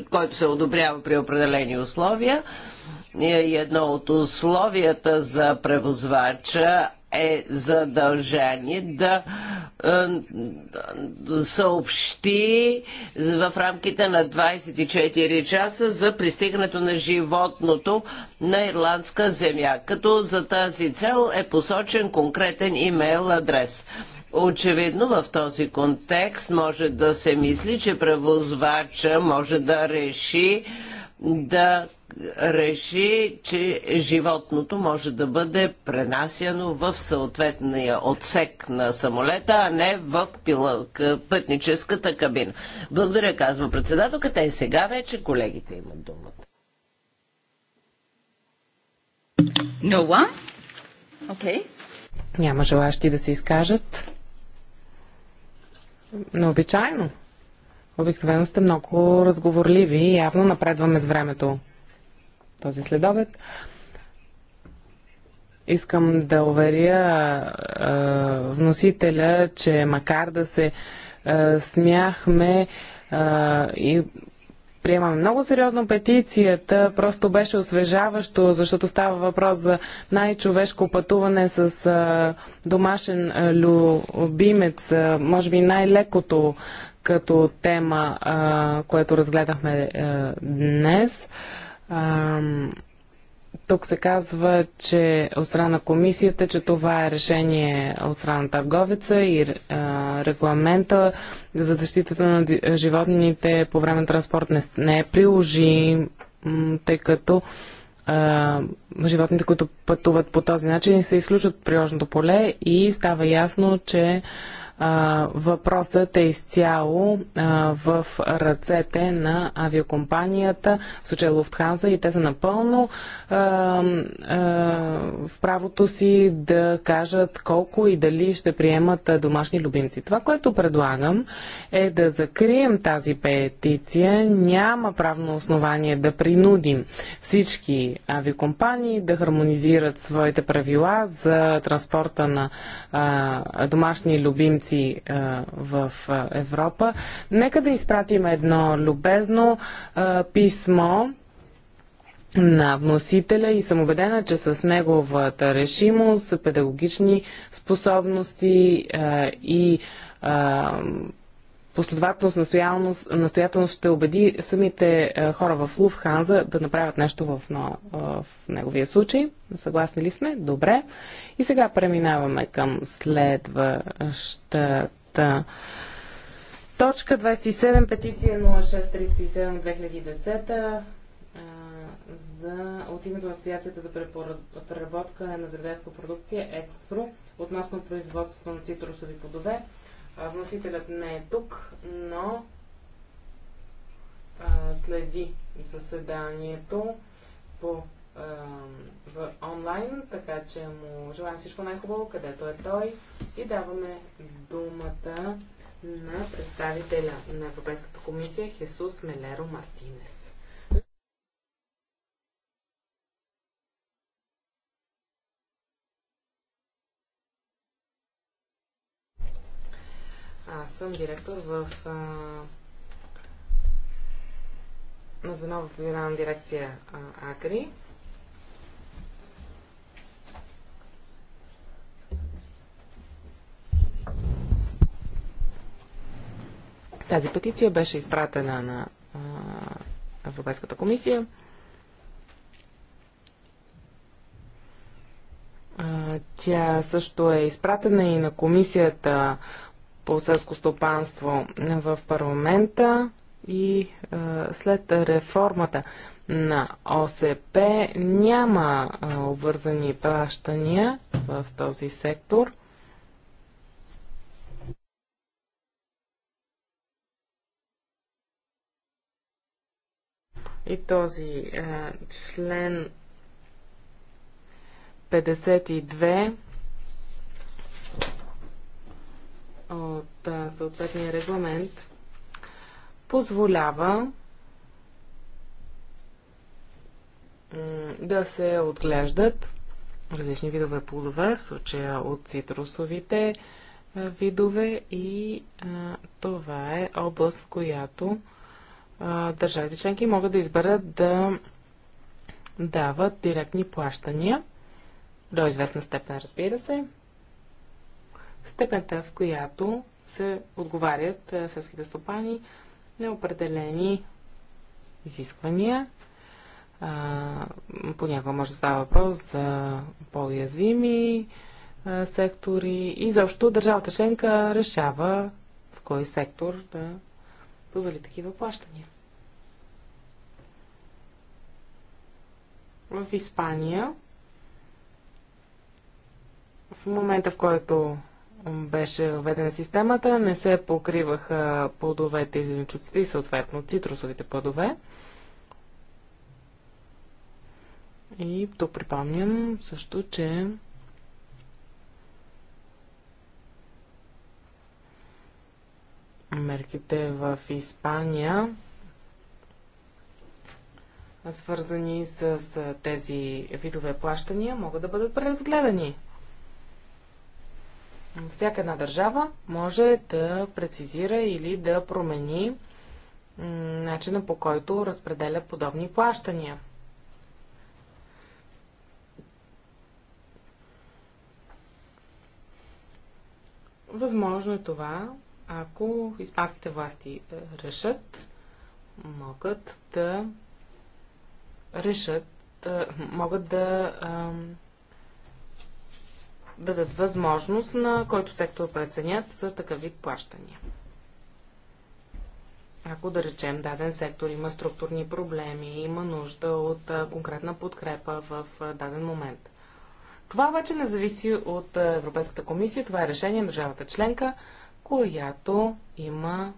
който се одобрява при определени условия. Е, едно от условията за превозвача е задължение е, да съобщи в рамките на 24 часа за пристигането на животното на ирландска земя, като за тази цел е посочен конкретен имейл адрес. Очевидно в този контекст може да се мисли, че превозвача може да реши да реши, че животното може да бъде пренасяно в съответния отсек на самолета, а не в пила, пътническата кабина. Благодаря, казва председателката и сега вече колегите имат думата. No Okay. Няма желащи да се изкажат. Но обичайно. Обикновено сте много разговорливи и явно напредваме с времето този следобед. Искам да уверя а, вносителя, че макар да се а, смяхме а, и приемам много сериозно петицията. Просто беше освежаващо, защото става въпрос за най-човешко пътуване с а, домашен а, любимец. А, може би най-лекото като тема, а, което разгледахме а, днес. А, тук се казва, че от страна на комисията, че това е решение от страна на търговеца и а, регламента за защитата на животните по време на транспорт не, не е приложим, тъй като а, животните, които пътуват по този начин, се изключват от приложното поле и става ясно, че а, а, въпросът е изцяло а, в ръцете на авиокомпанията, в случая Луфтханза, и те са напълно а, в правото си да кажат колко и дали ще приемат домашни любимци. Това, което предлагам е да закрием тази петиция. Няма правно основание да принудим всички авиокомпании да хармонизират своите правила за транспорта на домашни любимци граници в Европа. Нека да изпратим едно любезно писмо на вносителя и съм убедена, че с неговата решимост, педагогични способности и последователност, настоятелност, настоятелност ще убеди самите е, хора в Луфтханза да направят нещо в, но, е, в неговия случай. Съгласни ли сме? Добре. И сега преминаваме към следващата точка 27, петиция 0637-2010 е, за, от името на Асоциацията за преработка на земеделска продукция Експро относно производството на цитрусови плодове Вносителят не е тук, но следи заседанието по в онлайн, така че му желаем всичко най-хубаво, където е той. И даваме думата на представителя на Европейската комисия Хесус Мелеро Мартинес. Аз съм директор в а, на звено в генерална дирекция а, Агри. Тази петиция беше изпратена на а, Европейската комисия. Тя също е изпратена и на комисията по селско стопанство в парламента и а, е, след реформата на ОСП няма а, е, обвързани плащания в този сектор. И този а, е, член 52 от съответния регламент позволява да се отглеждат различни видове плодове, в случая от цитрусовите видове и а, това е област, в която а, държавите членки могат да изберат да дават директни плащания до известна степен, разбира се степента, в която се отговарят е, селските стопани на определени изисквания. Понякога може да става въпрос за по-уязвими сектори и защо държавата членка решава в кой сектор да позволи такива плащания. В Испания в момента, в който беше введена системата, не се покриваха плодовете и зеленчуците и съответно цитрусовите плодове. И тук припомням също, че мерките в Испания свързани с тези видове плащания могат да бъдат преразгледани всяка една държава може да прецизира или да промени начина по който разпределя подобни плащания. Възможно е това, ако испанските власти е, решат, могат да решат, е, могат да дадат възможност на който сектор преценят за такъв вид плащания. Ако да речем даден сектор има структурни проблеми, има нужда от конкретна подкрепа в даден момент. Това обаче не зависи от Европейската комисия, това е решение на държавата членка, която има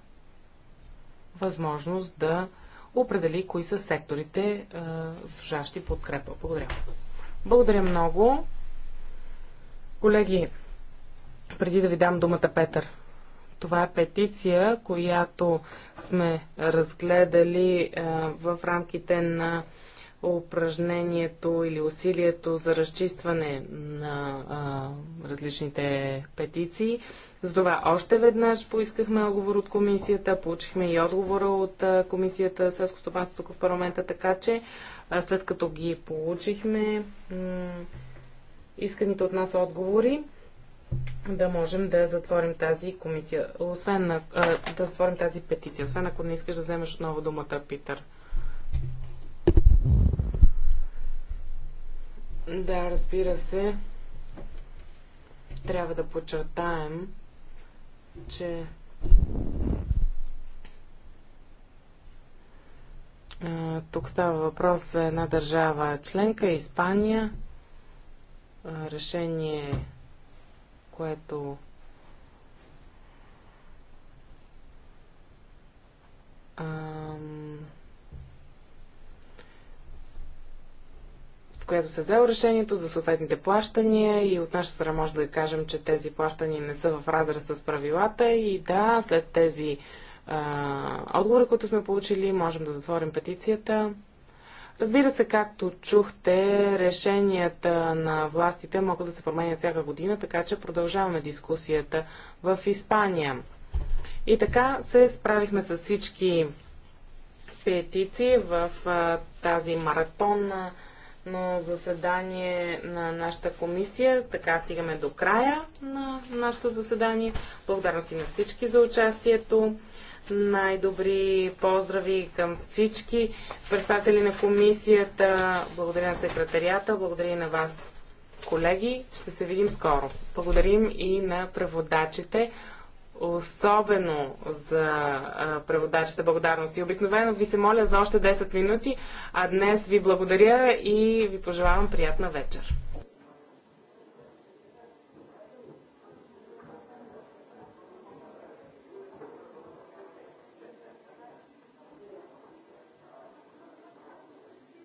възможност да определи кои са секторите, служащи подкрепа. Благодаря. Благодаря много. Колеги, преди да ви дам думата, Петър, това е петиция, която сме разгледали е, в рамките на упражнението или усилието за разчистване на а, е, различните петиции. това още веднъж поискахме отговор от комисията, получихме и отговора от а, е, комисията Селско стопанство тук в парламента, така че а, след като ги получихме, исканите от нас отговори, да можем да затворим тази комисия, освен на, да затворим тази петиция, освен ако не искаш да вземеш отново думата, Питър. Да, разбира се. Трябва да подчертаем, че тук става въпрос за една държава членка, Испания – решение, което в което се взел решението за съответните плащания и от наша страна може да кажем, че тези плащания не са в разрез с правилата и да, след тези а, отговори, които сме получили, можем да затворим петицията Разбира се, както чухте, решенията на властите могат да се променят всяка година, така че продължаваме дискусията в Испания. И така се справихме с всички петиции в а, тази маратонна но заседание на нашата комисия. Така стигаме до края на нашето заседание. Благодарност и на всички за участието най-добри поздрави към всички представители на комисията. Благодаря на секретарията, благодаря и на вас, колеги. Ще се видим скоро. Благодарим и на преводачите, особено за преводачите благодарности. Обикновено ви се моля за още 10 минути, а днес ви благодаря и ви пожелавам приятна вечер.